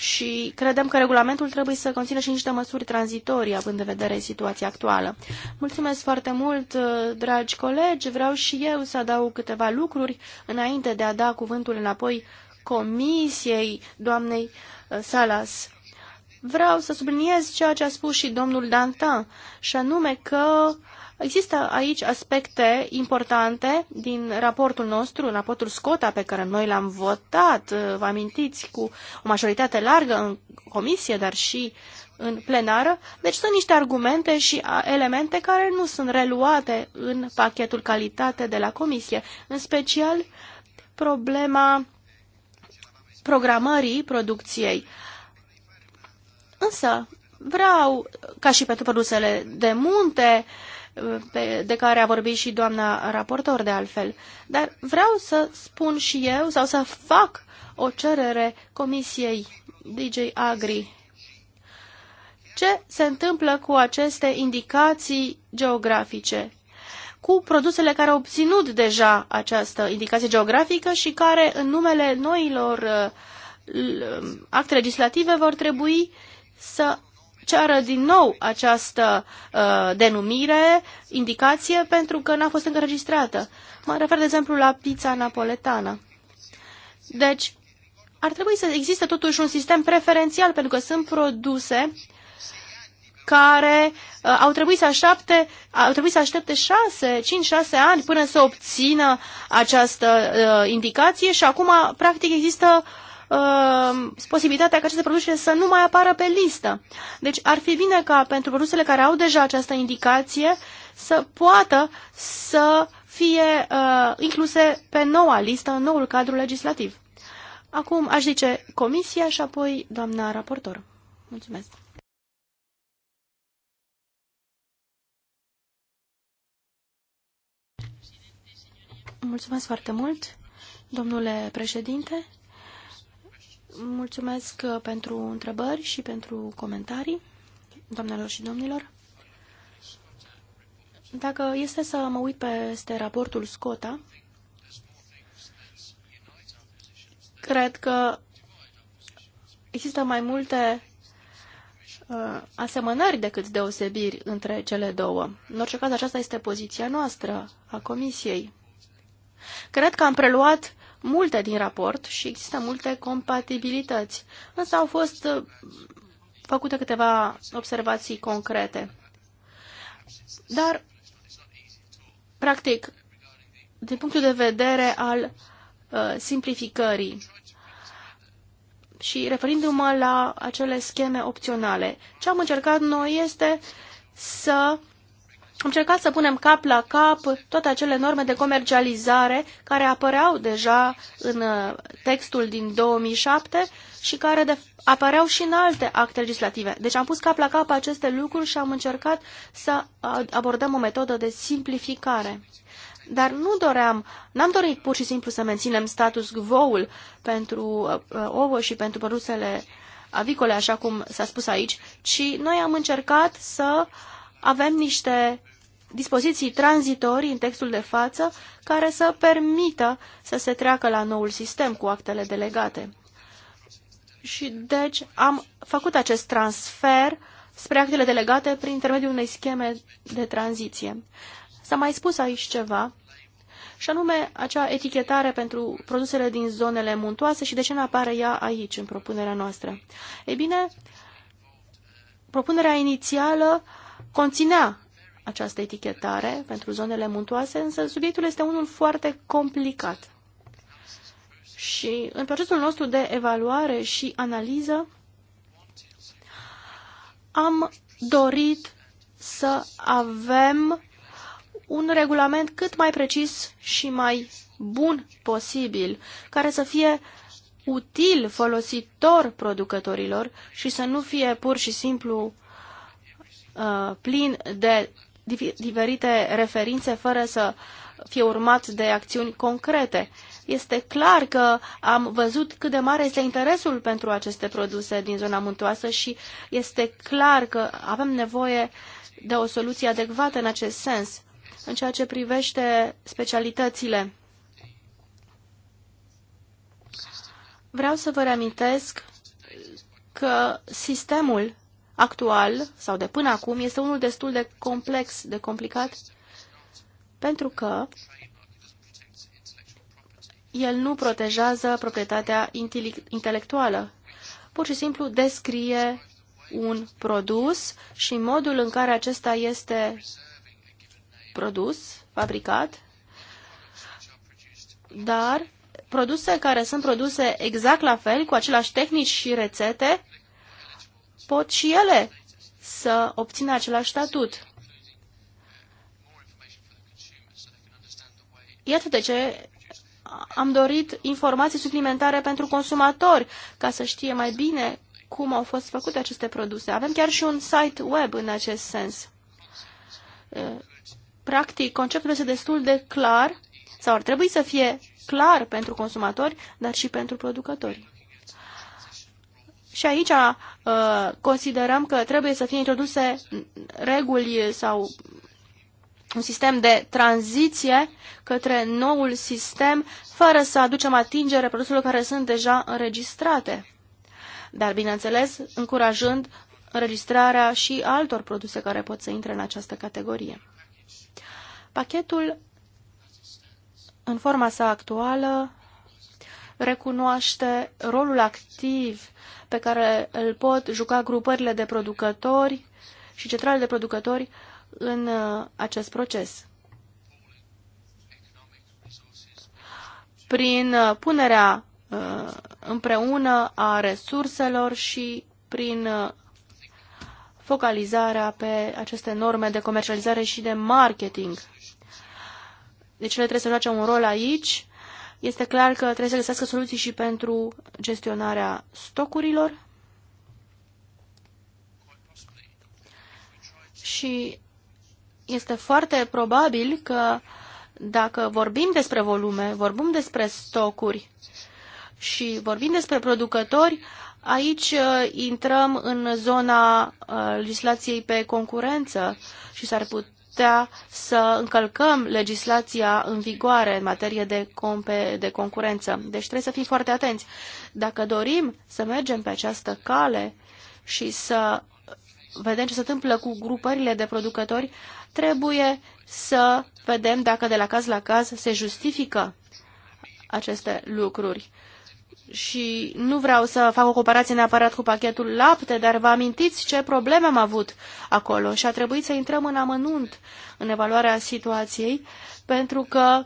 și credem că regulamentul trebuie să conțină și niște măsuri tranzitorii, având în vedere situația actuală. Mulțumesc foarte mult, uh, dragi colegi. Vreau și eu să adaug câteva lucruri înainte de a da cuvântul înapoi comisiei doamnei uh, Salas. Vreau să subliniez ceea ce a spus și domnul Dantin, și anume că uh, Există aici aspecte importante din raportul nostru, în raportul Scota pe care noi l-am votat, uh, vă amintiți, cu o majoritate largă în comisie, dar și în plenară. Deci sunt niște argumente și elemente care nu sunt reluate în pachetul calitate de la comisie, în special problema programării producției. Însă, vreau, ca și pentru produsele de munte, uh, de care a vorbit și doamna raportor de altfel. Dar vreau să spun și eu sau să fac o cerere Comisiei DJ Agri. Ce se întâmplă cu aceste indicații geografice? cu produsele care au obținut deja această indicație geografică și care, în numele noilor uh, acte legislative, vor trebui să ceară din nou această uh, denumire, indicație, pentru că n-a fost încă registrată. Mă refer, de exemplu, la pizza napoletană. Deci, ar trebui să existe totuși un sistem preferențial, pentru că sunt produse care uh, au, trebuit să aștepte, au trebuit să aștepte 6, 5, 6 ani până să obțină această uh, indicație și acum, practic, există uh, uh, posibilitatea ca aceste produse să nu mai apară pe listă. Deci ar fi bine ca pentru produsele care au deja această indicație să poată să fie uh, incluse pe noua listă, în noul cadru legislativ. Acum aș zice comisia și apoi doamna raportor. Mulțumesc. Mulțumesc foarte mult, domnule președinte. Mulțumesc uh, pentru întrebări și pentru comentarii, doamnelor și domnilor. Dacă este să mă uit peste raportul Scota, cred că există mai multe uh, asemănări decât deosebiri între cele două. În orice caz, aceasta este poziția noastră a Comisiei. Cred că am preluat multe din raport și există multe compatibilități, însă au fost uh, făcute câteva observații concrete. Dar, practic, din punctul de vedere al uh, simplificării și referindu-mă la acele scheme opționale, ce am încercat noi este să am încercat să punem cap la cap toate acele norme de comercializare care apăreau deja în uh, textul din 2007 și care de apăreau și în alte acte legislative. Deci am pus cap la cap aceste lucruri și am încercat să uh, abordăm o metodă de simplificare. Dar nu doream, n-am dorit pur și simplu să menținem status quo-ul pentru uh, ouă și pentru produsele avicole, așa cum s-a spus aici, ci noi am încercat să avem niște dispoziții tranzitorii în textul de față care să permită să se treacă la noul sistem cu actele delegate. Și deci am făcut acest transfer spre actele delegate prin intermediul unei scheme de tranziție. S-a mai spus aici ceva, și anume acea etichetare pentru produsele din zonele muntoase și de ce nu apare ea aici, în propunerea noastră. Ei bine, propunerea inițială conținea această etichetare pentru zonele muntoase, însă subiectul este unul foarte complicat. Și în procesul nostru de evaluare și analiză am dorit să avem un regulament cât mai precis și mai bun posibil, care să fie util, folositor producătorilor și să nu fie pur și simplu uh, plin de diferite referințe fără să fie urmat de acțiuni concrete. Este clar că am văzut cât de mare este interesul pentru aceste produse din zona muntoasă și este clar că avem nevoie de o soluție adecvată în acest sens, în ceea ce privește specialitățile. Vreau să vă reamintesc că sistemul actual sau de până acum este unul destul de complex, de complicat, pentru că el nu protejează proprietatea intelectuală. Pur și simplu descrie un produs și modul în care acesta este produs, fabricat, dar produse care sunt produse exact la fel, cu aceleași tehnici și rețete, pot și ele să obțină același statut. Iată de ce am dorit informații suplimentare pentru consumatori, ca să știe mai bine cum au fost făcute aceste produse. Avem chiar și un site web în acest sens. Practic, conceptul este destul de clar, sau ar trebui să fie clar pentru consumatori, dar și pentru producători. Și aici uh, considerăm că trebuie să fie introduse reguli sau un sistem de tranziție către noul sistem, fără să aducem atingere produselor care sunt deja înregistrate. Dar, bineînțeles, încurajând înregistrarea și altor produse care pot să intre în această categorie. Pachetul, în forma sa actuală, recunoaște rolul activ pe care îl pot juca grupările de producători și centralele de producători în uh, acest proces. Prin uh, punerea uh, împreună a resurselor și prin focalizarea pe aceste norme de comercializare și de marketing. Deci ele trebuie să joace un rol aici este clar că trebuie să găsească soluții și pentru gestionarea stocurilor și este foarte probabil că dacă vorbim despre volume, vorbim despre stocuri și vorbim despre producători, aici uh, intrăm în zona uh, legislației pe concurență și s-ar putea putea să încălcăm legislația în vigoare în materie de, compe, de concurență. Deci trebuie să fim foarte atenți. Dacă dorim să mergem pe această cale și să vedem ce se întâmplă cu grupările de producători, trebuie să vedem dacă de la caz la caz se justifică aceste lucruri și nu vreau să fac o comparație neapărat cu pachetul lapte, dar vă amintiți ce probleme am avut acolo și a trebuit să intrăm în amănunt în evaluarea situației, pentru că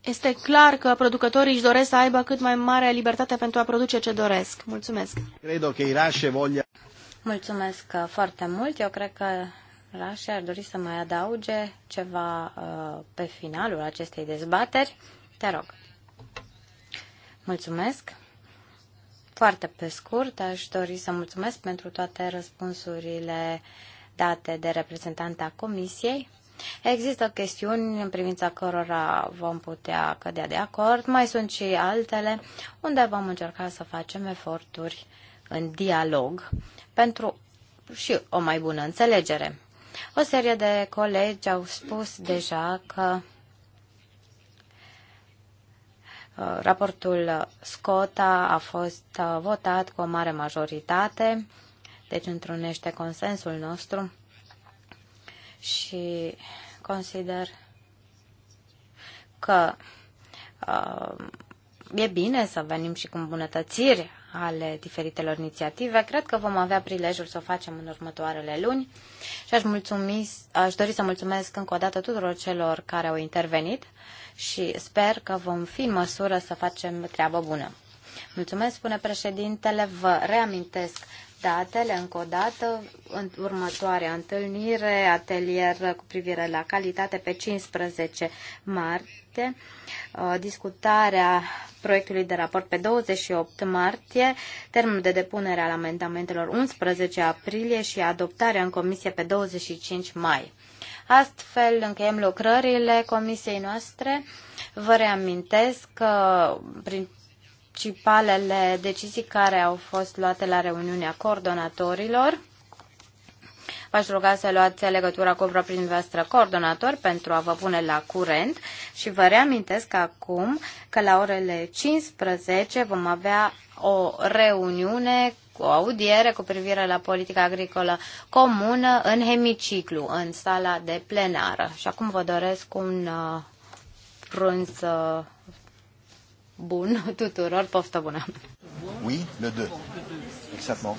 este clar că producătorii își doresc să aibă cât mai mare libertate pentru a produce ce doresc. Mulțumesc! Credo că Irașe voglia... Mulțumesc uh, foarte mult! Eu cred că Rașe ar dori să mai adauge ceva uh, pe finalul acestei dezbateri. Te rog! Mulțumesc! Foarte pe scurt, aș dori să mulțumesc pentru toate răspunsurile date de reprezentanta Comisiei. Există chestiuni în privința cărora vom putea cădea de acord, mai sunt și altele unde vom încerca să facem eforturi în dialog pentru și o mai bună înțelegere. O serie de colegi au spus deja că Uh, raportul Scota a fost uh, votat cu o mare majoritate, deci întrunește consensul nostru și consider că uh, e bine să venim și cu îmbunătățiri ale diferitelor inițiative. Cred că vom avea prilejul să o facem în următoarele luni și aș, mulțumi, aș dori să mulțumesc încă o dată tuturor celor care au intervenit și sper că vom fi în măsură să facem treabă bună. Mulțumesc, spune președintele, vă reamintesc datele încă o dată în următoarea întâlnire, atelier cu privire la calitate pe 15 martie, uh, discutarea proiectului de raport pe 28 martie, termenul de depunere al amendamentelor 11 aprilie și adoptarea în comisie pe 25 mai. Astfel încheiem lucrările comisiei noastre. Vă reamintesc că principalele decizii care au fost luate la reuniunea coordonatorilor. V-aș ruga să luați legătura cu propriul vostru coordonator pentru a vă pune la curent și vă reamintesc acum că la orele 15 vom avea o reuniune o audiere cu privire la politica agricolă comună în hemiciclu, în sala de plenară. Și acum vă doresc un uh, prânz uh, bun tuturor, poftă bună! Oui, le 2. Exactement.